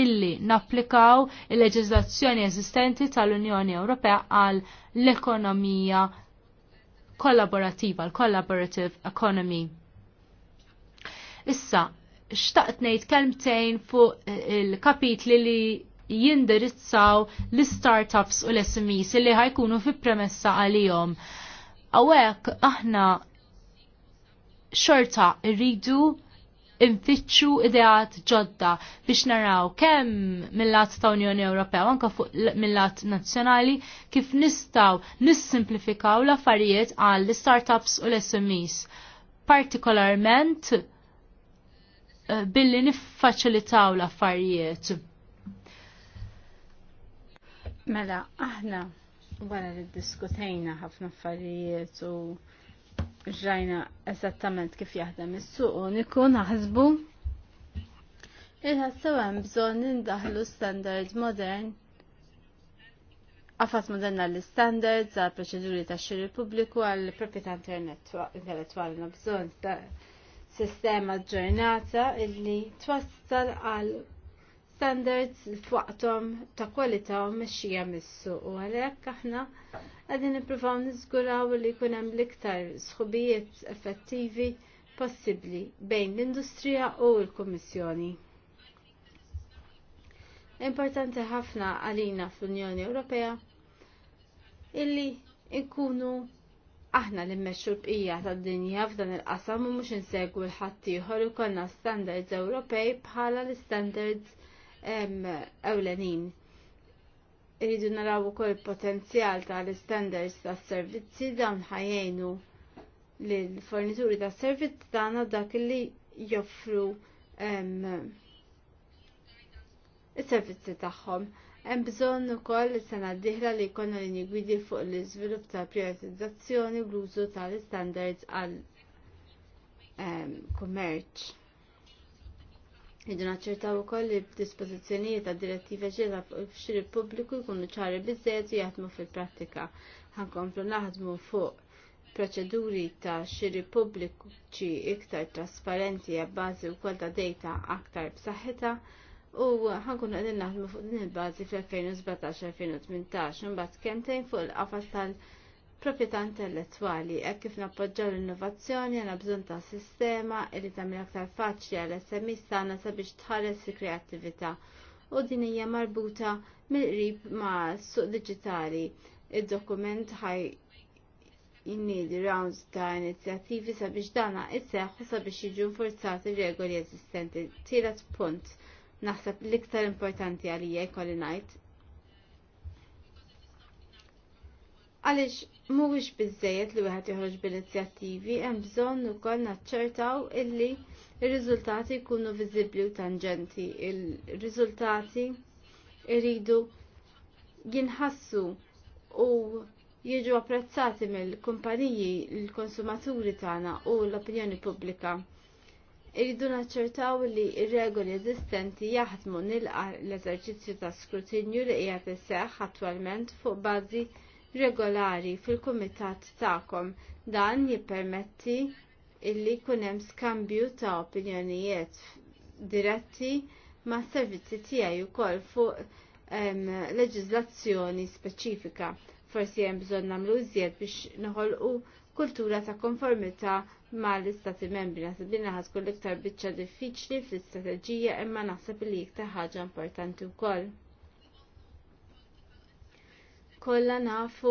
illi napplikaw il-leġiżlazzjoni eżistenti tal-Unjoni Ewropea għal l-ekonomija kollaborativa, l-collaborative economy. Issa, xtaqt ngħid kelmtejn fuq il-kapitli li jindirizzaw l-startups u l-SMEs li ħajkunu fi premessa għal-jom. Awek aħna xorta rridu infittxu ideat ġodda biex naraw kemm mill ta' Unjoni Ewropea anka fuq mill-lat nazzjonali kif nistaw nissimplifikaw l-affarijiet għal l-startups u l-SMEs. Partikolarment eh, billi niffaċilitaw l-affarijiet. Mela, aħna wara li diskutejna ħafna affarijiet u rajna eżattament kif jaħdem is-suq uniku naħsbu il-ħassaw hemm bżonn nindaħlu standard modern għafas moderna l-standards għal proċeduri ta' xiri pubbliku għal proprjetà intellettuali na bżonn ta' sistema ġurnata illi twassal għal standards li twaqtom ta' kwalità u mexxija missu u għalhekk aħna qegħdin nippruvaw niżguraw li jkun hemm l-iktar sħubijiet effettivi possibbli bejn l-industrija u l-Kummissjoni. Importanti ħafna għalina fl-Unjoni Ewropea illi nkunu aħna li mmexxu l-bqija tad-dinja f'dan il-qasam u mhux insegwu l ħaddieħor ieħor ikollna standards Ewropej bħala l-standards ewlenin. Iridu naraw ukoll potenzjal tal-standards tas-servizzi dawn ħajjejnu lill fornituri tas servizzi tagħna dak li joffru is-servizzi tagħhom. Hemm bżonn ukoll is-sena d-dieħla li jkollna li gwidi fuq l-iżvilupp ta' privatizzazzjoni u l-użu tal-standards għal kummerċ. Idu naċċertaw ukoll li dispozizjoniet ta' direttiva ġiela f'xiri publiku jkunu ċari bizzet u jaħdmu fil-prattika. Ħankomplu naħdmu fuq proċeduri ta' il-publiku ċi iktar trasparenti u wkoll ta' data aktar b'saħħita u ħankun għedin naħdmu fuq din il-bażi fl-2017-2018 imbagħad kemmtejn fuq il-qafas tal- proprjetà intellettwali hekk kif nappoġġaw l-innovazzjoni għandna bżonn ta' sistema li tagħmel aktar faċli għal SMEs tagħna sabiex tħares il-kreattività u din hija marbuta mill-qrib ma' suq diġitali. Id-dokument ħaj jinnidi rounds ta' inizjattivi sabiex dana isseħ u sabiex jiġu nfurzati regoli eżistenti. Tielet punt naħseb l-iktar importanti għalija jkolli ngħid. Għaliex mhuwiex biżejjed li wieħed joħroġ bl-inizjattivi hemm bżonn ukoll naċċertaw illi r riżultati jkunu viżibbli u tangenti. Ir-riżultati iridu jinħassu u jiġu apprezzati mill-kumpaniji l-konsumaturi tagħna u l-opinjoni pubblika. Iridu naċċertaw li r-regoli eżistenti jaħdmu nilqa l-eżerċizzju ta' skrutinju li qiegħed iseħħ attwalment fuq bażi regolari fil-kumitat tagħkom. Dan jippermetti illi jkun hemm skambju ta' opinjonijiet diretti ma' servizzi tiegħi wkoll fuq leġiżlazzjoni speċifika. Forsi hemm bżonn nagħmlu iżjed biex noħolqu kultura ta' konformità ma' l-istati membri. Naħseb li naħas kull iktar biċċa diffiċli fl-istrateġija imma naħseb li iktar ħaġa importanti wkoll kollha nafu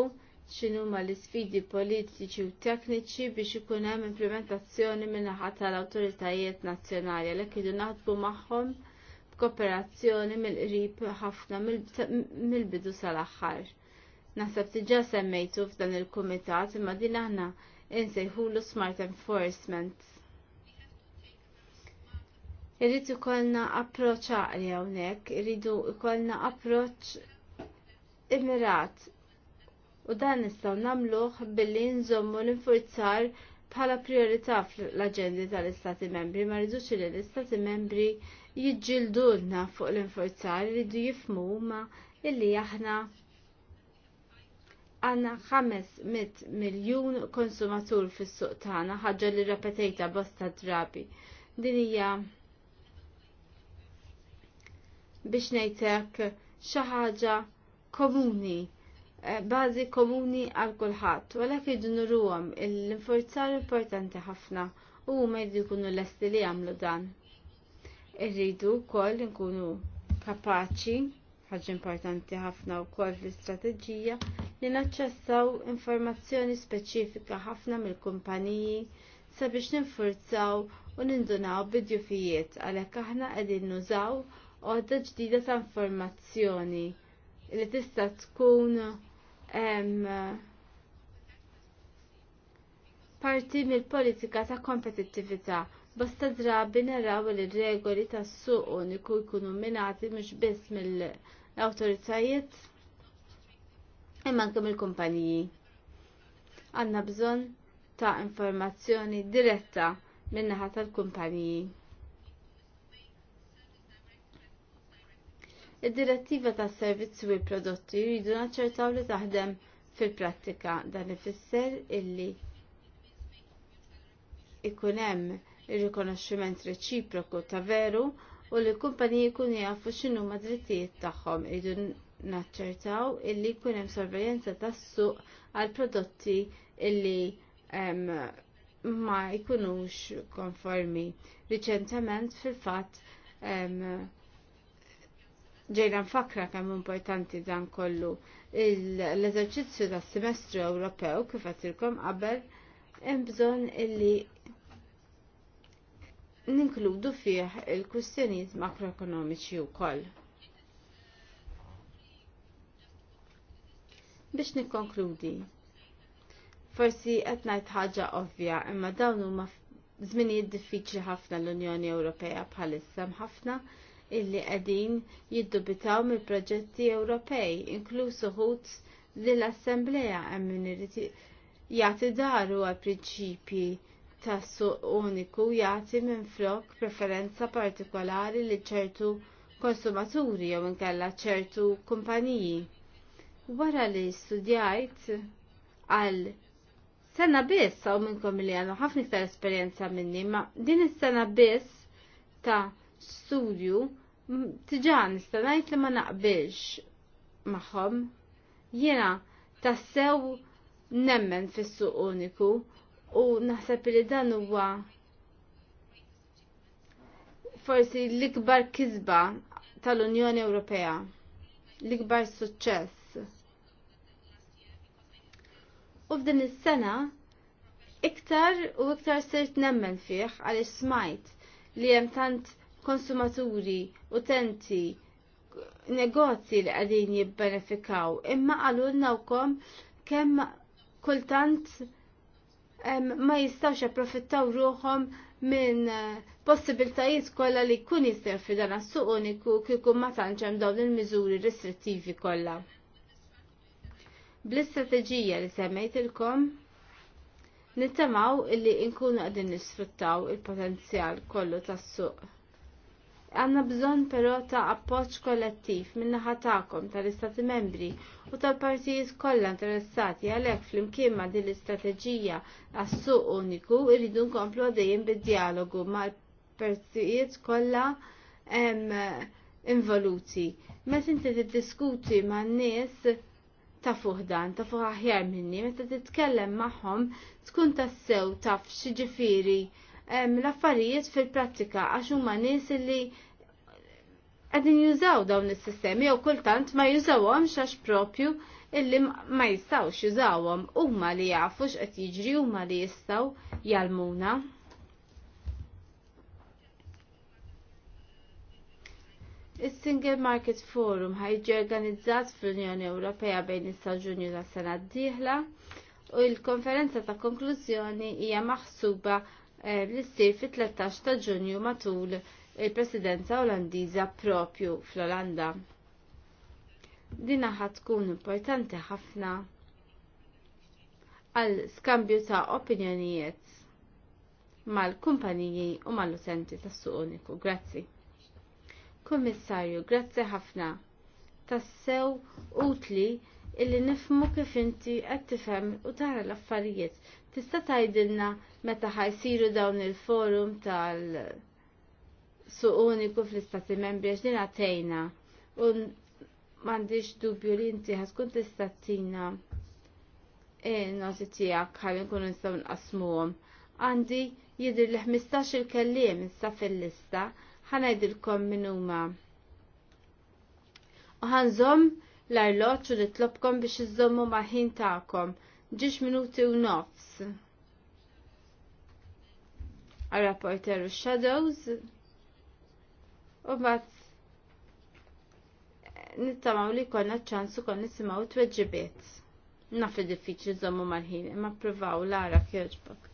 x'inhu ma l-isfidi politiċi u tekniċi biex ikun hemm implementazzjoni min-naħa tal-awtoritajiet nazzjonali għalhekk idu naħdbu magħhom b'kooperazzjoni mill-qrib ħafna mill-bidu sal-aħħar. Naħseb diġà semmejtu f'dan il-kumitat imma din aħna insejħulu smart enforcement. Irrid ikollna approċċ għaqli hawnhekk, irridu ikollna approċċ Imirat u dan nistgħu nagħmluh billi nżommu l-infurzar bħala priorità fl-aġendi tal-Istati Membri ma rridux li l-Istati Membri jiġġildulna fuq l-infurzar rridu jifmu huma illi aħna għanna 500 miljun konsumatur fis-suq tagħna ħaġa li repetejta bosta drabi. Din hija biex ngħidlek xi ħaġa komuni, eh, bażi komuni għal kulħadd, għalhekk jridu nurruhom l-infurzar importanti ħafna u huma jridu jkunu lesti li jagħmlu dan. Irridu wkoll nkunu kapaċi ħaġa importanti ħafna kol fl-istrateġija li naċċessaw informazzjoni speċifika ħafna mill-kumpaniji sabiex ninfurzaw u nindunaw bidjufijiet għalhekk aħna qegħdin nużaw għodda ġdida ta' informazzjoni li tista tkun parti mill-politika ta' kompetittività. Bosta drabi naraw li regoli tas suq uniku jkunu minati mhux biss mill-awtoritajiet imma anke mill-kumpaniji. Għandna bżonn ta' informazzjoni diretta min-naħa tal-kumpaniji. Id-direttiva ta' servizzi u prodotti jridu naċċertaw li taħdem fil-prattika dan ifisser illi ikun hemm ir-rikonoxximent reċiproku ta' veru u li l-kumpaniji jkunu jafu x'inhu ma' drittijiet tagħhom idu naċċertaw illi jkun hemm sorveljanza tas-suq għal prodotti illi em, ma jkunux konformi. Riċentement fil-fatt ġejna nfakra kemm importanti dan kollu l-eżerċizzju tas semestru Ewropew kif għatilkom qabel hemm bżonn illi ninkludu fih il-kwistjonijiet makroekonomiċi wkoll. Biex nikkonkludi, forsi qed ngħid ħaġa ovvja imma dawn huma żminijiet diffiċli ħafna l-Unjoni Ewropea bħalissa ħafna illi qegħdin jiddubitaw mill-proġetti Ewropej, inkluż uħud lill-Assembleja hemm min irid jagħti daru għal prinċipji tas suq uniku jagħti minflok preferenza partikolari li ċertu konsumaturi jew inkella ċertu kumpaniji. Wara li studjajt għal sena biss għaw minnkom li għandu ħafna iktar esperjenza minni, ma din is-sena biss ta' studju tiġan nista' ngħid li ma naqbilx magħhom. Jiena tassew nemmen fissu uniku u naħseb li dan huwa forsi l-ikbar kisba tal-Unjoni Ewropea, l-ikbar suċċess. U f'din is-sena iktar u iktar sirt nemmen fih għaliex smajt li hemm tant konsumaturi, utenti, negozji li għadin jibbenefikaw, imma għalunna wkom kemm kultant ma jistawx approfittaw ruħom minn eh, possibiltajiet kollha li kun jistaw fi dan suq uniku kieku ma tantx hemm dawn il-miżuri restrittivi kollha. Bl-istrateġija li semmejtilkom nittamaw illi nkunu qegħdin nisfruttaw il-potenzjal kollu tas-suq. Għanna bżon però ta' appoċ kollettiv minna ta'kom tal-Istati membri u tal-partijiet kollha interessati għalhekk flimkien ma' din l-istrateġija għas-suq uniku irridu nkomplu għadejjem bid-dialogu mal-partijiet kollha involuti. Meta inti tiddiskuti man-nies ta' fuħdan, ta' fuq aħjar minni, meta titkellem magħhom tkun tassew taf xi l-affarijiet fil-prattika għax huma nies li qegħdin jużaw dawn is-sistemi jew kultant ma jużawhomx għax propju illi ma jistawx jużawhom huma li jafu x'qed jiġri huma li jistgħu jalmuna. Is-Single Market Forum ħajġi organizzat fl-Unjoni Ewropea bejn is-Saġunju tas-sena d-dieħla u l-konferenza ta' konklużjoni hija maħsuba Eh, li ssir fit-13 ta' Ġunju matul il-Presidenza Olandiża propju fl-Olanda. Dina ħad tkun importanti ħafna għal skambju ta' opinjonijiet mal-kumpaniji u mal-utenti tas-suq uniku. Grazzi. Kummissarju, grazzi ħafna tassew utli illi nifmu kif inti qed tifhem u tara l-affarijiet Tista' tgħidilna meta ħajsiru dawn il-forum tal- suq uniku fl-istati membri għax din għatejna u m'għandix dubju li inti ħaskun tista' tina e, noti tiegħek ħalli nkunu nistgħu nqasmuhom. Għandi jidher li 15 il-kelliem issa fil-lista ħanajdilkom min huma. U ħanżomm l-arloġġ u nitlobkom biex iżommu ma' ħin tagħkom ġiġ minuti u nofs. Għal-rapporter u shadows u bat nittamaw li konna ċansu kon nisimaw t-weġibiet. Naf diffiċi zommu mal-ħin, imma provaw Lara kjoġbok.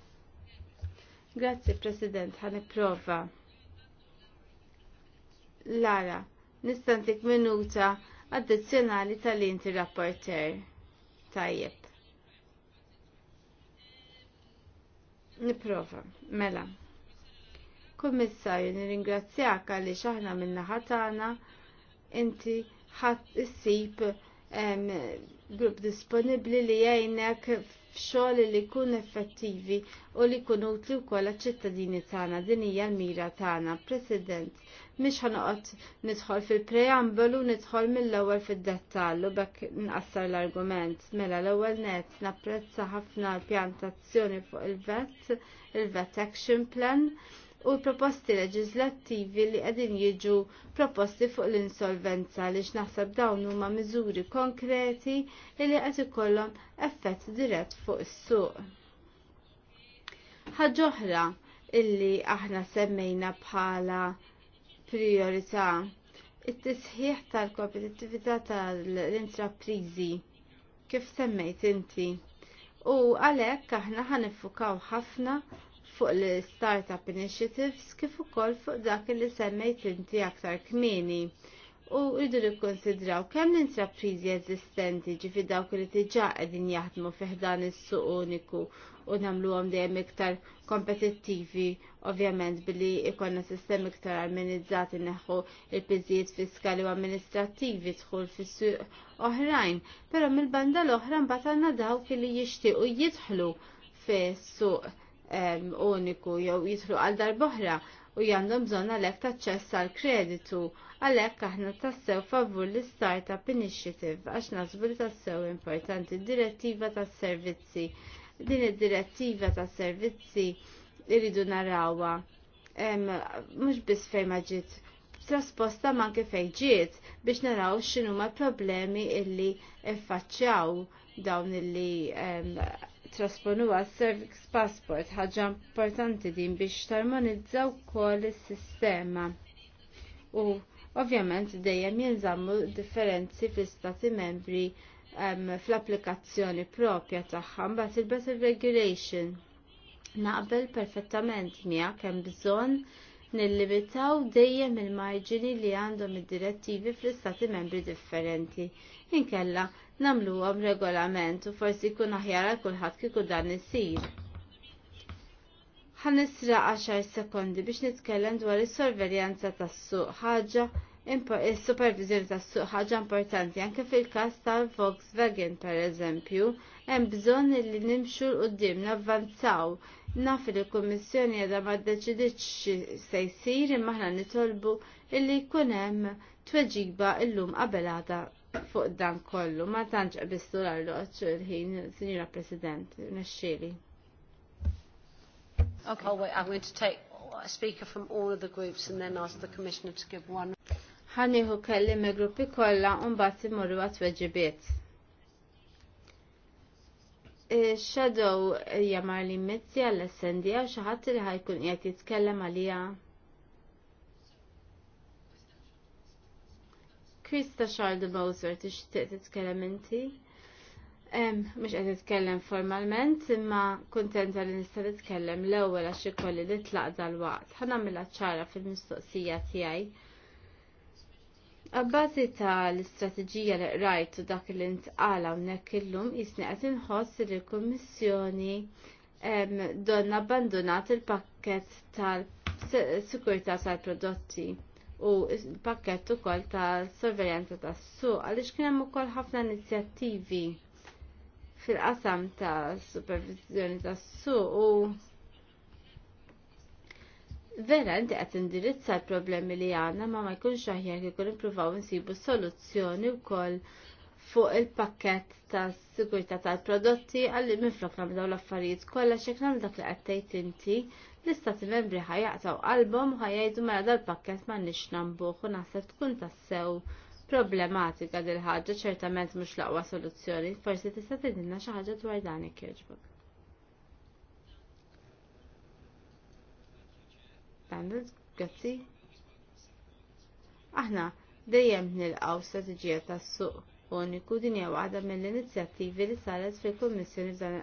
Grazzi, President, ħani prova. Lara, nistantik minuta addizzjonali tal-inti rapporter. Tajjeb. Niprofa, mela. Kummissarju, nirringrazzjak għalli xaħna minna ħatana, inti ħat issib grupp disponibli li jgħinek f'xogħol li jkun effettivi u li jkun utli wkoll għaċ-ċittadini tagħna din hija l-mira tagħna. President, mhix ħanoqgħod nidħol fil-preambolu nidħol mill-ewwel fid-dettall u bekk nqassar l-argument. Mela l-ewwel net napprezza ħafna l-pjantazzjoni fuq il-vet, il-vet action plan u proposti leġislattivi li qegħdin jiġu proposti fuq l-insolvenza li naħseb dawn huma miżuri konkreti li qed ikollhom effett dirett fuq is-suq. Ħaġa oħra illi aħna semmejna bħala priorità it-tisħiħ tal-kompetittività tal-intraprizi kif semmejt inti. U għalhekk aħna ħanifukaw ħafna fuq l-Startup Initiatives kif ukoll fuq dak li semmejt inti aktar kmieni. U rridu nikkonsidraw kemm l-intrapriżi eżistenti ġifi dawk li diġà qegħdin jaħdmu fih dan is-suq uniku u nagħmluhom dejjem iktar kompetittivi ovvjament billi ikonna sistemi iktar armonizzati neħu il-piżijiet fiskali u amministrattivi dħul fis-suq oħrajn, però mill-banda l-oħra mbagħad għandna dawk li jixtiequ jidħlu fis-suq uniku jew jitlu għal darboħra u jandom bżonn għalhekk taċċess għal kreditu għalhekk aħna tassew favur l startup initiative għax nasbu li tassew importanti direttiva tas servizzi din id-direttiva tas servizzi irridu narawha mhux biss fejn ma ġiet trasposta man anke fejn ġiet biex naraw x'inhuma l problemi illi iffaċċjaw dawn illi trasponu għas servix Passport ħaġa importanti din biex tarmonizzaw kol is-sistema. U ovvjament dejjem jinżammu differenzi fl-Stati membri fl-applikazzjoni propja tagħha mbagħad il-Better Regulation. Naqbel perfettament miegħek hemm bżonn nillimitaw dejjem il-marġini li għandhom id-direttivi fl-istati membri differenti. Inkella nagħmluhom regolament u forsi jkun aħjar għal kulħadd kieku dan isir. nisra 10 sekondi biex nitkellem dwar is-sorveljanza tas-suq ħaġa is-supervizjoni tas-suq ħaġa importanti anke fil-każ tal-Volkswagen pereżempju. eżempju hemm bżonn li nimxu l qudiem navvanzaw. Naf li l-Kummissjoni għadha ma xi se jsir imma aħna nitolbu illi jkun hemm tweġiba llum qabel għada fuq dan kollu. Ma tantx qabistu l-arloġġ il-ħin, Sinjura President, nexxieli. Okay. Oh, wait, I'm going to take a speaker from all of the groups and then ask the Commissioner to give one. Ħaniħu kelli me gruppi kollha u mbagħad morru għat weġibiet. Shadow jamar li mizzi għall-essendija u xaħat li ħajkun jgħat jitkellem għalija. Krista Charles Bowser tixtieq titkellem inti. Mhux qed titkellem formalment, imma kuntenta li nista' titkellem l-ewwel għax ikolli li tlaq dal-waqt. Ħa nagħmilha ċara fil-mistoqsija tiegħi ta' tal-istrateġija li rajt u dak li ntqala hawnhekk illum jisni qed inħoss li l-Kummissjoni donna abbandonat il-pakket tal-sikurtà tal-prodotti u l-pakket ukoll tal-sorveljanza tas-suq għaliex kien hemm ukoll ħafna inizjattivi fil-qasam ta' supervizjoni tas-suq u vera inti qed indirizza l-problemi li għandna ma ma jkunx aħjar kif ikun ippruvaw insibu soluzzjoni wkoll fuq il-pakket ta' sigurtà tal-prodotti għalli minflok nagħmlu dawn l-affarijiet kollha x'hekk nagħmlu dak li qed tgħid inti l-istati membri ħajaqtaw qalbhom u ħajjgħidu mela dal-pakket m'għandniex nambuh u naħseb tkun tassew problematika dil ħaġa ċertament mhux l-aqwa soluzzjoni, forsi tista' tidilna xi ħaġa dwar dan ikk jogħġbok. standards, grazzi. Aħna dejjem nilqaw strateġija tas-suq uniku din hija waħda mill-inizjattivi li saret fil-Kummissjoni dan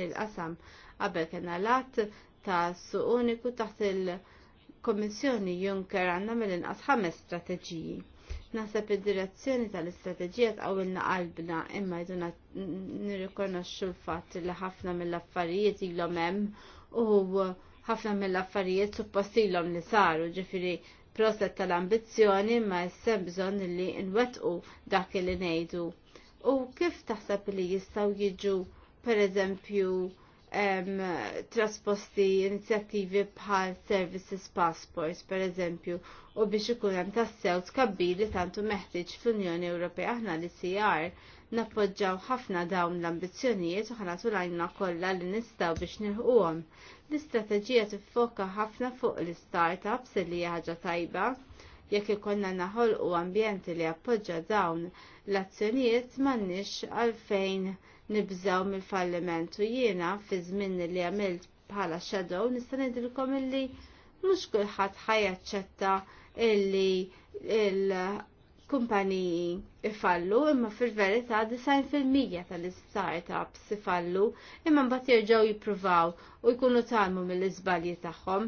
il-qasam qabel kien lat ta' suq uniku taħt il-Kommissjoni Juncker għandna mill-inqas ħames strateġiji. Naħseb id-direzzjoni tal-istrateġija tqawilna qalbna imma jduna nirrikonoxxu l-fatt li ħafna mill-affarijiet ilhom hemm u ħafna mill-affarijiet suppostilhom li saru ġifiri proset tal-ambizzjoni ma jessem bżon li nwettqu dak li ngħidu. U kif taħseb li jistgħu jiġu pereżempju trasposti inizjattivi bħal Services Passports pereżempju u biex ikun hemm tassew tkabbili tantu meħtieġ fl-Unjoni Ewropea aħna li CR nappoġġaw ħafna dawn l-ambizzjonijiet u ħanatu lajna kollha li nistgħu biex nilħuhom. L-istrateġija tiffoka ħafna fuq l-startups li ħaġa tajba jekk ikonna naħolqu ambjenti li appoġġa dawn l-azzjonijiet m'għandniex għalfejn nibżaw mill-falliment u jiena fi żmien li għamilt bħala shadow nista' ngħidilkom illi mhux kulħadd ħajaċċetta illi il kumpaniji ifallu imma fil-verità 90% tal-startups ifallu imma mbagħad jerġgħu jippruvaw u jkunu talmu mill-iżbalji tagħhom.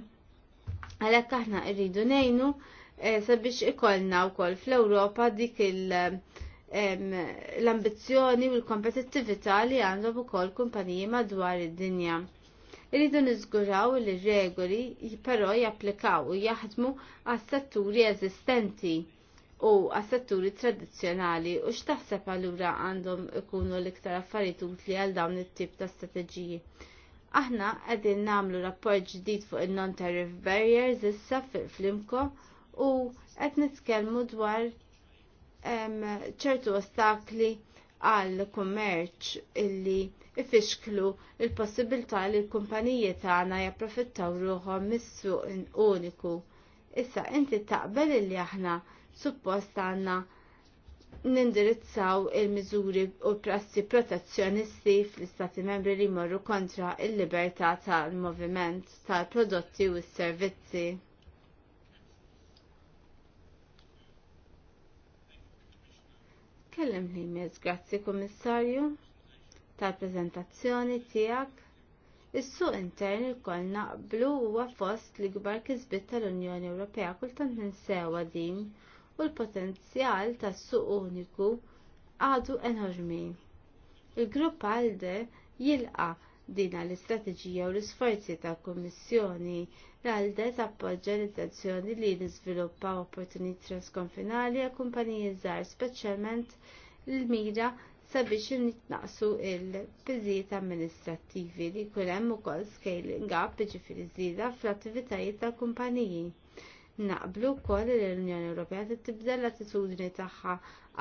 Għalhekk aħna rridu ngħinu eh, sabiex ikollna wkoll fl-Ewropa dik l-ambizzjoni u l-kompetittività li għandhom ukoll kumpaniji madwar id-dinja irridu niżguraw li regoli però japplikaw u jaħdmu għas setturi eżistenti u għas-setturi tradizzjonali u x'taħseb allura għandhom ikunu l-iktar affarijiet utli għal dawn it-tip ta' strateġiji. Aħna qegħdin nagħmlu rapport ġdid fuq il non tariff barriers issa fil-Flimko u qed nitkellmu dwar ċertu ostakli għal kummerċ illi ifixklu il-possibilità li l-kumpaniji tagħna japprofittaw ruħhom mis-suq uniku. Issa inti taqbel illi aħna suppost għanna nindirizzaw il-miżuri u prassi protezzjonisti fl-istati membri li morru kontra il-libertà tal-moviment tal-prodotti u s-servizzi. Kellem li miz, grazzi kummissarju, tal-prezentazzjoni tijak. Is-suq intern il-koll naqblu huwa fost li gbar kisbit tal-Unjoni Ewropea kultant ninsewa din u l-potenzjal tas suq uniku għadu enormi. Il-grupp għalde jilqa dina l-istrateġija u l-isforzi ta' kummissjoni l-għalde tappoġġa l-intenzjoni li nizviluppa opportunit transkonfinali għal kumpaniji żgħar speċjalment l-mira sabiex nitnaqsu il-piżijiet amministrattivi li jkun hemm ukoll scaling up ġifieri żieda fl-attivitajiet tal-kumpaniji Naqblu wkoll li l-Unjoni Ewropea tibdel l-attitudni tagħha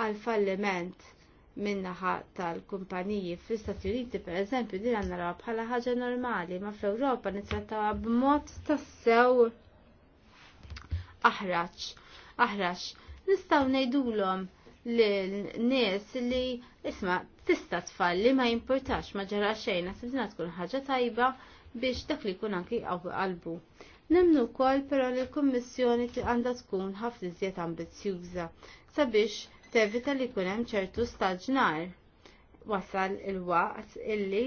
għal falliment min-naħa tal-kumpaniji fl-Istati Uniti pereżempju din għandna naraw bħala ħaġa normali, ma fl-Ewropa nittrattawha b'mod tassew aħraġ. Aħraġ. Nistgħu ngħidulhom l-nies li isma' tista' tfalli ma jimpurtax ma ġara xejn, għasibna tkun ħaġa tajba biex dak li jkun anki qalbu. Nemnu wkoll però li l-Kummissjoni għandha tkun ħafna iżjed ambizzjuża sabiex tevita li jkun hemm ċertu staġnar. Wasal il-waqt illi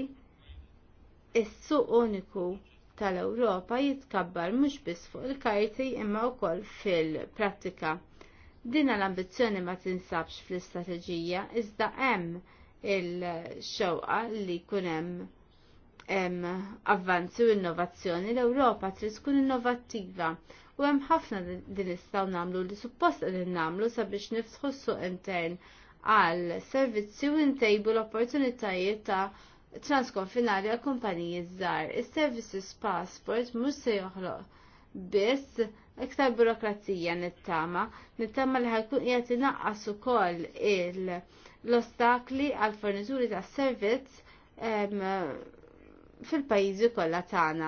is-suq uniku tal-Ewropa jitkabbar mhux biss fuq il-karti imma wkoll fil-prattika. Dina l-ambizzjoni ma tinsabx fl-istrateġija iżda hemm il-xewqa li jkun hemm avvanzi u innovazzjoni l-Ewropa trid tkun innovattiva u hemm ħafna din nistgħu nagħmlu li suppost li nagħmlu sabiex niftħu suq intern għal servizzi u ntejbu l-opportunitajiet ta' transkonfinari għal kumpaniji żgħar. Is-services passport mhux se joħloq biss iktar burokrazija nittama, nittama li ħajkun qiegħed inaqqas ukoll l-ostakli għal fornituri ta' servizz fil-pajjiżi kollha tagħna.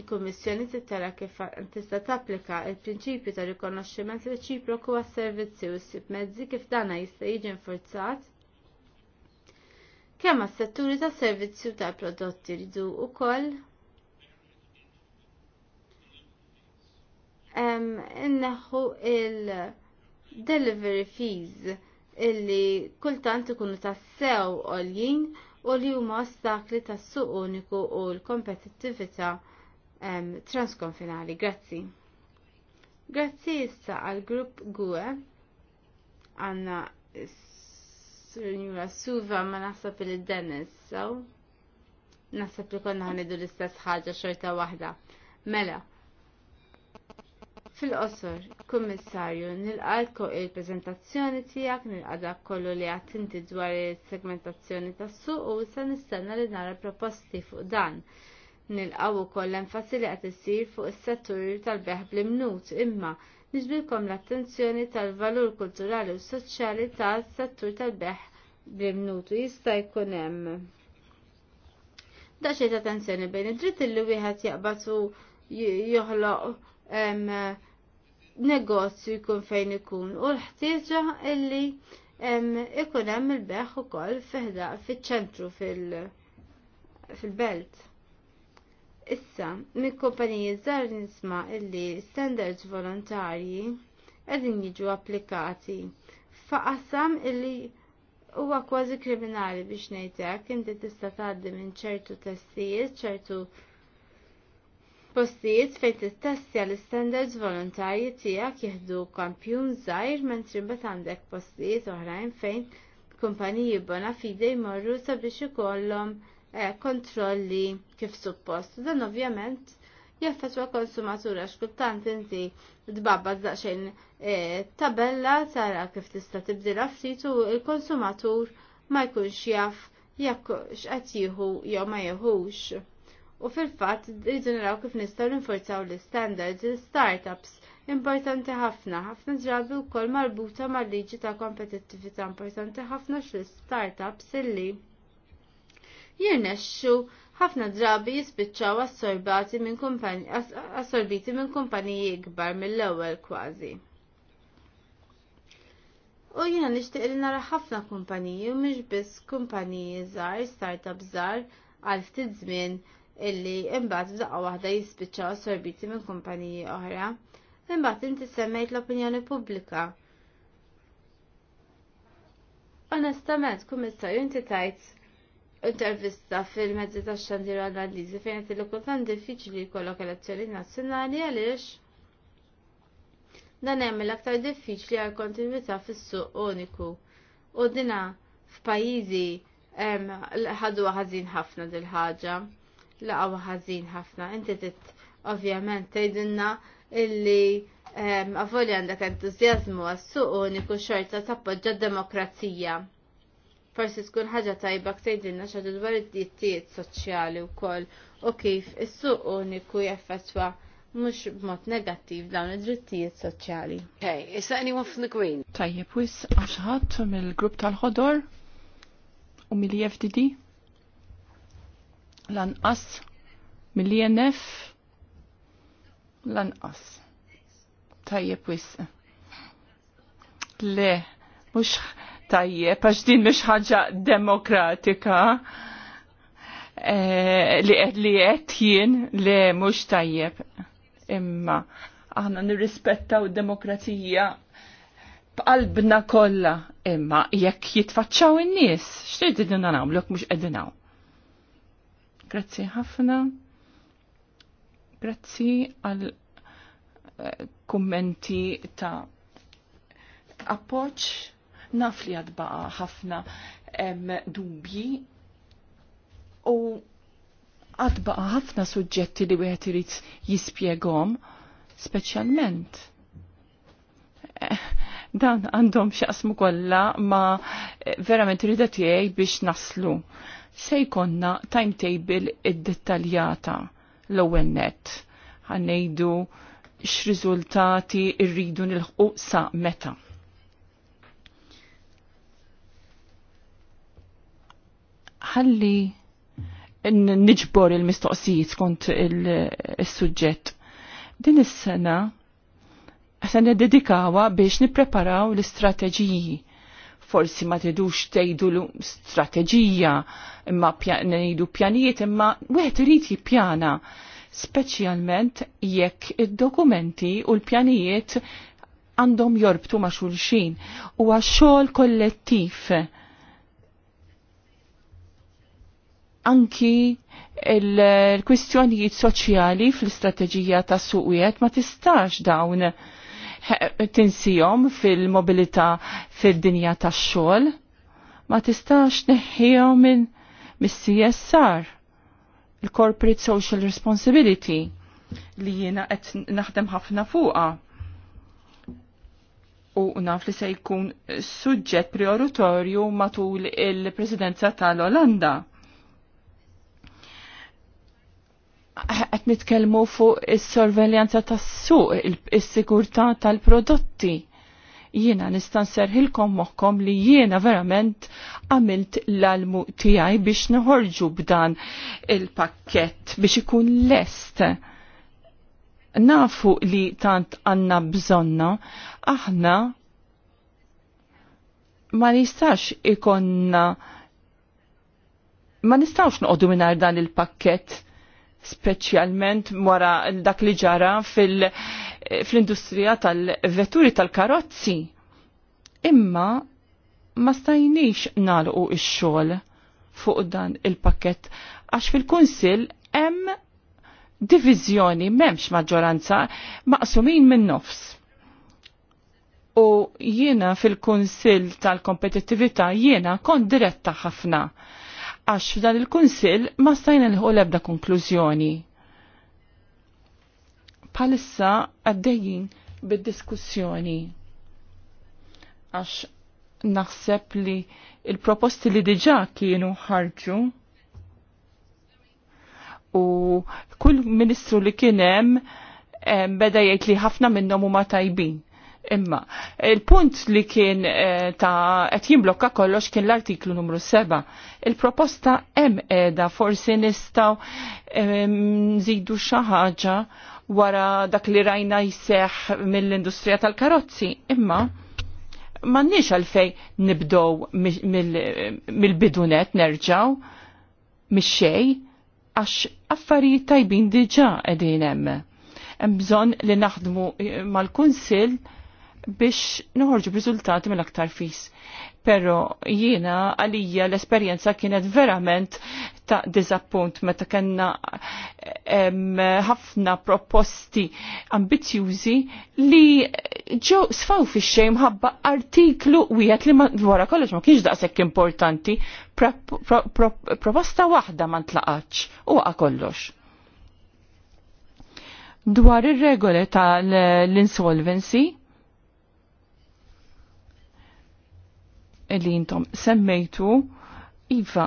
Il-Kummissjoni tittara kif tista' tapplika l-prinċipju ta' rikonoxximent reċiproku għas-servizzi u ssib mezzi kif dana jista' jiġi nfurzat. kemm għas-setturi tas servizzi u tal-prodotti ridu wkoll inneħħu il-delivery fees illi kultant ikunu tassew għoljin u li huma ostakli tas-suq uniku u l-kompetittività transkonfinali. Grazzi. Grazzi issa għal grupp GUE għanna Sinjura Suva ma nasab li Dennis so nasab li konna ħanidu l-istess ħaġa xorta wahda. Mela, Fil-qosor, kummissarju, nilqalko il-prezentazzjoni tijak, nilqada kollu li għattinti dwar il-segmentazzjoni tas suq u issa nistenna li nara proposti fuq dan. Nilqaw ukoll l-enfasi li qed issir fuq is-settur tal-beħ bl-imnut imma niġbilkom l-attenzjoni tal-valur kulturali u soċjali tas-settur tal-beħ bl-imnutu jista' jkun hemm da attenzjoni bejn id-dritt li wieħed jaqbad u joħloq negozju jkun fejn ikun u l-ħtieġa illi ikun hemm il-beħ ukoll fiħda fiċ-ċentru fil-belt. Issa, minn kumpaniji żgħar nisma' illi standards volontarji qegħdin jiġu applikati faqasam illi huwa kważi kriminali biex ngħidlek inti tista' tgħaddi minn ċertu testijiet, ċertu Postijiet fejn tittestja l-standards volontarji tiegħek jieħdu kampjun żgħir mentri mbagħad għandek postijiet oħrajn fejn kumpaniji bona f'idej jmorru sabiex ikollhom eh, kontrolli kif suppost. Dan ovvjament jaffetwa konsumatura xkultant inti dbabba daqsxejn eh, tabella tara kif tista' tibdilha ftit u l-konsumatur ma jkunx jaf jekk x'qed jieħu jew ma jieħux u fil-fatt rridu naraw kif nistgħu ninforzaw l-standards l-startups importanti ħafna, ħafna drabi wkoll marbuta mal-liġi ta' kompetittività importanti ħafna xil startups illi jirnexxu ħafna drabi jispiċċaw assorbati minn assorbiti minn kumpaniji ikbar mill-ewwel kważi. U jiena nixtieq li nara ħafna kumpaniji u mhux biss kumpaniji żgħar, startup żgħar għal ftit żmien illi imbagħad f'daqqa waħda jispiċċaw assorbiti minn kumpaniji oħra. Imbagħad inti semmejt l-opinjoni pubblika. Onestament, kummissarju inti tajt intervista fil-mezzi ta' xandiru analizi fejn qed illi kultant diffiċli jkollok elezzjoni nazzjonali għaliex dan hemm aktar diffiċli għal kontinwità fis-suq uniku. U dina f'pajjiżi ħadu ħażin ħafna dil-ħaġa laqgħu ħażin ħafna. Inti tit ovvjament tgħidilna illi ehm, avoli għandek entużjażmu għas-suq uniku xorta tappoġġa d-demokrazija. Forsi tkun ħaġa tajba tgħidilna xaġa dwar id-dittijiet soċjali wkoll u kif is-suq uniku jaffettwa mux b'mod negattiv dawn id-drittijiet soċjali. Okay, issa anyone from the Green? Tajjeb, wis għaxħat mill-grupp tal-ħodor u mill-FDD? lanqas mill-INF lanqas. Tajjeb wis. Le, mhux tajjeb, għax din mhux ħaġa demokratika e, li qed li qed jien le mhux tajjeb. Imma aħna nirrispettaw id-demokrazija b'qalbna kollha, imma jekk jitfaċċaw in-nies, x'trid idin nagħmlu mhux qegħdin hawn. Grazzi ħafna. Grazzi għal eh, kummenti ta' appoċ. Naf li għadbaqa ħafna dubji u għadbaqa ħafna suġġetti li wieħed irid jispjegom, speċjalment. Eh, dan għandhom xaqsmu kollha ma eh, verament ridet jgħid biex naslu se jkonna timetable id-dettaljata l-ewwel net. x-rizultati x'riżultati rridu nilħqu sa meta. Ħalli niġbor il-mistoqsijiet kont il-suġġett. Din is-sena se dedikawa biex nippreparaw l-istrateġiji forsi ma tridux tgħidu strateġija imma ngħidu pjanijiet imma wieħed irid jippjana speċjalment jekk id-dokumenti u l-pjanijiet għandhom jorbtu ma' xulxin u xogħol kollettiv. Anki l-kwistjonijiet soċjali fl-istrateġija ta' suqiet ma tistax dawn tinsijom fil-mobilita fil-dinja tax-xogħol, ma tistax neħijom minn mis-CSR, il-Corporate Social Responsibility, li jiena qed naħdem ħafna fuqha. U naf li se jkun suġġett prioritorju matul il-presidenza tal-Olanda qed nitkellmu fuq is-sorveljanza tas-suq, is-sigurtà tal-prodotti. Jiena nista' nserħilkom moħħkom li jiena verament għamilt l-almu tiegħi biex nħorġu b'dan il-pakkett biex ikun lest. Nafu li tant għanna bżonna, aħna ma nistax ikonna ma nistawx noqogħdu mingħajr dan il-pakkett speċjalment wara dak li ġara fil-industrija tal-vetturi tal-karozzi. Imma ma stajniex nalqu ix-xogħol fuq dan il-pakket għax fil-Kunsill hemm diviżjoni m'hemmx maġġoranza maqsumin minn nofs. U jiena fil-Kunsill tal-Kompetittività jiena kont diretta ħafna għax f'dan il-Kunsill ma stajna nħu l-ebda konklużjoni. Palissa għaddejjin bid-diskussjoni għax naħseb li il-proposti li diġa kienu ħarġu u kull ministru li kienem eh, beda jgħid li ħafna minnhom huma tajbin. Imma, il-punt li kien eh, ta' qed jimblokka kollox kien l-artiklu numru 7. Il-proposta hemm qiegħda forsi nistgħu nżidu xi ħaġa wara dak li rajna jseħ mill-industrija tal-karozzi. Imma, m'għandniex għalfej nibdow mill-bidunet nerġaw mix-xej għax affarijiet tajbin diġà qegħdin hemm. Hemm bżonn li naħdmu eh, mal-kunsill biex nħorġu b'riżultati mill-aktar fis. Pero jiena għalija l-esperjenza kienet verament ta' dizappunt meta kena ħafna proposti ambizjużi li ġew sfaw fi xejn ħabba artiklu wieħed li wara kollox ma kienx daqshekk importanti proposta waħda ma ntlaqatx u waqa' kollox. Dwar ir-regoli tal-insolvency, li jintom semmejtu Iva,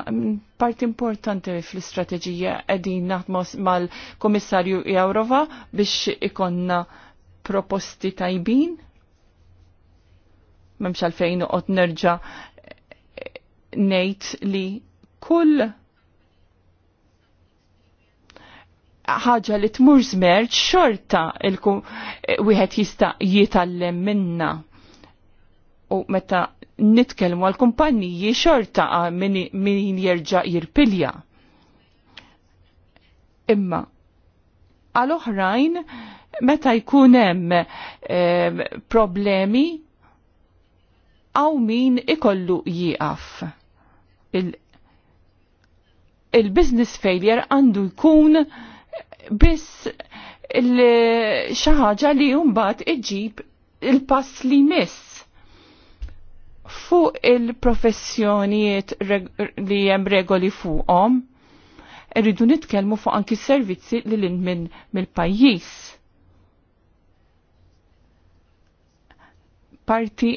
part importanti fl-istrateġija għedin naħdmos mal-Komissarju Jaurova biex ikonna proposti tajbin. Memx għalfejn uqot nerġa nejt li kull ħaġa li tmur zmerġ xorta il-wieħed jista' jitallem minna. U meta nitkellmu għal kumpanniji xorta min, jirġa' jerġa' jirpilja. Imma għal oħrajn meta jkun hemm e, problemi għaw min ikollu jieqaf. Il-business il failure għandu jkun biss xaħġa li jumbat iġib il-pass li miss fuq il-professjonijiet li hemm regoli fuqhom, irridu nitkellmu fuq anki servizzi li l min mill-pajjiż. Parti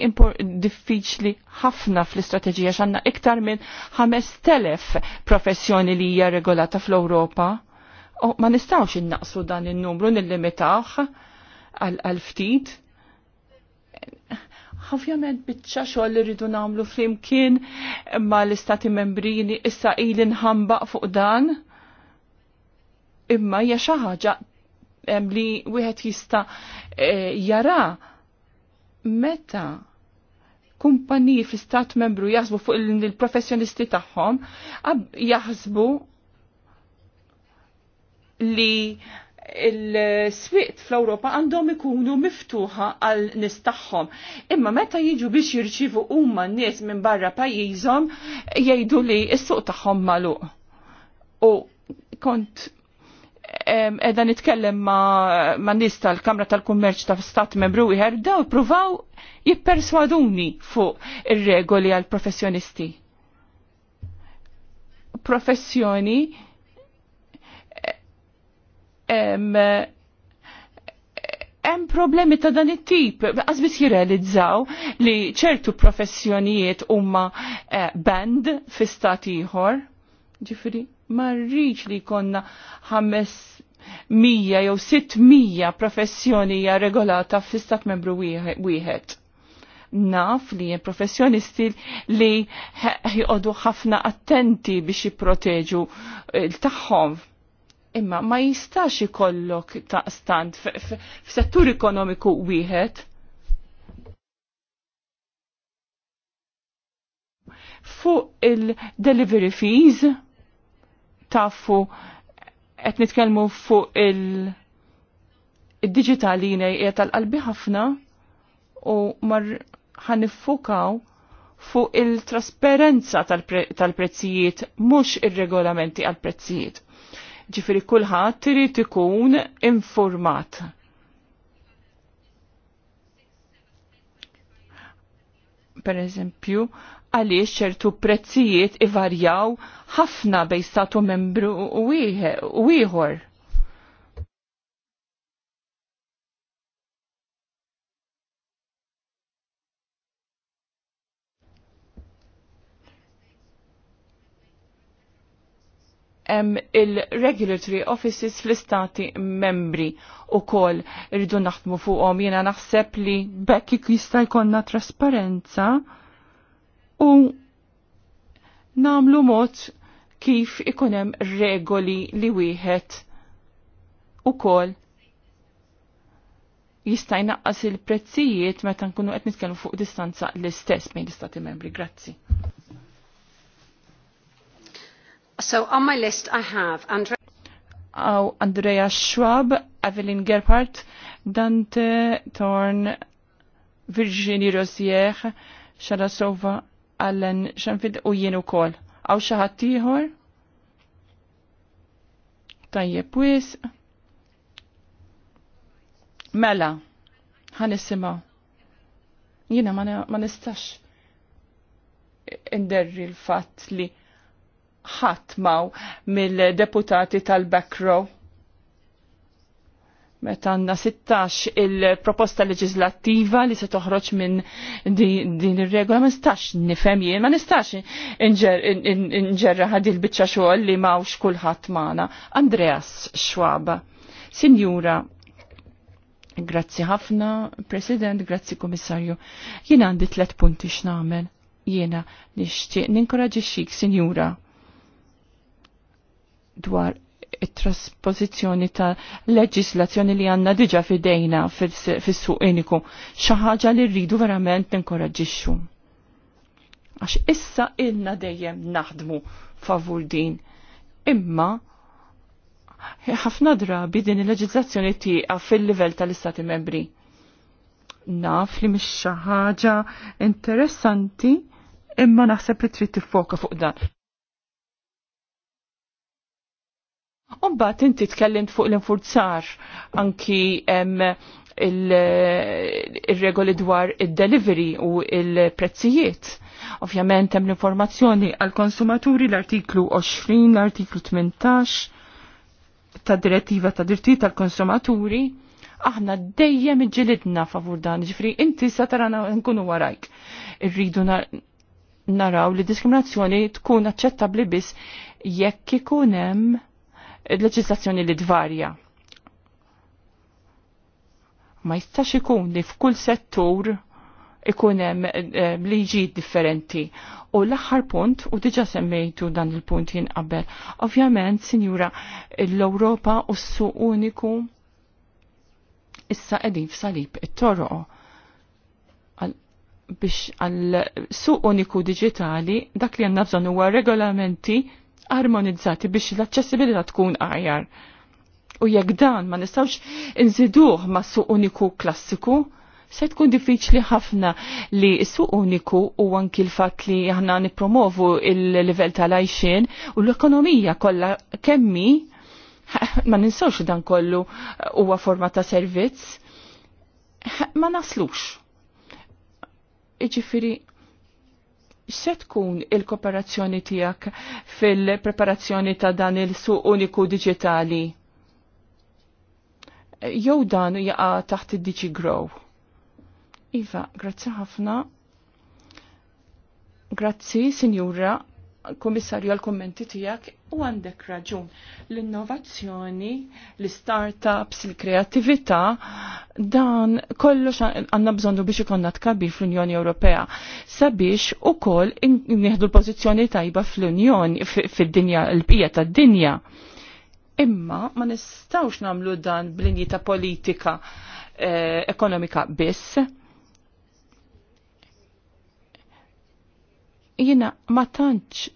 diffiċli ħafna fl-istrateġija xanna iktar minn 5000 professjoni li hija regolata fl-Ewropa. Ma nistgħux innaqsu dan in-numru limitaħ għal ftit Ovvjament bitċa xogħol li rridu nagħmlu flimkien ma l-istati membrini issa ilin nħambaq fuq dan. Imma hija xi ħaġa li wieħed jista' eh, jara meta kumpaniji fl-istat membru jaħsbu fuq il-professjonisti tagħhom jaħsbu li il-swiqt fl-Europa għandhom ikunu miftuħa għal nistaħħom. Imma meta jiġu biex jirċivu umma n-nies minn barra pajjiżhom jgħidu li s-suq tagħhom magħluq. U kont edha nitkellem ma, ma nis tal-Kamra tal-Kummerċ ta' Stat Membru wieħed daw pruvaw jipperswaduni fuq ir-regoli għal professjonisti. Professjoni hemm problemi ta' dan it-tip. Għazbis jirrealizzaw li ċertu professjonijiet huma band fi stat ieħor. Ġifieri, ma rridx li konna ħames mija jew sitt mija professjonija regolata fi stat membru wieħed. Naf li professjonisti li jgħodu ħafna attenti biex jipproteġu il-taħħom Imma ma jistax ikollok ta' stand f'settur ekonomiku wieħed. Fuq il-delivery fees tafu qed nitkellmu fuq il-digitali il qiegħed tal-qalbi ħafna u mar ħanifukaw fuq il-trasparenza tal-prezzijiet mux mhux ir-regolamenti għall prezzijiet Ġifiri kulħadd irid ikun informat. Per eżempju, għaliex ċertu prezzijiet ivarjaw ħafna bej statu membru u ieħor il-regulatory offices fl-istati membri u kol rridu naħdmu fuqom jena naħseb li bekk jista jkollna trasparenza u namlu mod kif ikunem regoli li wieħed u kol jista' jnaqqas il-prezzijiet meta nkunu qed nitkellmu fuq distanza l-istess bejn l-istati membri. Grazzi. So on my list I have Andrea oh, Andrea Schwab, Evelyn Gerhardt, Dante Thorn, Virginie Rosier, Sharasova, Allen Shanfid u jien ukoll. Aw xi ħadd Tajjeb wis. Mela, ħanisimgħu. Jiena ma nistax inderri l fat li ħatmaw mill-deputati tal-back Meta għanna 16 il-proposta leġislattiva li se toħroġ minn din, ir-regola ma nistax nifhem jien, ma nistax inġerra il-biċċa xogħol li mawx kulħadd magħna. Andreas Schwab. Sinjura, grazzi ħafna, President, grazzi Komissarju. Jien għandi tlet punti x'namel. Jiena nixtieq ninkoraġixxik, Sinjura dwar it-trasposizjoni ta' leġislazzjoni li għanna diġa fidejna fis-suq iniku, xaħġa li rridu verament ninkoraġixxu. Għax issa ilna dejjem naħdmu favur din. Imma ħafna drabi din il-leġislazzjoni tieqa fil-livell tal-istati membri. Naf li mhix xi ħaġa interessanti imma naħseb li trid tiffoka fuq dan. Umbat inti tkellimt fuq l-infurzar anki il-regoli dwar il-delivery u il-prezzijiet. Ovvjament hemm l-informazzjoni għal konsumaturi l-artiklu 20, l-artiklu 18 ta' direttiva ta' dirti tal-konsumaturi. Aħna dejjem iġġilidna favur dan, ġifri inti sa tarana nkunu warajk. Irridu naraw li diskriminazzjoni tkun aċċettabbli biss jekk ikun hemm leġislazzjoni li tvarja. Ma jistax ikun li f'kull settur ikun hemm eh, liġijiet differenti. U l-aħħar punt, u diġa semmejtu dan il-punt jinqabel, ovvjament, sinjura, l-Ewropa u s-suq uniku issa qegħdin f'salib it-toroq biex għal suq uniku digitali dak li għanna bżon huwa regolamenti armonizzati biex l accessibilità tkun aħjar. U jekk dan ma nistawx inżiduh ma' suq uniku klassiku, se tkun diffiċli ħafna li s-suq uniku u anki l-fat li aħna nipromovu il-livell tal-għajxin u l-ekonomija kollha kemmi ma ninsawx dan kollu huwa forma ta' servizz ma naslux. Iġifiri, se tkun il-kooperazzjoni tijak fil-preparazzjoni ta' dan il-suq uniku digitali? Jow dan jaqa taħt id-Digi Grow? Iva, grazzi ħafna. Grazzi, Sinjura, Komissarju, għal-kommenti tijak u għandek raġun. L-innovazzjoni, l-startups, l-kreativita, dan kollox għanna bżondu biex ikonna tkabi fl-Unjoni Ewropea. Sabiex u koll nieħdu l-pozizjoni tajba fl-Unjoni, fil-dinja, l-bija tad-dinja. Imma ma nistawx namlu dan blinji ta' politika eh, ekonomika biss. Jina ma tantx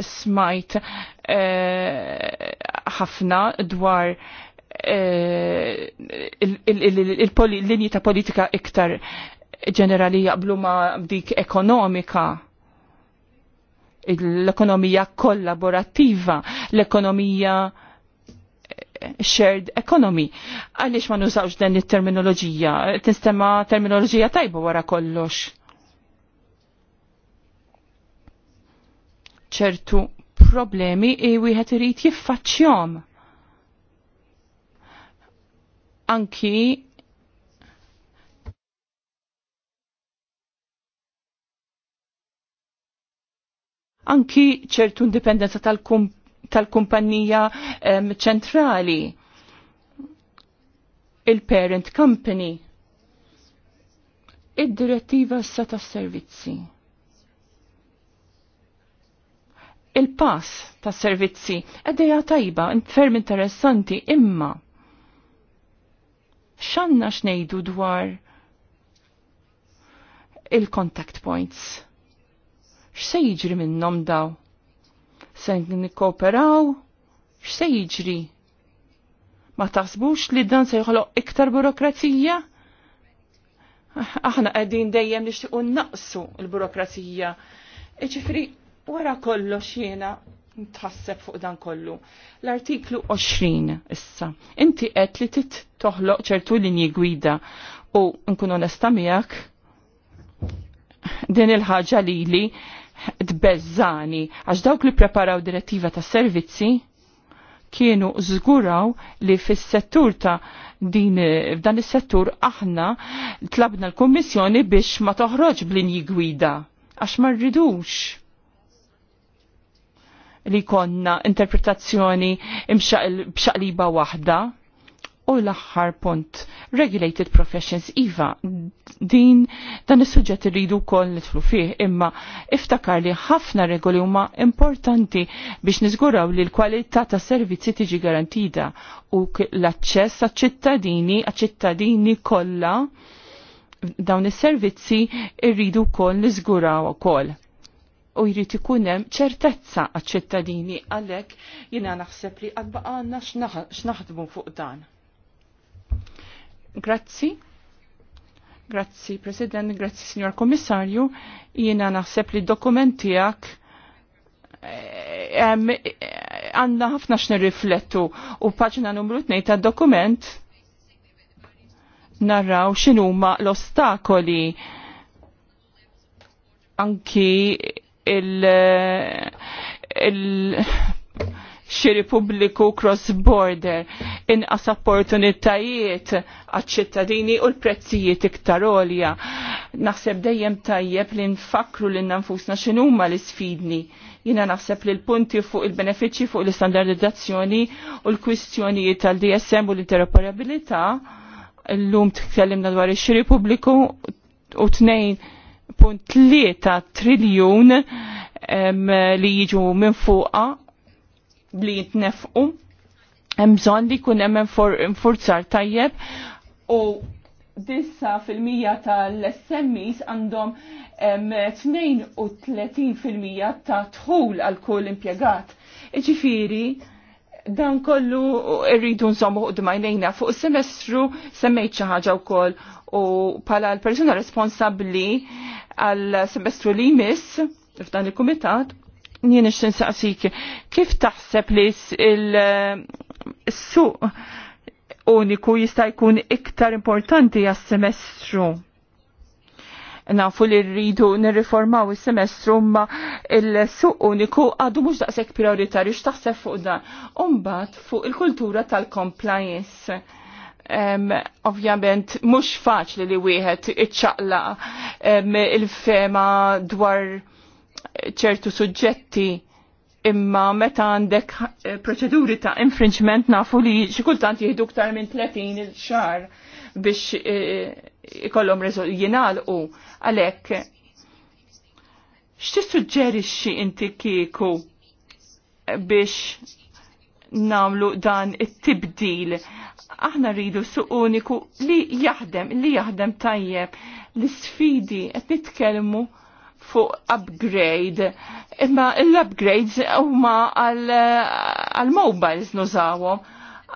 smajt eh, ħafna dwar eh, il-linji ta' politika iktar ġenerali jaqblu ma' dik ekonomika l-ekonomija kollaborattiva, l-ekonomija eh, shared economy. Għaliex ma nużawx dan it-terminoloġija? Tinstema terminoloġija tajba wara kollox ċertu problemi i wieħed irid jiffaċċjahom. Anki anki ċertu indipendenza tal-kumpanija tal ċentrali il-parent company id-direttiva s-sa tas-servizzi. il-pass tas servizzi għaddeja tajba, ferm interessanti, imma xanna xnejdu dwar il-contact points. X'se jiġri minnhom daw? Se nikkooperaw? X'se jiġri? Ma taħsbux li dan se jħoloq iktar burokrazija? Aħna qegħdin dejjem nixtiequ naqsu l-burokrazija. Iġifri, Wara kollox jiena ntħasseb fuq dan kollu. L-artiklu 20 issa. Inti qed li tit toħloq ċertu linji gwida u nkun onesta miegħek din il-ħaġa li li tbeżżani għax dawk li preparaw direttiva ta' servizzi kienu żguraw li fis-settur ta' din f'dan is-settur aħna tlabna l-Kummissjoni biex ma toħroġ b'linji gwida għax ma rridux li konna interpretazzjoni bxaqliba waħda. U l-aħħar punt, regulated professions, iva, din dan is-suġġett irridu wkoll nidħlu fih, imma iftakar li ħafna regoli huma importanti biex niżguraw li l-kwalità ta' servizzi tiġi garantita u l-aċċess għaċ-ċittadini a ċittadini kollha dawn is-servizzi rridu wkoll niżguraw ukoll u jrid ikun hemm ċertezza għal ċittadini għalhekk jiena naħseb li għadba baqgħna x'naħdmu fuq dan. Grazzi. Grazzi President, grazzi Signor Kommissarju, jiena naħseb li dokument tiegħek eh, eh, eh, għandna ħafna x'nirriflettu u paġna numru 2 tad-dokument narraw x'inhuma l-ostakoli anki il- il- xiri pubbliku cross-border inqas opportunitajiet għaċ-ċittadini u l-prezzijiet iktar olja. Naħseb dejjem tajjeb li nfakru li nanfusna x'inhuma l-isfidni. Jina naħseb li l-punti fuq il-benefiċċji fuq l standardizzazzjoni u l-kwistjonijiet tal-DSM u l-interoperabilità l-lum tkellimna dwar ix-xiri pubbliku u tnejn 1.3 triljun li jiġu minn fuqa li jitnefqu hemm bżonn li jkun hemm infurzar tajjeb u dissa fil-mija tal-SMEs għandhom 32% ta' tħul għal kull impjegat. Ġifiri, Dan kollu irridu nżommu u d-majnejna fuq semestru semmejt xi ħaġa wkoll u pala l-persuna responsabbli għal semestru li jmiss f'dan il-kumitat jien ix saqsik kif taħseb li il-suq uniku jista' jkun iktar importanti għas-semestru nafu li rridu nirriformaw is-semestru ma il-suq uniku għadu mhux daqshekk prioritarju x'taħseb fuq dan. Umbat fuq il-kultura tal-compliance. Um, ovvjament mhux faċli li wieħed iċċaqla um, il-fema dwar ċertu suġġetti imma meta għandek eh, proċeduri ta' infringement nafu li xikultant jihdu ktar minn 30 il-xar biex eh, ikollhom jingħalqu għalhekk x'tissuġġerixxi inti kieku biex namlu dan it-tibdil. Aħna rridu suq uniku li jaħdem, li jaħdem tajjeb. L-sfidi qed nitkellmu fuq upgrade. Imma l-upgrades huma għal-mobiles nużawhom.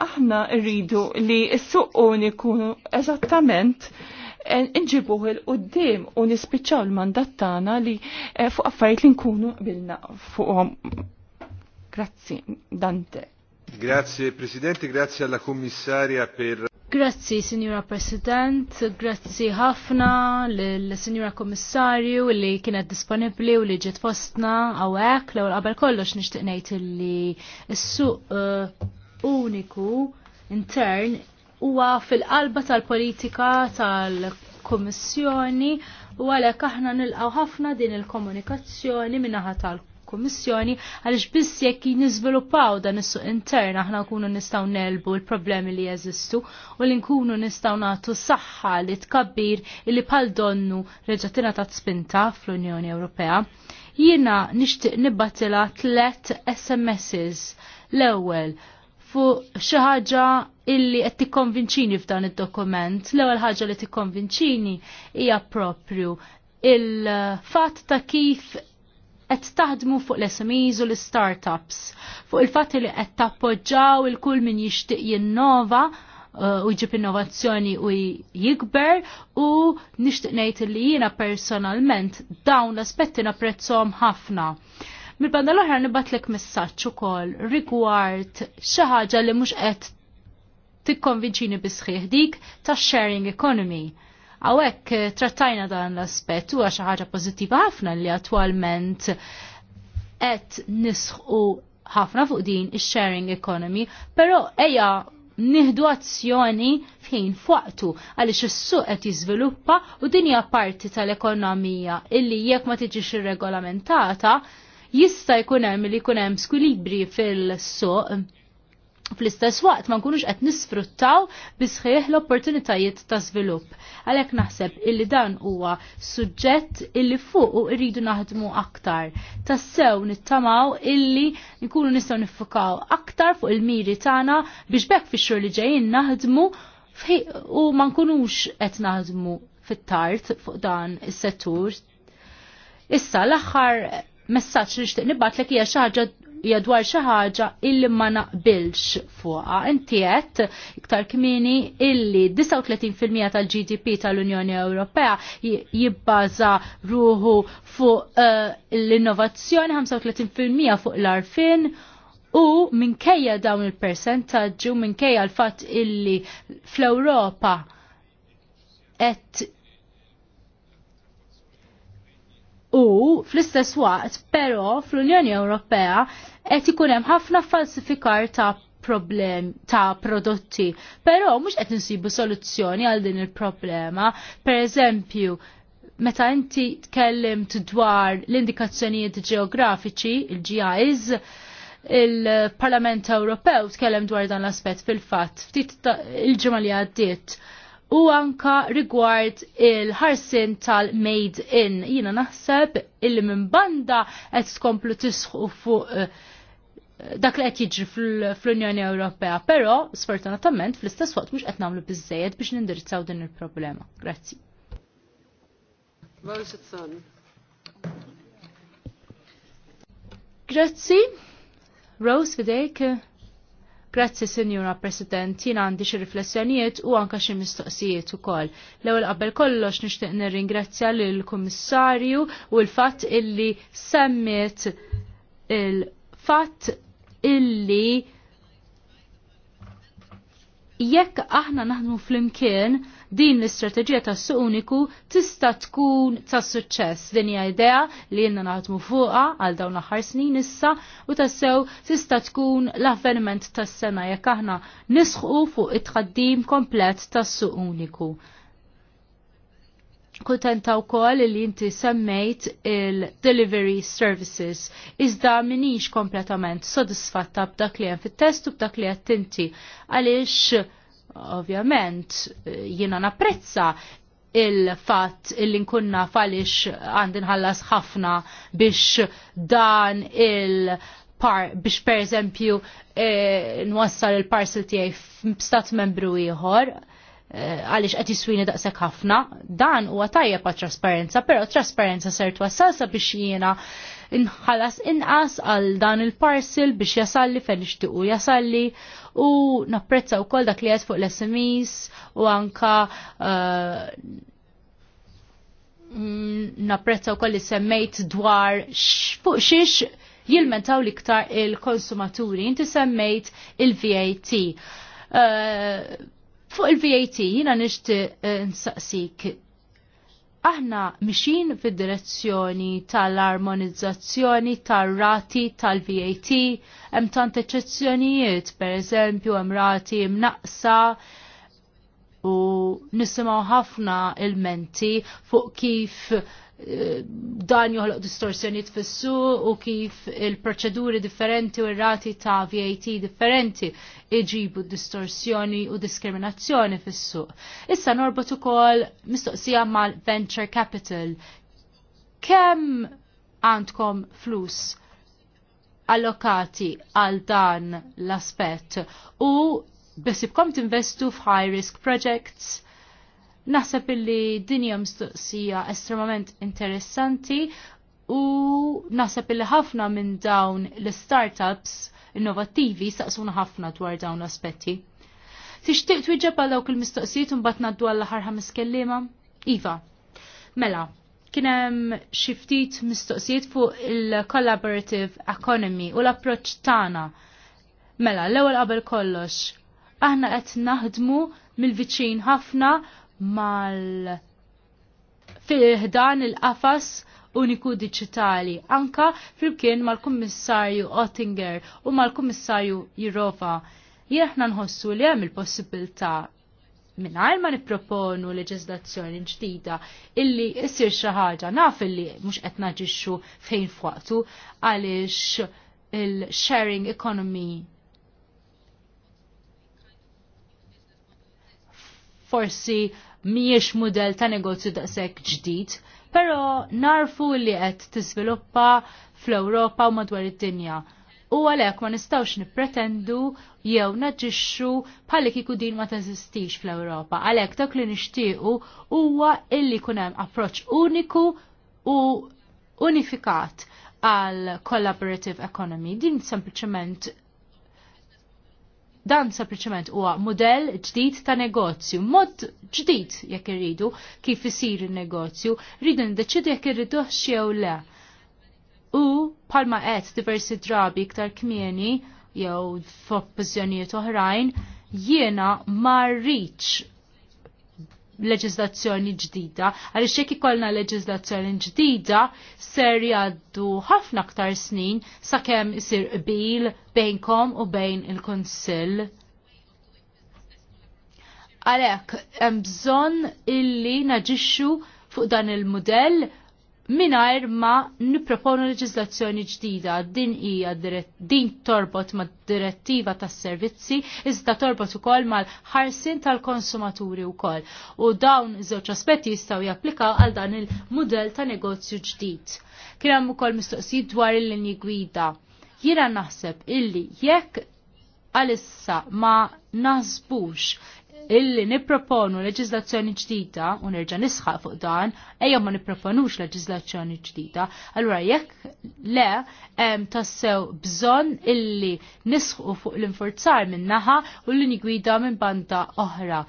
Aħna rridu li s-suq uniku eżattament nġibuħ il-qoddim u nispiċċaw l-mandat tagħna li eh, fuq affarijiet li nkunu bilna fuqhom. Grazzi, Dante. Grazie Presidente, grazie alla Commissaria per Grazzi Signora President, grazzi ħafna l-Signora Kommissarju li kienet disponibli u li ġiet fostna għawek l qabel kollox nixtieq ngħid li s-suq uh, uniku intern huwa fil-qalba tal-politika tal-Kummissjoni u għalhekk aħna nilqgħu ħafna din il-komunikazzjoni minaħa tal kummissjoni għaliex biss jekk niżviluppaw dan is-suq intern aħna nkunu nistgħu nelbu l-problemi li jeżistu u li nkunu nistgħu nagħtu saħħa li tkabbir illi bħal donnu reġatina ta' spinta fl-Unjoni Ewropea. Jiena nixtieq nibbatila tliet SMSs l-ewwel fuq xi ħaġa illi qed tikkonvinċini f'dan id-dokument. L-ewwel ħaġa li tikkonvinċini hija propju il-fatt ta' kif qed taħdmu fuq l-SMEs u l-startups, fuq il-fatt li qed tappoġġaw il-kull min jixtieq jinnova uh, u jġib innovazzjoni u jikber u nixtieq ngħid li jiena personalment dawn l-aspetti napprezzhom ħafna. Mil-banda l-oħra nibatlek u ukoll rigward xi ħaġa li mhux qed tikkonvinċini bisħiħ dik tax-sharing economy. Għawek eh, trattajna dan l-aspett huwa xi ħaġa pożittiva ħafna li attwalment qed nisħu ħafna fuq din is-sharing economy, però eja nieħdu azzjoni fejn fuqtu għaliex is-suq qed jiżviluppa u din hija parti tal-ekonomija illi jekk ma tiġix irregolamentata jista' jkun hemm li jkun hemm skwilibri fil-suq fl-istess waqt ma nkunux qed nisfruttaw bisħieħ l-opportunitajiet ta' żvilupp. Għalhekk naħseb illi dan huwa suġġett illi fuq u rridu naħdmu aktar. Tassew nittamaw illi nkunu nistgħu nifukaw aktar fuq il-miri tagħna biex bekk fix xogħol li ġejjin naħdmu u ma nkunux qed naħdmu fit-tard fuq dan is-settur. Issa l-aħħar messaġġ li xtiq nibatlek hija xi ħaġa jadwar xaħġa illi ma naqbilx fuqha. Inti qed iktar kmini illi 39% tal-GDP tal-Unjoni Ewropea jibbaża ruħu fuq eh, l-innovazzjoni, 35% fuq l-arfin u minkejja dawn il-persentaġġu minkejja l-fatt illi fl-Ewropa qed U fl-istess waqt, pero fl-Unjoni Ewropea qed ikun hemm ħafna falsifikar ta' problem ta' prodotti. Però mhux qed insibu soluzzjoni għal din il-problema. Per eżempju, meta inti tkellimt dwar l-indikazzjonijiet ġeografiċi, il-GIs, il-Parlament Ewropew tkellem dwar dan l-aspett fil-fatt, ftit il-ġimgħa li għaddiet u anka rigward il-ħarsin tal-made in. Jina naħseb illi minn banda qed tkomplu tisħu fuq eh, dak li qed jiġri fl-Unjoni Ewropea, però sfortunatament fl-istess waqt mhux qed nagħmlu biżejjed biex nindirizzaw din il-problema. Grazzi. Grazzi. Rose fidejk. Grazzi, Sinjura President, jien għandi xi riflessjonijiet u anka xi mistoqsijiet ukoll. L-ewwel qabel kollox nixtieq nirringrazzja lill kummissarju u l-fatt illi semmiet il-fatt illi jekk aħna naħdmu flimkien din l-istrateġija tas suq uniku tista' tkun ta' suċċess. Din hija idea li jenna naħdmu fuqha għal dawn l-aħħar snin issa u tassew tista' tkun l-avveniment tas-sena jekk aħna nisħu fuq it-tħaddim komplett tas suq uniku. Kutenta u koll li inti semmejt il-delivery services, iżda minix kompletament sodisfatta b'dak li fit-test u b'dak li għattinti, għalix Ovvjament, eh, jiena napprezza il-fat il nkunna falix għandin ħallas ħafna biex dan il- par, biex per eżempju e, nwassal il-parcel tiegħi f'stat membru ieħor eh, għaliex qed swini daqshekk ħafna, dan huwa tajjeb għat trasparenza, però trasparenza ser wassalsa biex jiena nħallas inqas għal dan il-parcel biex jasalli fejn tiqu jasalli u napprezza u kol dak li għed fuq l-SMEs u anka eh, mm, napprezza u koll li semmejt dwar fuq xiex jilmentaw liktar il-konsumaturi. Inti semmejt il-VAT. Eh, fuq il-VAT jina nishti eh, nsaqsik aħna mixin fid-direzzjoni tal-armonizzazzjoni tal-rati tal-VAT, hemm tant eċezzjonijiet, per eżempju hemm rati mnaqsa u nisimgħu ħafna il-menti fuq kif dan joħloq distorsjoniet fissu u kif il-proċeduri differenti u r-rati ta' VAT differenti iġibu distorsjoni u diskriminazzjoni fissu. Issa norbot ukoll mistoqsija mal-venture capital. Kemm għandkom flus allokati għal dan l-aspett u besibkom tinvestu f'high risk projects Naħseb illi dinja mistoqsija estremament interessanti u naħseb illi ħafna minn dawn l-startups innovattivi saqsuna ħafna dwar dawn l-aspetti. Tixtieq twieġeb għal dawk il-mistoqsijiet u mbagħad ngħaddu l aħħar ħames kelliema? Iva. Mela, kien hemm xi ftit mistoqsijiet fuq il-collaborative economy u l-approċċ tagħna. Mela, l-ewwel qabel kollox, aħna qed naħdmu mill-viċin ħafna mal fil-ħdan il-qafas uniku diġitali anka flimkien mal-Kummissarju Ottinger u mal-Kummissarju Jirova. Jeħna nħossu li hemm il-possibilità minnajr ma nipproponu leġizlazzjoni ġdida illi issir xi ħaġa naf illi mhux qed naġixxu fejn fwaqtu għaliex il-sharing economy forsi miex model ta' negozju daqshekk ġdid, pero narfu li qed tiżviluppa fl-Ewropa u madwar id-dinja. U għalhekk ma nistgħux nippretendu jew naġixxu bħalli kieku din ma teżistix fl-Ewropa. Għalhekk dak li nixtiequ huwa illi jkun hemm approċċ uniku u unifikat għal collaborative economy. Din sempliċement Dan sempliċement huwa model ġdid ta' negozju, mod ġdid jekk irridu kif isir in-negozju, rridu ndeċidu jekk irridu jew le. U palma qed diversi drabi iktar kmieni jew f'oppożjonijiet oħrajn, jiena ma rridx leġizlazzjoni ġdida, għaliex jekk ikollna leġizlazzjoni ġdida ser jgħaddu ħafna aktar snin sakemm isir qbil bejnkom u bejn il-Kunsill. Għalhekk hemm bżonn illi naġixxu fuq dan il-mudell minar ma niproponu leġislazzjoni ġdida din hija din torbot ma direttiva tas servizzi iżda torbot ukoll mal-ħarsin tal-konsumaturi wkoll. U dawn żewġ aspetti jistgħu japplikaw għal dan il-mudell ta' negozju ġdid. Kien hemm ukoll mistoqsijiet dwar il-linji gwida. Jiena naħseb illi jekk għalissa ma naħsbux illi nipproponu leġislazzjoni ġdida u nerġa' nisħaq fuq dan, ejja ma nipproponux leġislazzjoni ġdida, allura jekk le hemm tassew bżonn illi nisħu fuq l-infurzar minn naħa u l gwida minn banda oħra.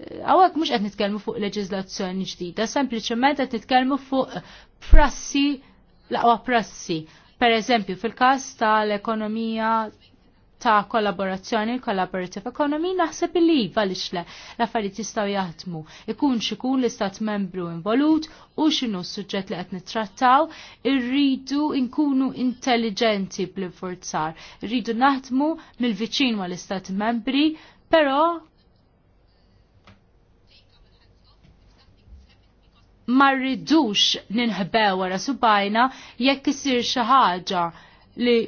Għawek mux qed nitkelmu fuq leġizlazzjoni ġdida, sempliciment qed nitkelmu fuq prassi, laqwa prassi. Per eżempju, fil-kas tal-ekonomija ta' kollaborazzjoni, collaborative economy, naħseb li iva li xle l-affarijiet jistgħu jaħdmu. Ikun xikun l-istat membru involut u x'inhu s-suġġett li qed nittrattaw, irridu nkunu intelligenti bl-forzar, irridu naħdmu mill-viċin ma l-istat membri, però ma rridux ninħbew wara subajna jekk isir xi ħaġa li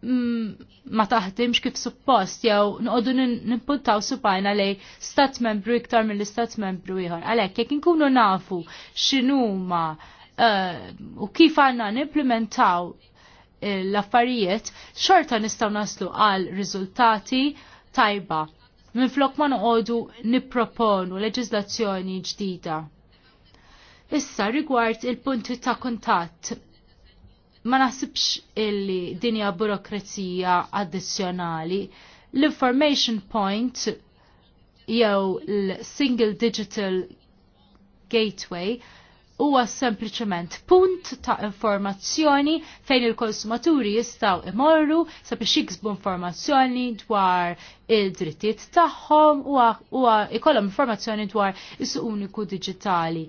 Mm, ma taħdimx kif suppost jew noqogħdu nippuntaw supajna lej stat membru iktar mill-istat membru ieħor. Għalhekk jekk inkunu nafu x'inhuma eh, u kif għandna nimplementaw eh, l-affarijiet, xorta nistgħu naslu għal riżultati tajba. Minflok ma noqogħdu nipproponu leġiżlazzjoni ġdida. Issa rigward il-punti ta' kuntatt ma naħsibx illi dinja burokrazija addizzjonali. L-information point jew l-single digital gateway huwa sempliċement punt ta' informazzjoni fejn il-konsumaturi jistaw imorru sabiex jiksbu informazzjoni dwar id-drittijiet tagħhom u ikollhom informazzjoni dwar is-suq uniku diġitali.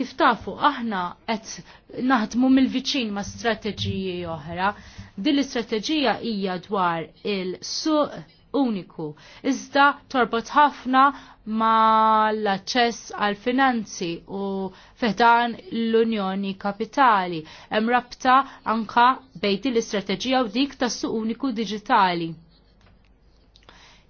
Kif tafu, aħna qed naħdmu mill-viċin ma' strateġiji oħra. Din l-istrateġija hija dwar il-suq uniku. Iżda torbot ħafna ma l-aċċess għal finanzi u fedan l-Unjoni Kapitali. Hemm rabta anka bejti l-istrateġija u dik tas-suq uniku digitali.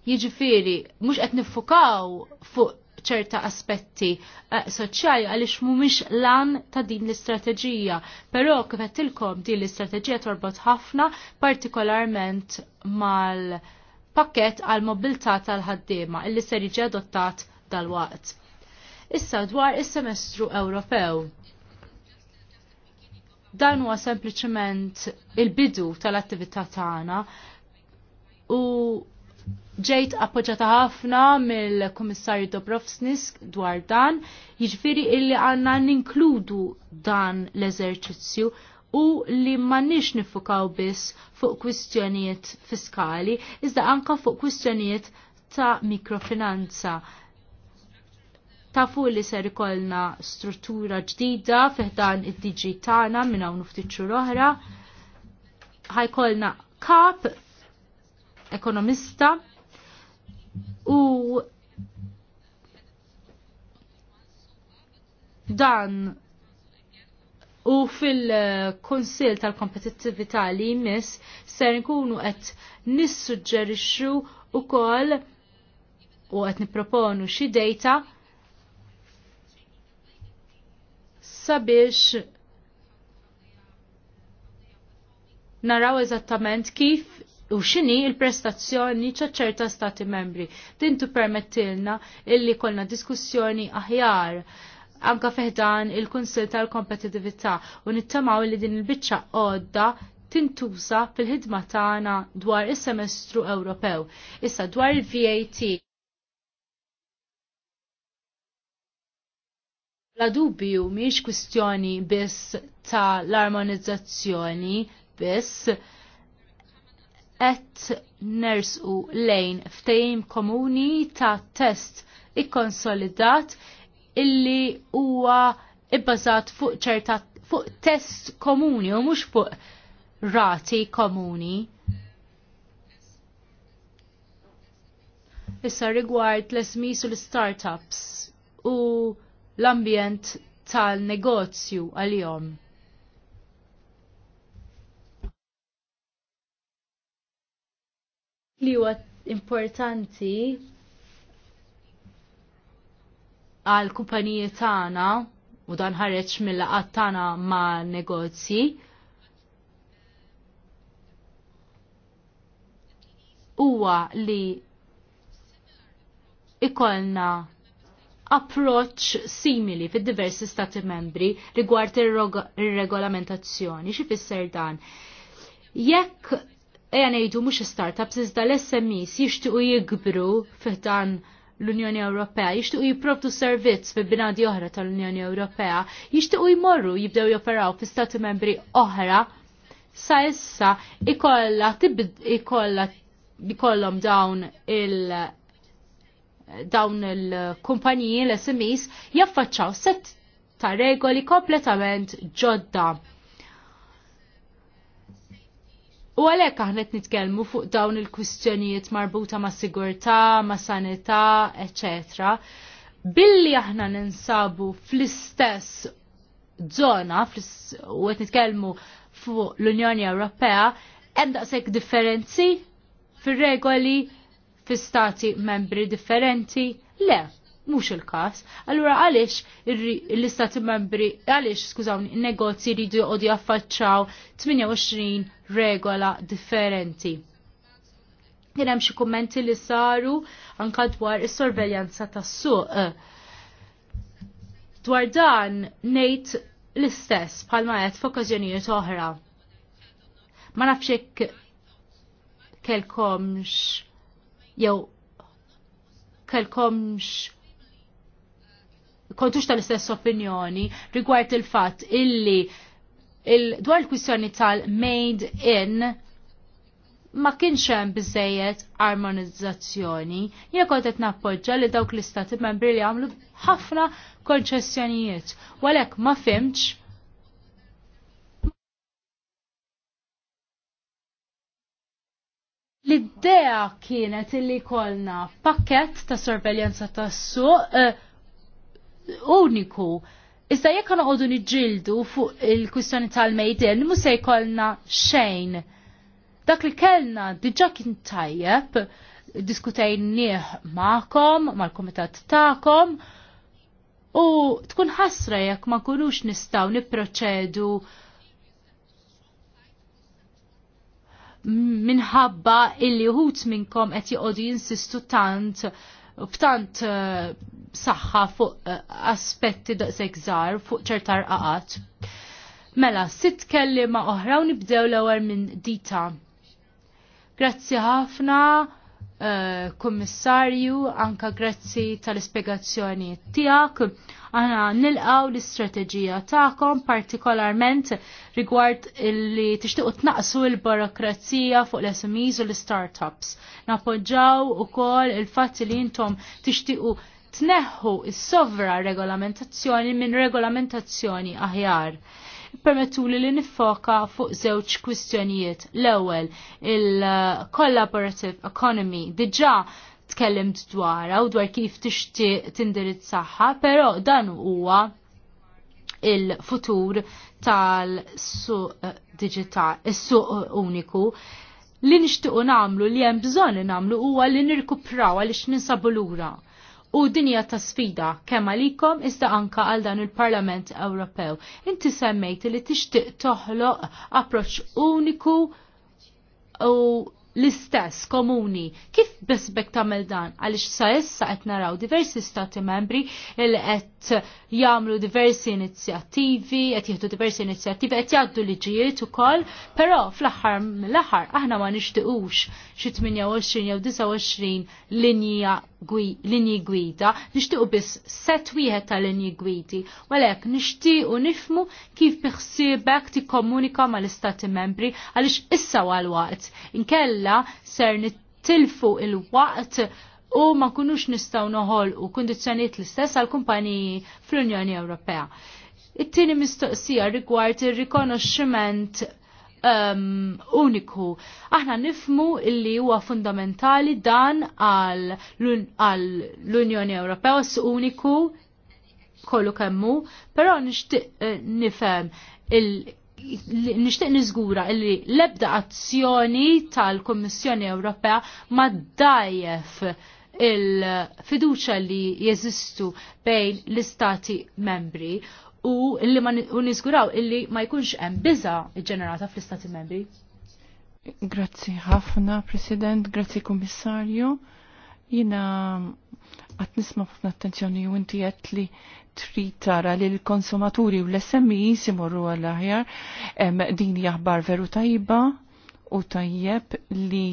Jiġifieri mhux qed niffukaw fuq ċerta aspetti eh, soċjali għaliex mhumiex lan ta' din l-istrateġija. Però kif qed din l-istrateġija torbot ħafna partikolarment mal pakket għal mobilità tal-ħaddiema illi ser jiġi adottat dal-waqt. Issa dwar is-semestru Ewropew dan huwa sempliċement il-bidu tal-attività tagħna u ġejt appoġġata ħafna mill-Kummissarju Dobrovsnisk dwar dan, jiġifieri illi għandna ninkludu dan l-eżerċizzju u li m'għandniex nifukaw biss fuq kwistjonijiet fiskali, iżda anka fuq kwistjonijiet ta' mikrofinanza. Tafu li ser ikollna struttura ġdida fiħdan id-diġi tagħna minn hawn ftit oħra. Ħajkollna kap ekonomista u dan u fil-Konsil tal-Kompetittività li jmiss ser nkunu qed nissuġġerixxu ukoll u qed nipproponu xi data sabiex naraw eżattament kif u xini il-prestazzjoni ċaċerta stati membri. Tintu permettilna illi kolna diskussjoni aħjar anka feħdan il konsil tal-Kompetitività u nittamaw li din il-bicċa għodda tintuża fil-ħidma tagħna dwar is-semestru Ewropew. Issa dwar il-VAT. La dubju miex kwistjoni biss ta' l-armonizzazzjoni biss, qed nersqu lejn ftehim komuni ta' test ikkonsolidat illi huwa ibbażat fuq ċerta fuq test komuni u mhux fuq rati komuni. Issa rigward l-SMIs u l-startups u l-ambjent tal-negozju għal-jom. li huwa importanti għal kumpaniji tagħna u dan ħareġ mill-laqat tagħna ma' negozji. Huwa li ikolna approċċ simili fid diversi stati membri rigward ir-regolamentazzjoni. Xi fisser dan? Jekk eja nejdu mux startups iżda l-SMEs jishtiqu jikbru fiħdan l-Unjoni Ewropea, jishtiqu jiprovdu servizz fi binadi oħra tal-Unjoni Ewropea, jishtiqu jmorru jibdew joperaw fi stati membri oħra, sa issa ikolla tibd ikolla bikollom dawn il dawn il-kumpaniji l-SMEs jaffaċċaw set ta' regoli kompletament ġodda U għalhekk aħna nitkelmu nitkellmu fuq dawn il-kwistjonijiet marbuta ma' sigurtà, ma' sanità, eċetera. Billi aħna ninsabu fl-istess zona u qed nitkelmu fuq l-Unjoni Ewropea hemm daqshekk differenzi fir-regoli fil stati membri differenti? Le, mhux il-każ. Allura għaliex l-istati membri għaliex skużawni n-negozji jridu jqogħdu jaffaċċaw 28 regola differenti. Kien hemm xi kummenti li saru anka dwar is-sorveljanza tas-suq. Dwar dan ngħid l-istess bħalma qed f'okkażjonijiet oħra. Ma nafx hekk kelkomx jew kelkomx kontux tal-istess opinjoni rigward il-fatt illi il dwar il-kwistjoni tal-made in ma kienx hemm biżejjed armonizzazzjoni. Jien kont qed nappoġġa li dawk l-istati membri li għamlu ħafna konċessjonijiet. Walek ma fimx L-idea kienet illi kolna pakket ta' sorveljanza tas suq uh, uniku. Iżda jekk noqogħdu niġġieldu fuq il-kwistjoni tal-mejden, mhux se jkollna xejn. Dak li kellna diġà kien tajjeb, diskutejnieh magħkom, mal-kumitat tagħkom, u tkun ħasra jekk ma kunux nistgħu nipproċedu minħabba illi uħut minnkom qed joqogħdu jinsistu tant b'tant eh, saħħa fuq eh, aspetti daqshekk żgħar fuq ċertar qaqat. Mela, sitt ma oħra u nibdew l-ewwel minn Dita. Grazzi ħafna, uh, kummissarju, anka grazzi tal-ispjegazzjoni tiegħek Aħna nilqaw l-istrateġija tagħkom partikolarment rigward li tixtiequ tnaqsu l-burokrazija fuq l-SMEs u l-startups. Napoġġaw ukoll il fat li intom tixtiequ tneħħu s sovra regolamentazzjoni minn regolamentazzjoni aħjar permettu li li nifoka fuq żewġ kwistjonijiet. L-ewwel il-collaborative economy diġà tkellimt dwarha u dwar kif tixtieq tindirizzaħħa, però dan huwa il-futur tal-suq eh, digital, is-suq eh, uniku li nixtiequ nagħmlu li hemm bżonn nagħmlu huwa li nirkupraw għaliex ninsabu lura. U dinja ta' sfida kemm għalikom iżda anka għal dan il-Parlament Ewropew. Inti semmejt li tixtieq toħloq approċċ uniku u l-istess komuni. Kif bisbek tamel dan? Għalix sa issa qed naraw diversi stati membri li qed jagħmlu diversi inizjattivi, qed jieħdu diversi inizjattivi, qed jgħaddu liġijiet ukoll, però fl-aħħar mill aħħar aħna ma nixtiqux xi 28 jew 29 linja linji gwida, nixtiequ biss set wieħed ta' linji gwidi, għalhekk nixtiequ nifmu kif komunika tikkomunika mal-Istati Membri għaliex issa għal-waqt. Inkella ser nittilfu il-waqt u ma kunux nistaw noħol u kondizjoniet l-istess għal kumpaniji fl-Unjoni Ewropea. It-tieni mistoqsija rigward ir-rikonoxximent um, uniku. Aħna nifmu illi huwa fundamentali dan għall unjoni Ewropea s uniku kollu kemmu, però nixtieq eh, nifhem nifhem nixtieq niżgura illi l-ebda azzjoni tal-Kummissjoni Ewropea ma dajjef il-fiduċa li jeżistu bejn l-istati membri u illi ma nizguraw illi ma jkunx hemm biża ġenerata fl-Istati Membri. Grazzi ħafna, President, grazzi Kummissarju. Jina għat nisma ħafna attenzjoni u inti qed li trid tara li l-konsumaturi u l-SMEs imorru għall-aħjar din jaħbar veru tajba u tajjeb li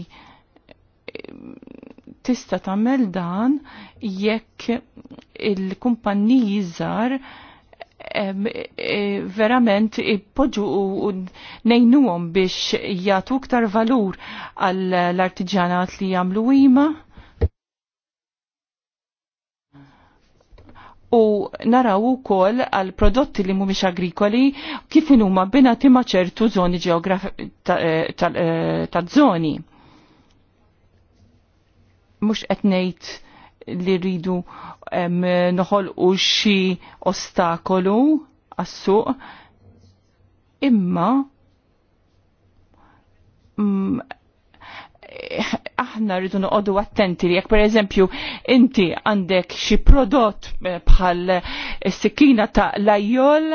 tista' tagħmel dan jekk il-kumpanniji żgħar E, verament poġu u nejnuhom biex jagħtu iktar valur għall artiġanat li jagħmlu ima. U naraw ukoll għal prodotti li mhumiex agrikoli kif inhuma binati ma' ċertu żoni ta' żoni. E, e, Mhux qed ngħid li rridu noħol u xi ostakolu għas-suq, imma mm, aħna rridu noqogħdu attenti li jekk pereżempju inti għandek xi prodott eh, bħal eh, sikkina ta' lajol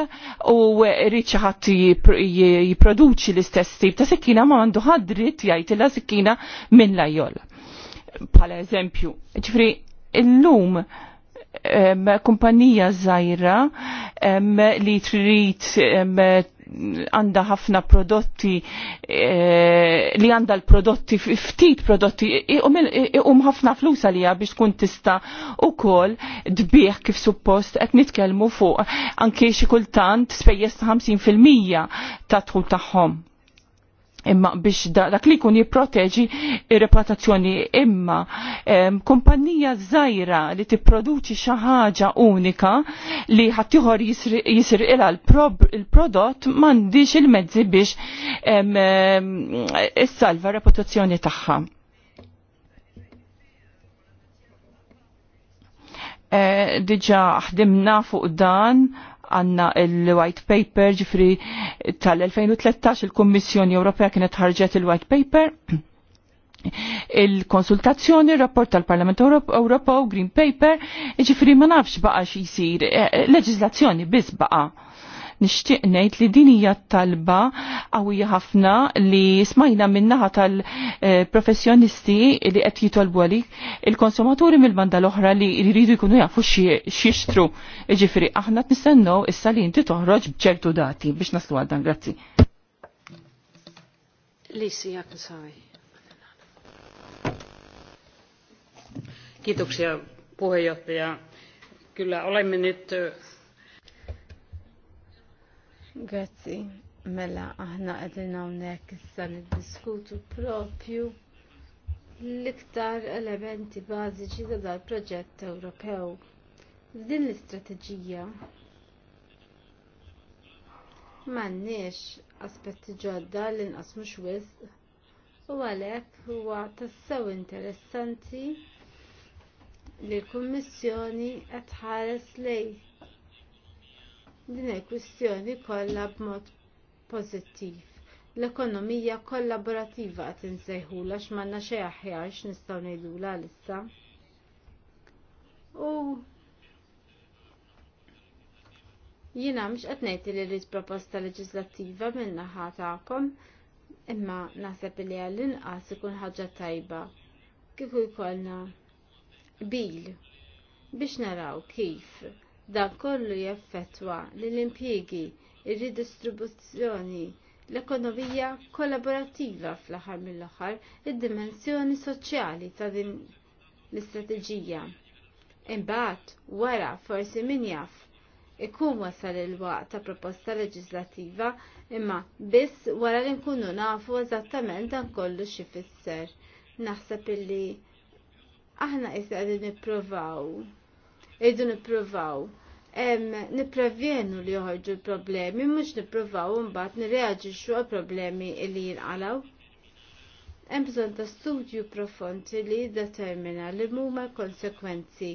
u rrid xi ħadd jipproduċi l-istess tip ta' sikkina ma għandu ħadd dritt jgħid ilha sikkina minn lajol. Bħala eżempju, ġifri illum kumpanija żgħira li trid għanda ħafna prodotti eh, li għanda l-prodotti ftit prodotti iqum ħafna flus għalija biex tkun tista u kol dbieħ kif suppost qed nitkellmu fuq anke xi kultant spejjeż ta' 50% ta' tħu tagħhom imma biex dak li jkun jipproteġi ir-reputazzjoni imma kompanija żgħira li tipproduċi xi ħaġa unika li ħaddieħor jisir ilha l-prodott m'għandix il-mezzi biex issalva reputazzjoni tagħha. Eh, Diġa ħdimna fuq dan għanna il-white paper ġifri tal-2013 il-Kommissjoni Ewropea kienet ħarġet il-white paper il-konsultazzjoni, rapport tal-Parlament Ewropew, Green Paper, ġifri ma nafx baqa xisir, eh, leġizlazzjoni biz baqa Nixtieq ngħid li din hija talba qawwija ħafna li smajna min-naħa tal-professjonisti eh, li qed jitolbu għalik il-konsumaturi mill-banda l-oħra li jridu jkunu jafu x'jixtru. Jiġifieri aħna nistennew issa li inti toħroġ b'ċertu dati biex naslu għaddan. Grazzi. Lisi, jak Kiitoksia puheenjohtaja. Kyllä olemme nyt eh, Grazzi. Mela, aħna għedin hawnhekk issa niddiskutu propju l-iktar elementi bażiċi ta' dal proġett Ewropew. Din l-istrateġija m'għandniex aspetti ġodda li nqasmux wisq u għalhekk huwa tassew interessanti li l-Kummissjoni qed ħares lejn din il-kwistjoni kollha b'mod pożittiv. L-ekonomija kollaborattiva qed insejħula x'manna xi aħjar x'nistgħu ngħidula issa. U jiena mhux qed ngħid li rrid proposta leġislattiva min-naħa tagħkom, imma naħseb li għall-inqas ikun ħaġa tajba kieku jkollna bil biex naraw kif Dan kollu jaffettwa lill-impjiegi, ir-ridistribuzzjoni, l-ekonomija kollaborattiva fl-aħħar mill-aħħar, id-dimensjoni soċjali ta' din l-istrateġija. Imbagħad wara forsi min jaf ikun wasal il-waqt ta' proposta leġislattiva imma biss wara li nkunu nafu eżattament dan kollu xifisser. Naħseb illi aħna qed qegħdin nippruvaw irridu nippruvaw Niprevjenu li joħorġu problemi, mhux nippruvaw mbagħad nirreaġixxu għal problemi li jinqalaw. Hemm bżonn ta' studju profondi li jiddetermina li huma l-konsekwenzi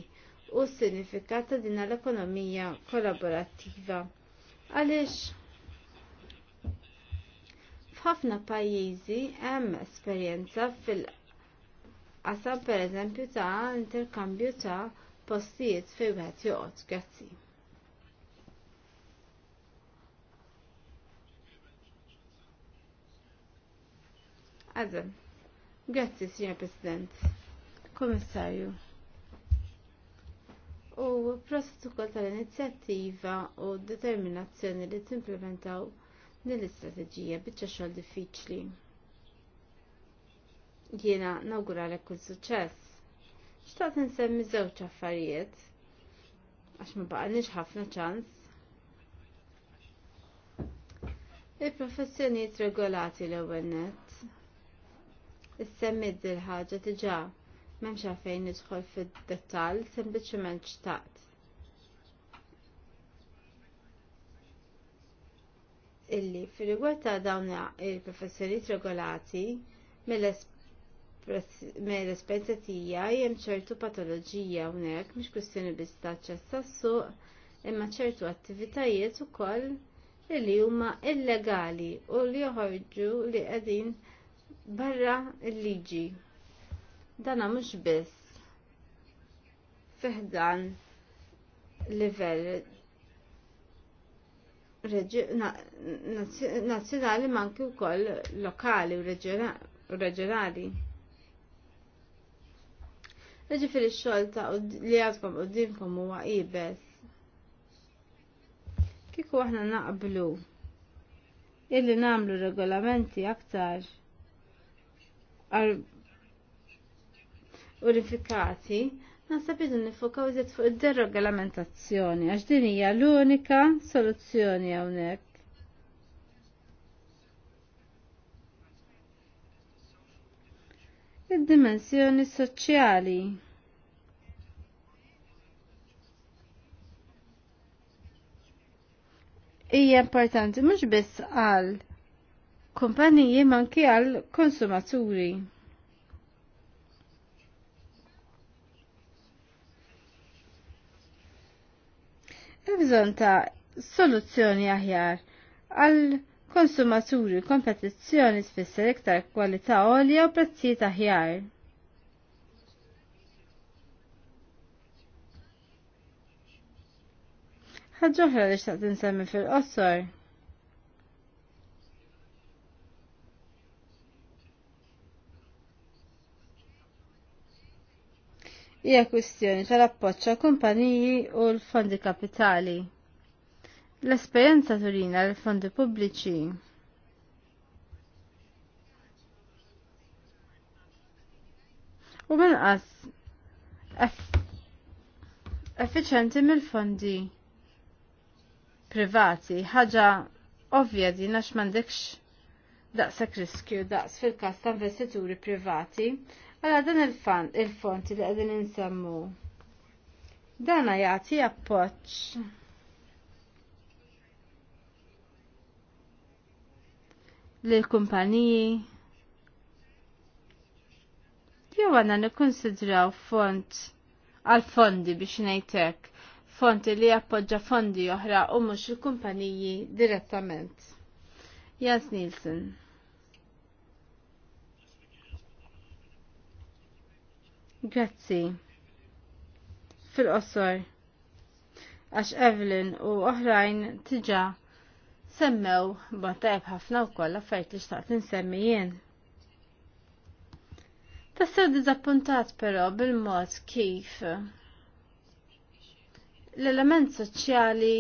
u s-sinifikat ta' din l-ekonomija kollaborattiva. Għaliex f'ħafna pajjiżi hemm esperjenza fil-qasam pereżempju ta' interkambju ta' postijiet fej wieħed joqgħod. Grazzi. Għadem. Grazzi, Signor President. Komissarju. U prosit ukoll tal-inizjattiva u determinazzjoni li timplementaw din l istrategija bieċa xogħol diffiċli. Jiena nauguralek kull suċċess. Xtaqt nsemmi żewġ affarijiet għax ma nix ħafna ċans. Il-professjonijiet regolati l-ewwel nett. Issemmit il ħaġa diġà m'hemmx fejn nidħol fid-dettall, sempliċement xtaqt. Illi fir-rigward ta' dawn il-professjonijiet regolati mill-esp mill-esperienza tiegħi hemm ċertu patologija hawnhekk mhux kustjoni biss ta' aċċess imma ċertu attivitajiet ukoll li huma illegali u li joħorġu li qegħdin barra l-liġi. Dana mhux biss fiħdan livell nazzjonali manki wkoll lokali u reġjonali. Ġifiri xogħol ta' li għadkom dinkom huwa qibes. Kiku aħna naqblu illi namlu regolamenti aktar unifikati, nasab idu nifokaw fuq id-deregolamentazzjoni, għax din hija l-unika soluzzjoni hawnhekk. id-dimensjoni soċjali. Hija importanti mhux biss għal kumpaniji manki għal konsumaturi. il bżonn ta' soluzzjoni aħjar għal konsumaturi kompetizzjoni sfisser iktar kwalità għolja u prezzijiet aħjar. ħagġoħra li xtaqt insemmi fil-qosor. Hija kwistjoni tal-appoċċa kumpaniji u l-fondi kapitali. L-esperjenza turina l-fondi pubbliċi u minqas effiċenti mill-fondi privati ħaġa ovvja di nax mandekx daqsak riskju daqs fil-kas ta' investituri privati, għala dan il-fond il li għadin insemmu. Dana jagħti appoġġ l-kumpaniji. Jew għanna nikkonsidraw font għal-fondi biex nejtek fonti li jappoġġa fondi oħra u mhux il-kumpaniji direttament. Jans Nielsen. Grazzi. Fil-qosor. Għax Evelyn u oħrajn tiġa semmew batajb ħafna u koll affarijiet li xtaqt insemmi jien. Tassew dizappuntat però bil-mod kif l-element soċjali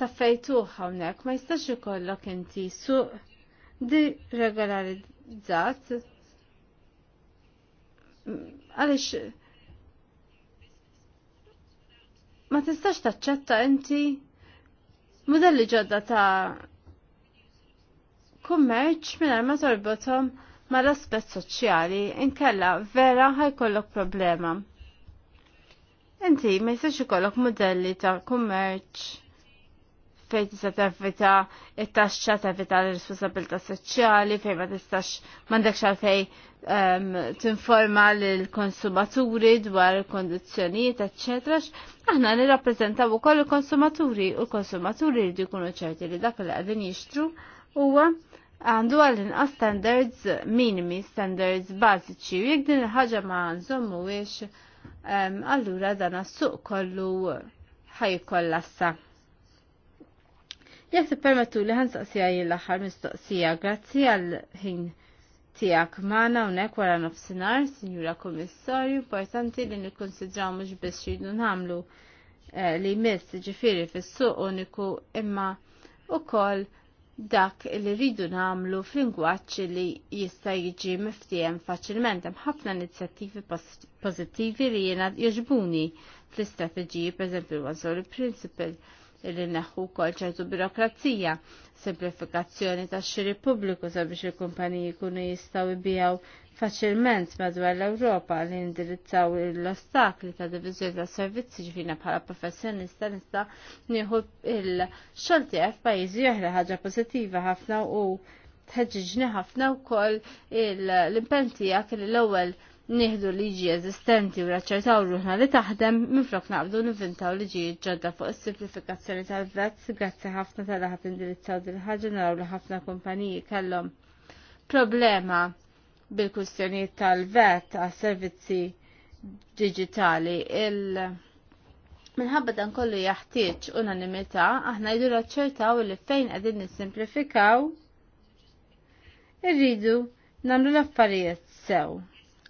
ta' fejtuħ hawnhekk ma jistax ikollok inti suq diregolarizzat għaliex ma tistax taċċetta inti modelli ġodda ta' kummerċ minna ma torbotom mal aspett soċjali inkella vera ħajkollok problema. Inti ma jistax ikollok modelli ta' kummerċ fejn tista' tafita' it-taxxa tafita' l-responsabilità soċjali fejn ma tistax m'għandekx għalfej um, ehm, tinforma lill-konsumaturi dwar il etc. Aħna Aħna nirrappreżentaw ukoll il-konsumaturi u l-konsumaturi jridu jkunu ċerti li dak li għadin jixtru huwa għandu għall-inqas standards minimi, standards bażiċi, u jekk din il-ħaġa ma nżommu wiex, um, allura dan suq kollu ħaj kollassa. Jek permettu li ħansaqsija jien l-aħħar mistoqsija grazzi għal ħin tijak maħna unek wara nofsinar, Sinjura Komissarju, importanti li nikkonsidraw mux biex xidu nħamlu eh, li mis ġifiri fis-suq uniku imma u kol dak li rridu nagħmlu ingwaċ li jista' jiġi miftijem faċilment hemm ħafna inizjattivi pożittivi li jiena jogħġbuni fl-istrateġiji pereżempju l il Principle li neħu kol ċertu birokrazija, simplifikazzjoni ta' xiri pubbliku sabiex il-kumpaniji kunu jistaw ibijaw faċilment madwar l-Ewropa li indirizzaw l-ostakli ta' divizjoni ta' servizzi ġifina bħala professjonista nista' nieħu il-xolti għaf pajizi oħra ħagġa pozittiva ħafna u tħeġġiġni ħafna u koll l-impentijak li l-ewwel nieħdu liġi eżistenti u raċċertaw ruħna li taħdem minflok naqbdu nivvintaw liġijiet ġodda fuq is-simplifikazzjoni tal-vezz grazzi ħafna tal-ħat indirizzaw dil-ħaġa naraw li ħafna kumpaniji kellhom problema bil-kustjonijiet tal-vet għas servizzi digitali il Minħabba dan kollu jaħtieġ unanimità, aħna jdu raċċertaw li fejn qegħdin nissimplifikaw irridu nagħmlu l-affarijiet sew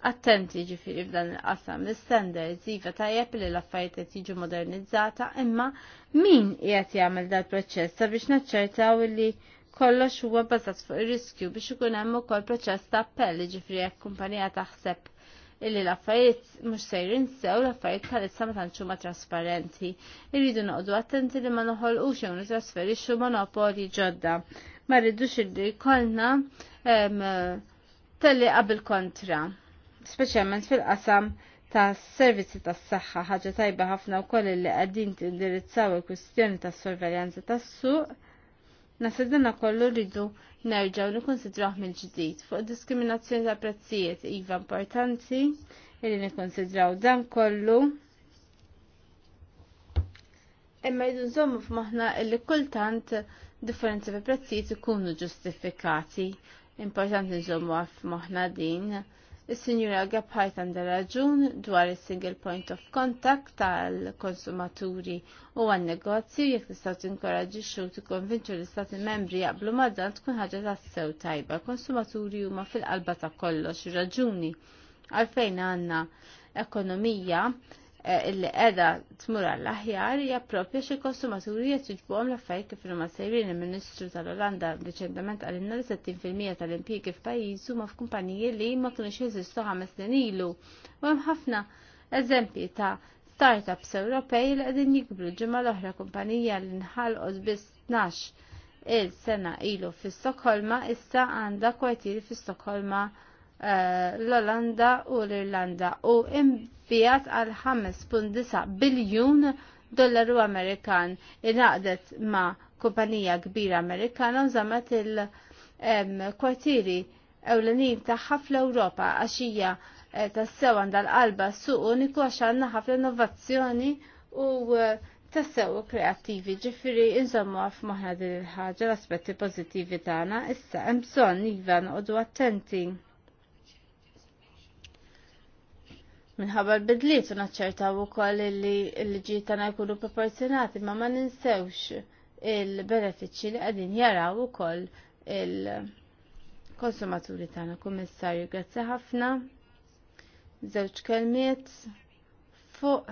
attenti ġifiri f'dan il-qasam. L-standards iva tajjeb li l-affarijiet qed jiġu modernizzata, imma min qiegħed jagħmel dal proċess sabiex naċċertaw li kollox huwa bbażat fuq ir-riskju biex ikun hemm ukoll proċess ta' appell ġifiri jekk kumpanija taħseb illi l-affarijiet mhux sejrin sew l-affarijiet bħalissa ma tantx huma trasparenti. Irridu noqogħdu attenti li ma noħolqux jew nitrasferixxu monopoli ġodda. Ma rridux illi jkollna telli qabel kontra speċjalment fil-qasam ta' servizzi tas saħħa ħaġa tajba ħafna u koll li għaddin tindirizzaw il-kwistjoni ta' sorveljanza tas suq Nasedna kollu rridu nerġaw nikonsidraħ mill ġdid fuq diskriminazzjoni ta' prezzijiet iva importanti illi nikonsidraw dan kollu. Imma jridu nżommu f'maħna illi kultant differenzi fi prezzijiet ikunu ġustifikati. Importanti nżommu għaf maħna din il sinjura Gebhardt għandha raġun dwar is-single point of contact tal-konsumaturi u għal negozju jekk tistgħu tinkoraġixxu tikkonvinċu l-istati membri jaqblu ma' dan tkun ħaġa tas-sew tajba. Konsumaturi huma fil-qalba ta' kollox raġuni għalfejn għandna ekonomija Eh, illi edha tmur għall-aħjar hija proprja xi konsumaturi qed jiġbuhom l-affarijiet kif ma sejrin il-Ministru tal-Olanda riċentement għalinna li 60% tal-impjiegi f'pajjiż huma f'kumpaniji li ma kinux jeżistu ħames snin ilu. U hemm ħafna eżempji ta' startups Ewropej li qegħdin jikbru ġimgħa l-oħra kumpanija li nħalqos biss 12 il-sena ilu fi Stokholma issa għandha kwartieri fi Stokholma Eh, l-Olanda u l-Irlanda u imbijat għal 5.9 biljun dollaru Amerikan inaqdet ma kumpanija kbira Amerikana u zamet il-kwartiri ewlenin ta' fl-Ewropa għax hija eh, tassew għandha l-qalba suq uniku għax għandna ħafna innovazzjoni u eh, tassew kreattivi ġifiri inżommu għaf maħna din il-ħagġa l-aspetti pozittivi tagħna issa hemm bżonn u noqogħdu attenti. minħabba l-bidliet u naċċertaw ukoll li l-ġi tagħna jkunu proporzjonati ma ma ninsewx il-benefiċċji li qegħdin jaraw ukoll il-konsumaturi tagħna. Kummissarju, grazzi ħafna. Żewġ kelmiet fuq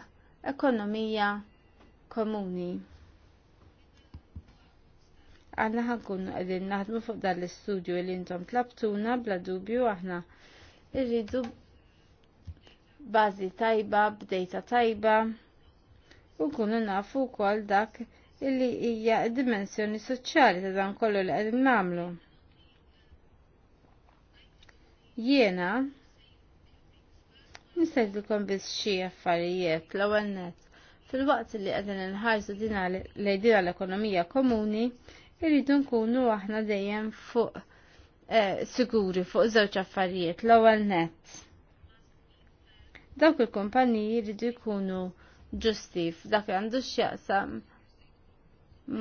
ekonomija komuni għanna ħankun għedin naħdmu fuq dan l-istudju li intom tlabtuna bla dubju aħna irridu bażi tajba, b'dejta tajba u nkunu nafu wkoll dak illi hija d-dimensjoni soċjali ta' dan kollu li qegħdin nagħmlu. Jiena nistajdilkom biss xi affarijiet l-ewwel nett fil-waqt li qegħdin inħarsu dina lejdina l-ekonomija komuni, irridu nkunu aħna dejjem fuq eh, siguri fuq żewġ affarijiet l-ewwel net. Dawk il-kumpaniji jridu jkunu ġusti f'dak li għandu x'jaqsam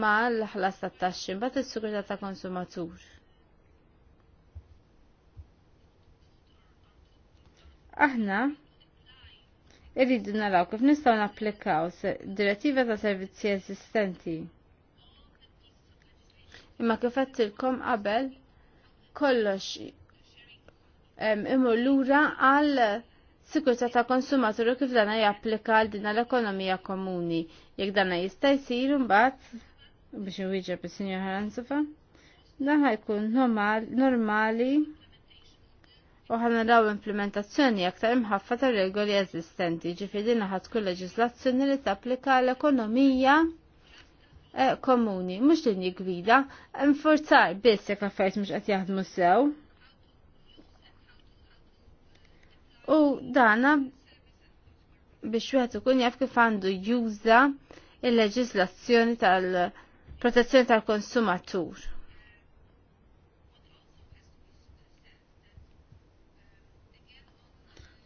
ma l-ħlas tat-taxxi mbagħad is-sigurità ta' konsumatur. Aħna irridu naraw kif nistgħu napplikaw direttiva ta' servizzi eżistenti. Imma kif għattilkom qabel kollox imur lura għal sikurta ta' konsumaturi kif dana japplika għal din l-ekonomija komuni. Jekk dana jista' jsir mbagħad, biex inwieġeb is-Sinjor Haransufa, dan ħajkun normali u ħana raw implementazzjoni aktar imħaffa ta' regoli eżistenti, ġifiri naħat kull leġislazzjoni li tapplika l-ekonomija eh, komuni, mux din gwida, nforzar biss jek affarijiet mhux qed jaħdmu sew. u dana biex wieħed ikun jaf kif għandu juża il-leġislazzjoni tal-protezzjoni tal-konsumatur.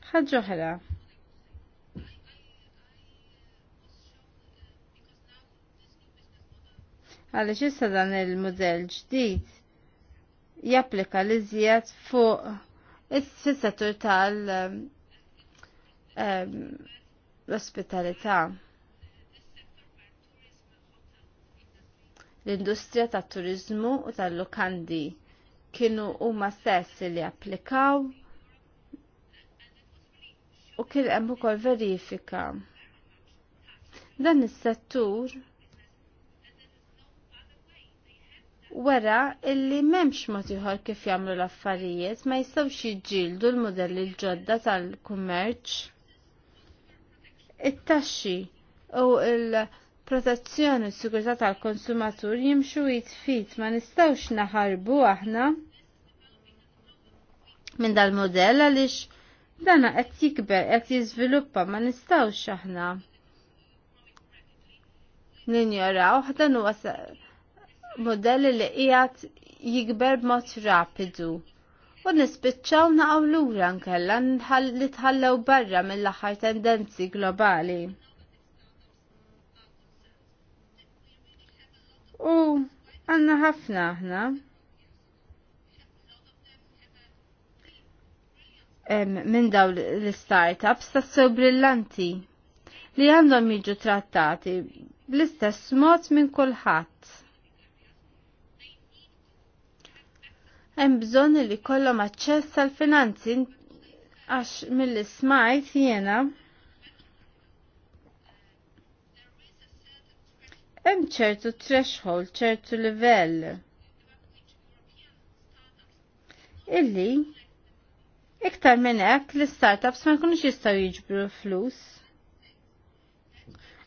ħaġa oħra. Għaliex issa dan il-modell ġdid japplika li żjed fuq fis-settur tal-ospitalità. Ehm, ehm, L-industrija tat-turizmu u tal-lokandi kienu huma stess li applikaw u kien hemm ukoll verifika. Dan is-settur wara illi memx motiħor kif jamlu l-affarijiet ma jistgħux jġildu l-modelli l-ġodda tal-kummerċ. It-taxxi u il-protezzjoni u s-sigurtà tal-konsumatur jimxu jitfit ma nistgħux naħarbu aħna minn dal-modell għaliex dana qed jikber qed jiżviluppa ma nistawx aħna ninjoraw ħdan huwa modelli li qiegħed jikber b'mod rapidu. U nispiċċaw naqgħu lura nkella li tħallew barra mill-aħħar tendenzi globali. U għandna ħafna aħna. minn daw l-startups tassew brillanti li għandhom jiġu trattati bl-istess mod minn kulħadd. hemm bżonn li kollhom aċċess għal finanzi għax mill smajt jiena hemm ċertu threshold, ċertu livell illi iktar minn hekk l-startups ma jkunux jistgħu jiġbru flus.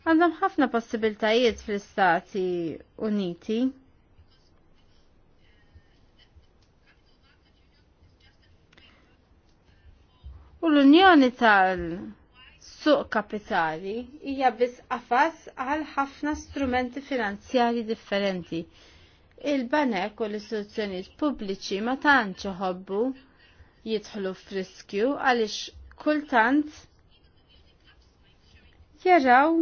Għandhom ħafna possibiltajiet fl-Istati Uniti. U l-Unjoni tal-Suq Kapitali hija biss qafas għal ħafna strumenti finanzjari differenti. Il-banek u l-istituzzjonijiet pubbliċi ma tantx iħobbu jidħlu friskju għaliex kultant jaraw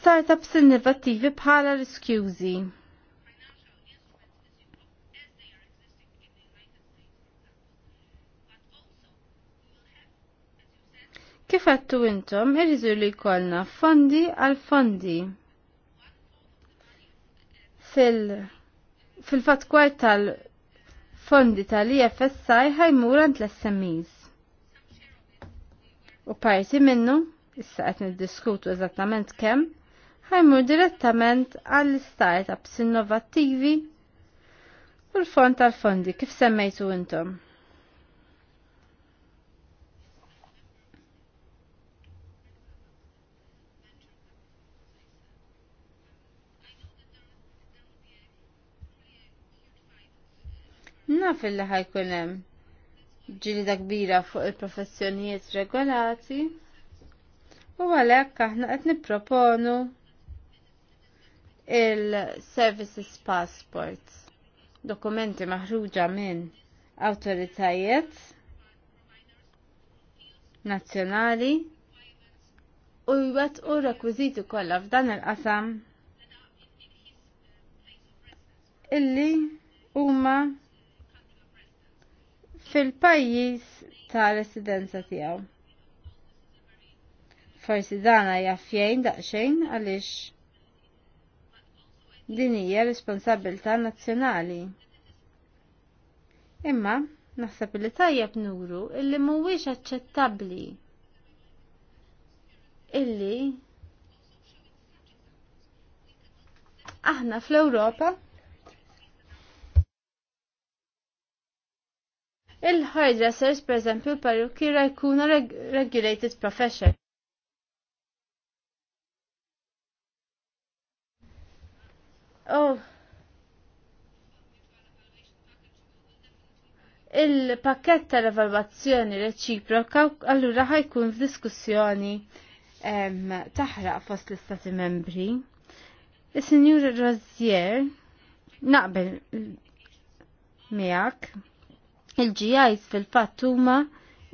startups innovativi bħala riskjużi. Kif għattu intom, irriżu li kolna fondi għal fondi. Fil, fil fatkwar tal-fondi tal-IFSI ħajmur għand l-SMEs. U parti minnu, issa qed niddiskutu eżattament kemm, ħajmur direttament għall startups innovattivi u l-fond tal-fondi kif semmejtu intom. naf ħaj kunem ġilida kbira fuq il-professjonijiet regolati u għalhekk aħna qed nipproponu il-Services Passports, dokumenti maħruġa minn awtoritajiet nazzjonali u jwet u rekwiziti kollha f'dan il-qasam illi huma fil-pajjiż ta' residenza tiegħu. Forsi dana jaffjejn daqsxejn għaliex din hija responsabilità nazzjonali. Imma naħseb li tajjeb nuru illi mhuwiex aċċettabbli illi aħna fl-Ewropa Il-hairdressers, per eżempju, parrukkira jkunu reg regulated profession. Oh. Il-pakket tal-evalwazzjoni reċiproka allura ħajkun f'diskussjoni taħraq fost l-Istati membri. Is-Sinjur Rozier naqbel miegħek Il-GIs fil-fatt huma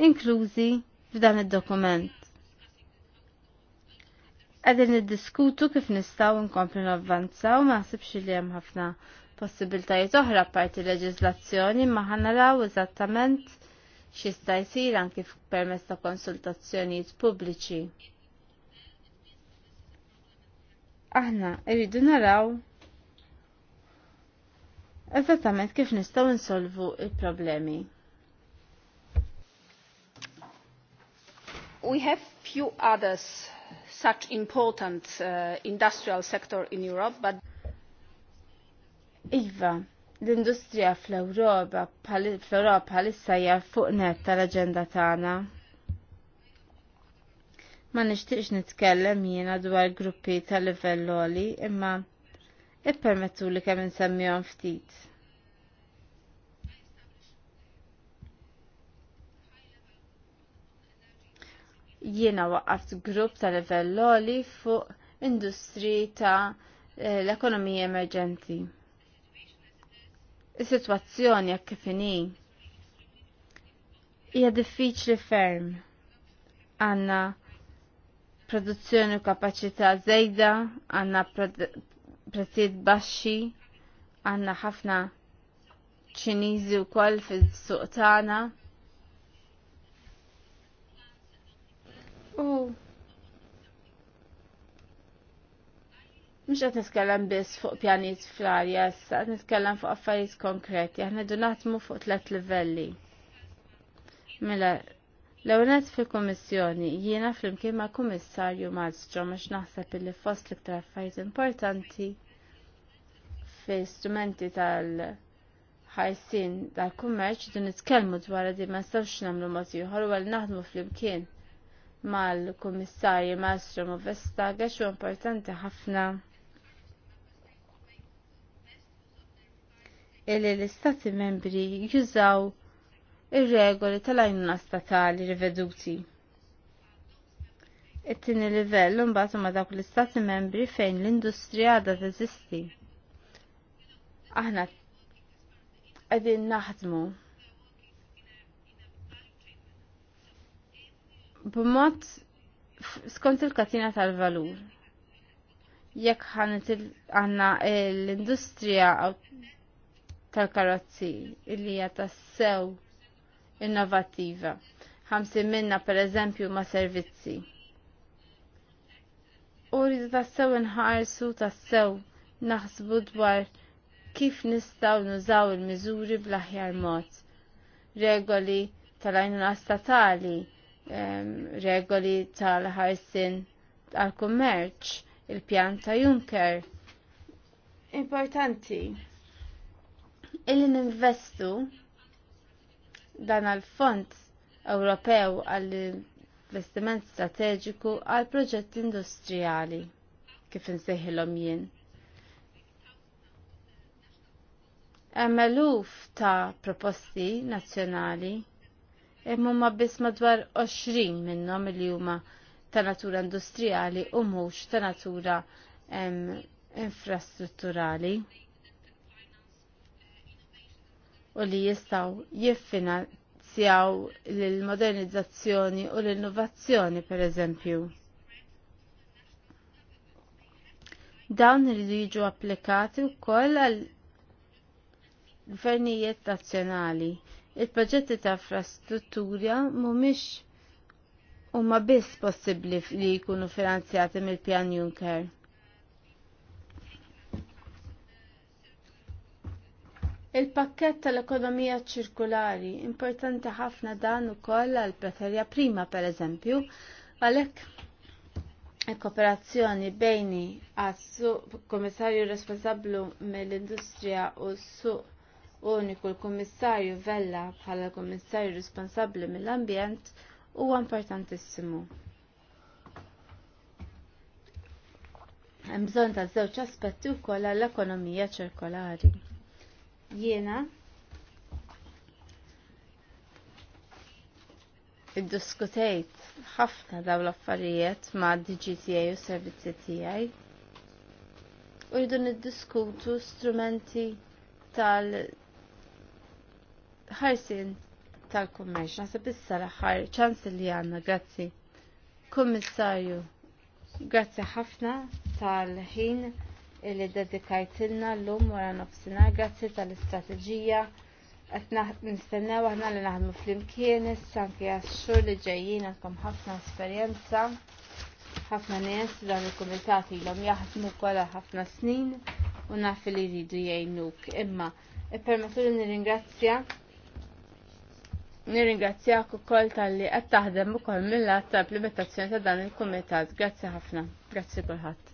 inklużi f'dan id-dokument. Qegħdin niddiskutu kif nistgħu nkomplu navvanzaw ma sibx li hemm ħafna possibiltajiet oħra parti leġiżlazzjoni ma ħanaraw eżattament x'jista' jsir anke permezz ta' konsultazzjonijiet pubbliċi. Aħna rridu naraw eżattament kif nistgħu nsolvu il-problemi. We have few others such important uh, industrial sector in Europe, but Iva, l-industrija fl-Europa bħalissa hija fuq net tal-aġenda tagħna. Ma nixtieqx nitkellem jiena dwar gruppi tal-livell imma ippermettu li kemm insemmihom ftit. Jiena waqqaft grupp ta' livell loli fuq industri ta' l-ekonomija emerġenti. Is-sitwazzjoni jekk kif inhi hija diffiċli ferm. Għandna produzzjoni u kapaċità żejda, għandna prezzijiet baxxi għandna ħafna ċiniżi wkoll fis-suq tagħna. U Mux għat nitkellem biss fuq pjaniet fl-arja, issa għat nitkellem fuq affarijiet konkreti, aħna du mu fuq tlet livelli. Mela L-ewnet fil-Komissjoni jiena fl-imkien ma' Kummissarju Malmstrom għax naħseb illi fost l-iktar affarijiet importanti fi strumenti tal- ħajsin tal-kummerċ din nitkellmu dwar li ma nistgħux nagħmlu mod ieħor u naħdmu flimkien mal kummissarju Malmstrom u Vestager xu importanti ħafna illi l-Istati membri jużaw ir-regoli tal-għajnuna statali riveduti. It-tieni livell imbagħad huma dawk l-istati membri fejn l-industrija għadha teżisti. Aħna qegħdin naħdmu b'mod skont il-katina tal-valur. Jekk ħanet għanna l-industrija tal-karozzi illi hija tassew innovativa. Ħamsi minna per eżempju ma' servizzi. U rridu tassew inħarsu tassew naħsbu dwar kif nistaw nużaw il-miżuri bl-aħjar mod. Regoli tal-għajnuna statali, regoli tal-ħarsin tal-kummerċ, il-pjan ta' Juncker. Importanti, illi ninvestu dan għal-Fond Ewropew għall-Investiment Strateġiku għal proġett industrijali kif insejħilhom jien. Hemm eluf ta' proposti nazzjonali imma ma biss madwar 20 minnhom li huma ta' natura industrijali u mhux ta' natura infrastrutturali u li jistaw jiffinanzjaw l-modernizzazzjoni u l-innovazzjoni per eżempju. Dawn iridu jiġu applikati wkoll għal gvernijiet nazzjonali. Il-proġetti ta' infrastruttura mhumiex huma biss possibbli li jkunu finanzjati mill-Pjan Juncker. Il-pakket tal-ekonomija ċirkulari importanti ħafna dan ukoll għal preterja prima per eżempju, għalhekk il-kooperazzjoni bejni għassu komissarju responsablu mill-industrija u s-suq uniku l-komissarju Vella bħala komissarju responsabli mill-ambjent huwa importantissimu. Hemm bżonn ta' żewġ aspetti wkoll għall-ekonomija ċirkolari. Jiena diskutejt ħafna daw l-affarijiet ma' DGTA u servizzi tiegħi. U id niddiskutu strumenti tal ħarsin tal-kummerċ. Nasib issa l ċans li għanna, grazzi. Kummissarju, grazzi ħafna tal-ħin illi dedikajtilna l-lum wara nofsinhar grazzi tal-istrateġija qed nistennew aħna li naħdmu flimkien issa anke għax-xhur li ġejjin għandkom ħafna esperjenza ħafna nies dan il-kumitat ilhom jaħdmu wkoll ħafna snin u naf li jridu jgħinuk. Imma ippermettu li nirringrazzja Nirringrazzjak ukoll tal-li qed taħdem ukoll mill-att ta' ta' dan il-kumitat. Grazzi ħafna. Grazzi kulħadd.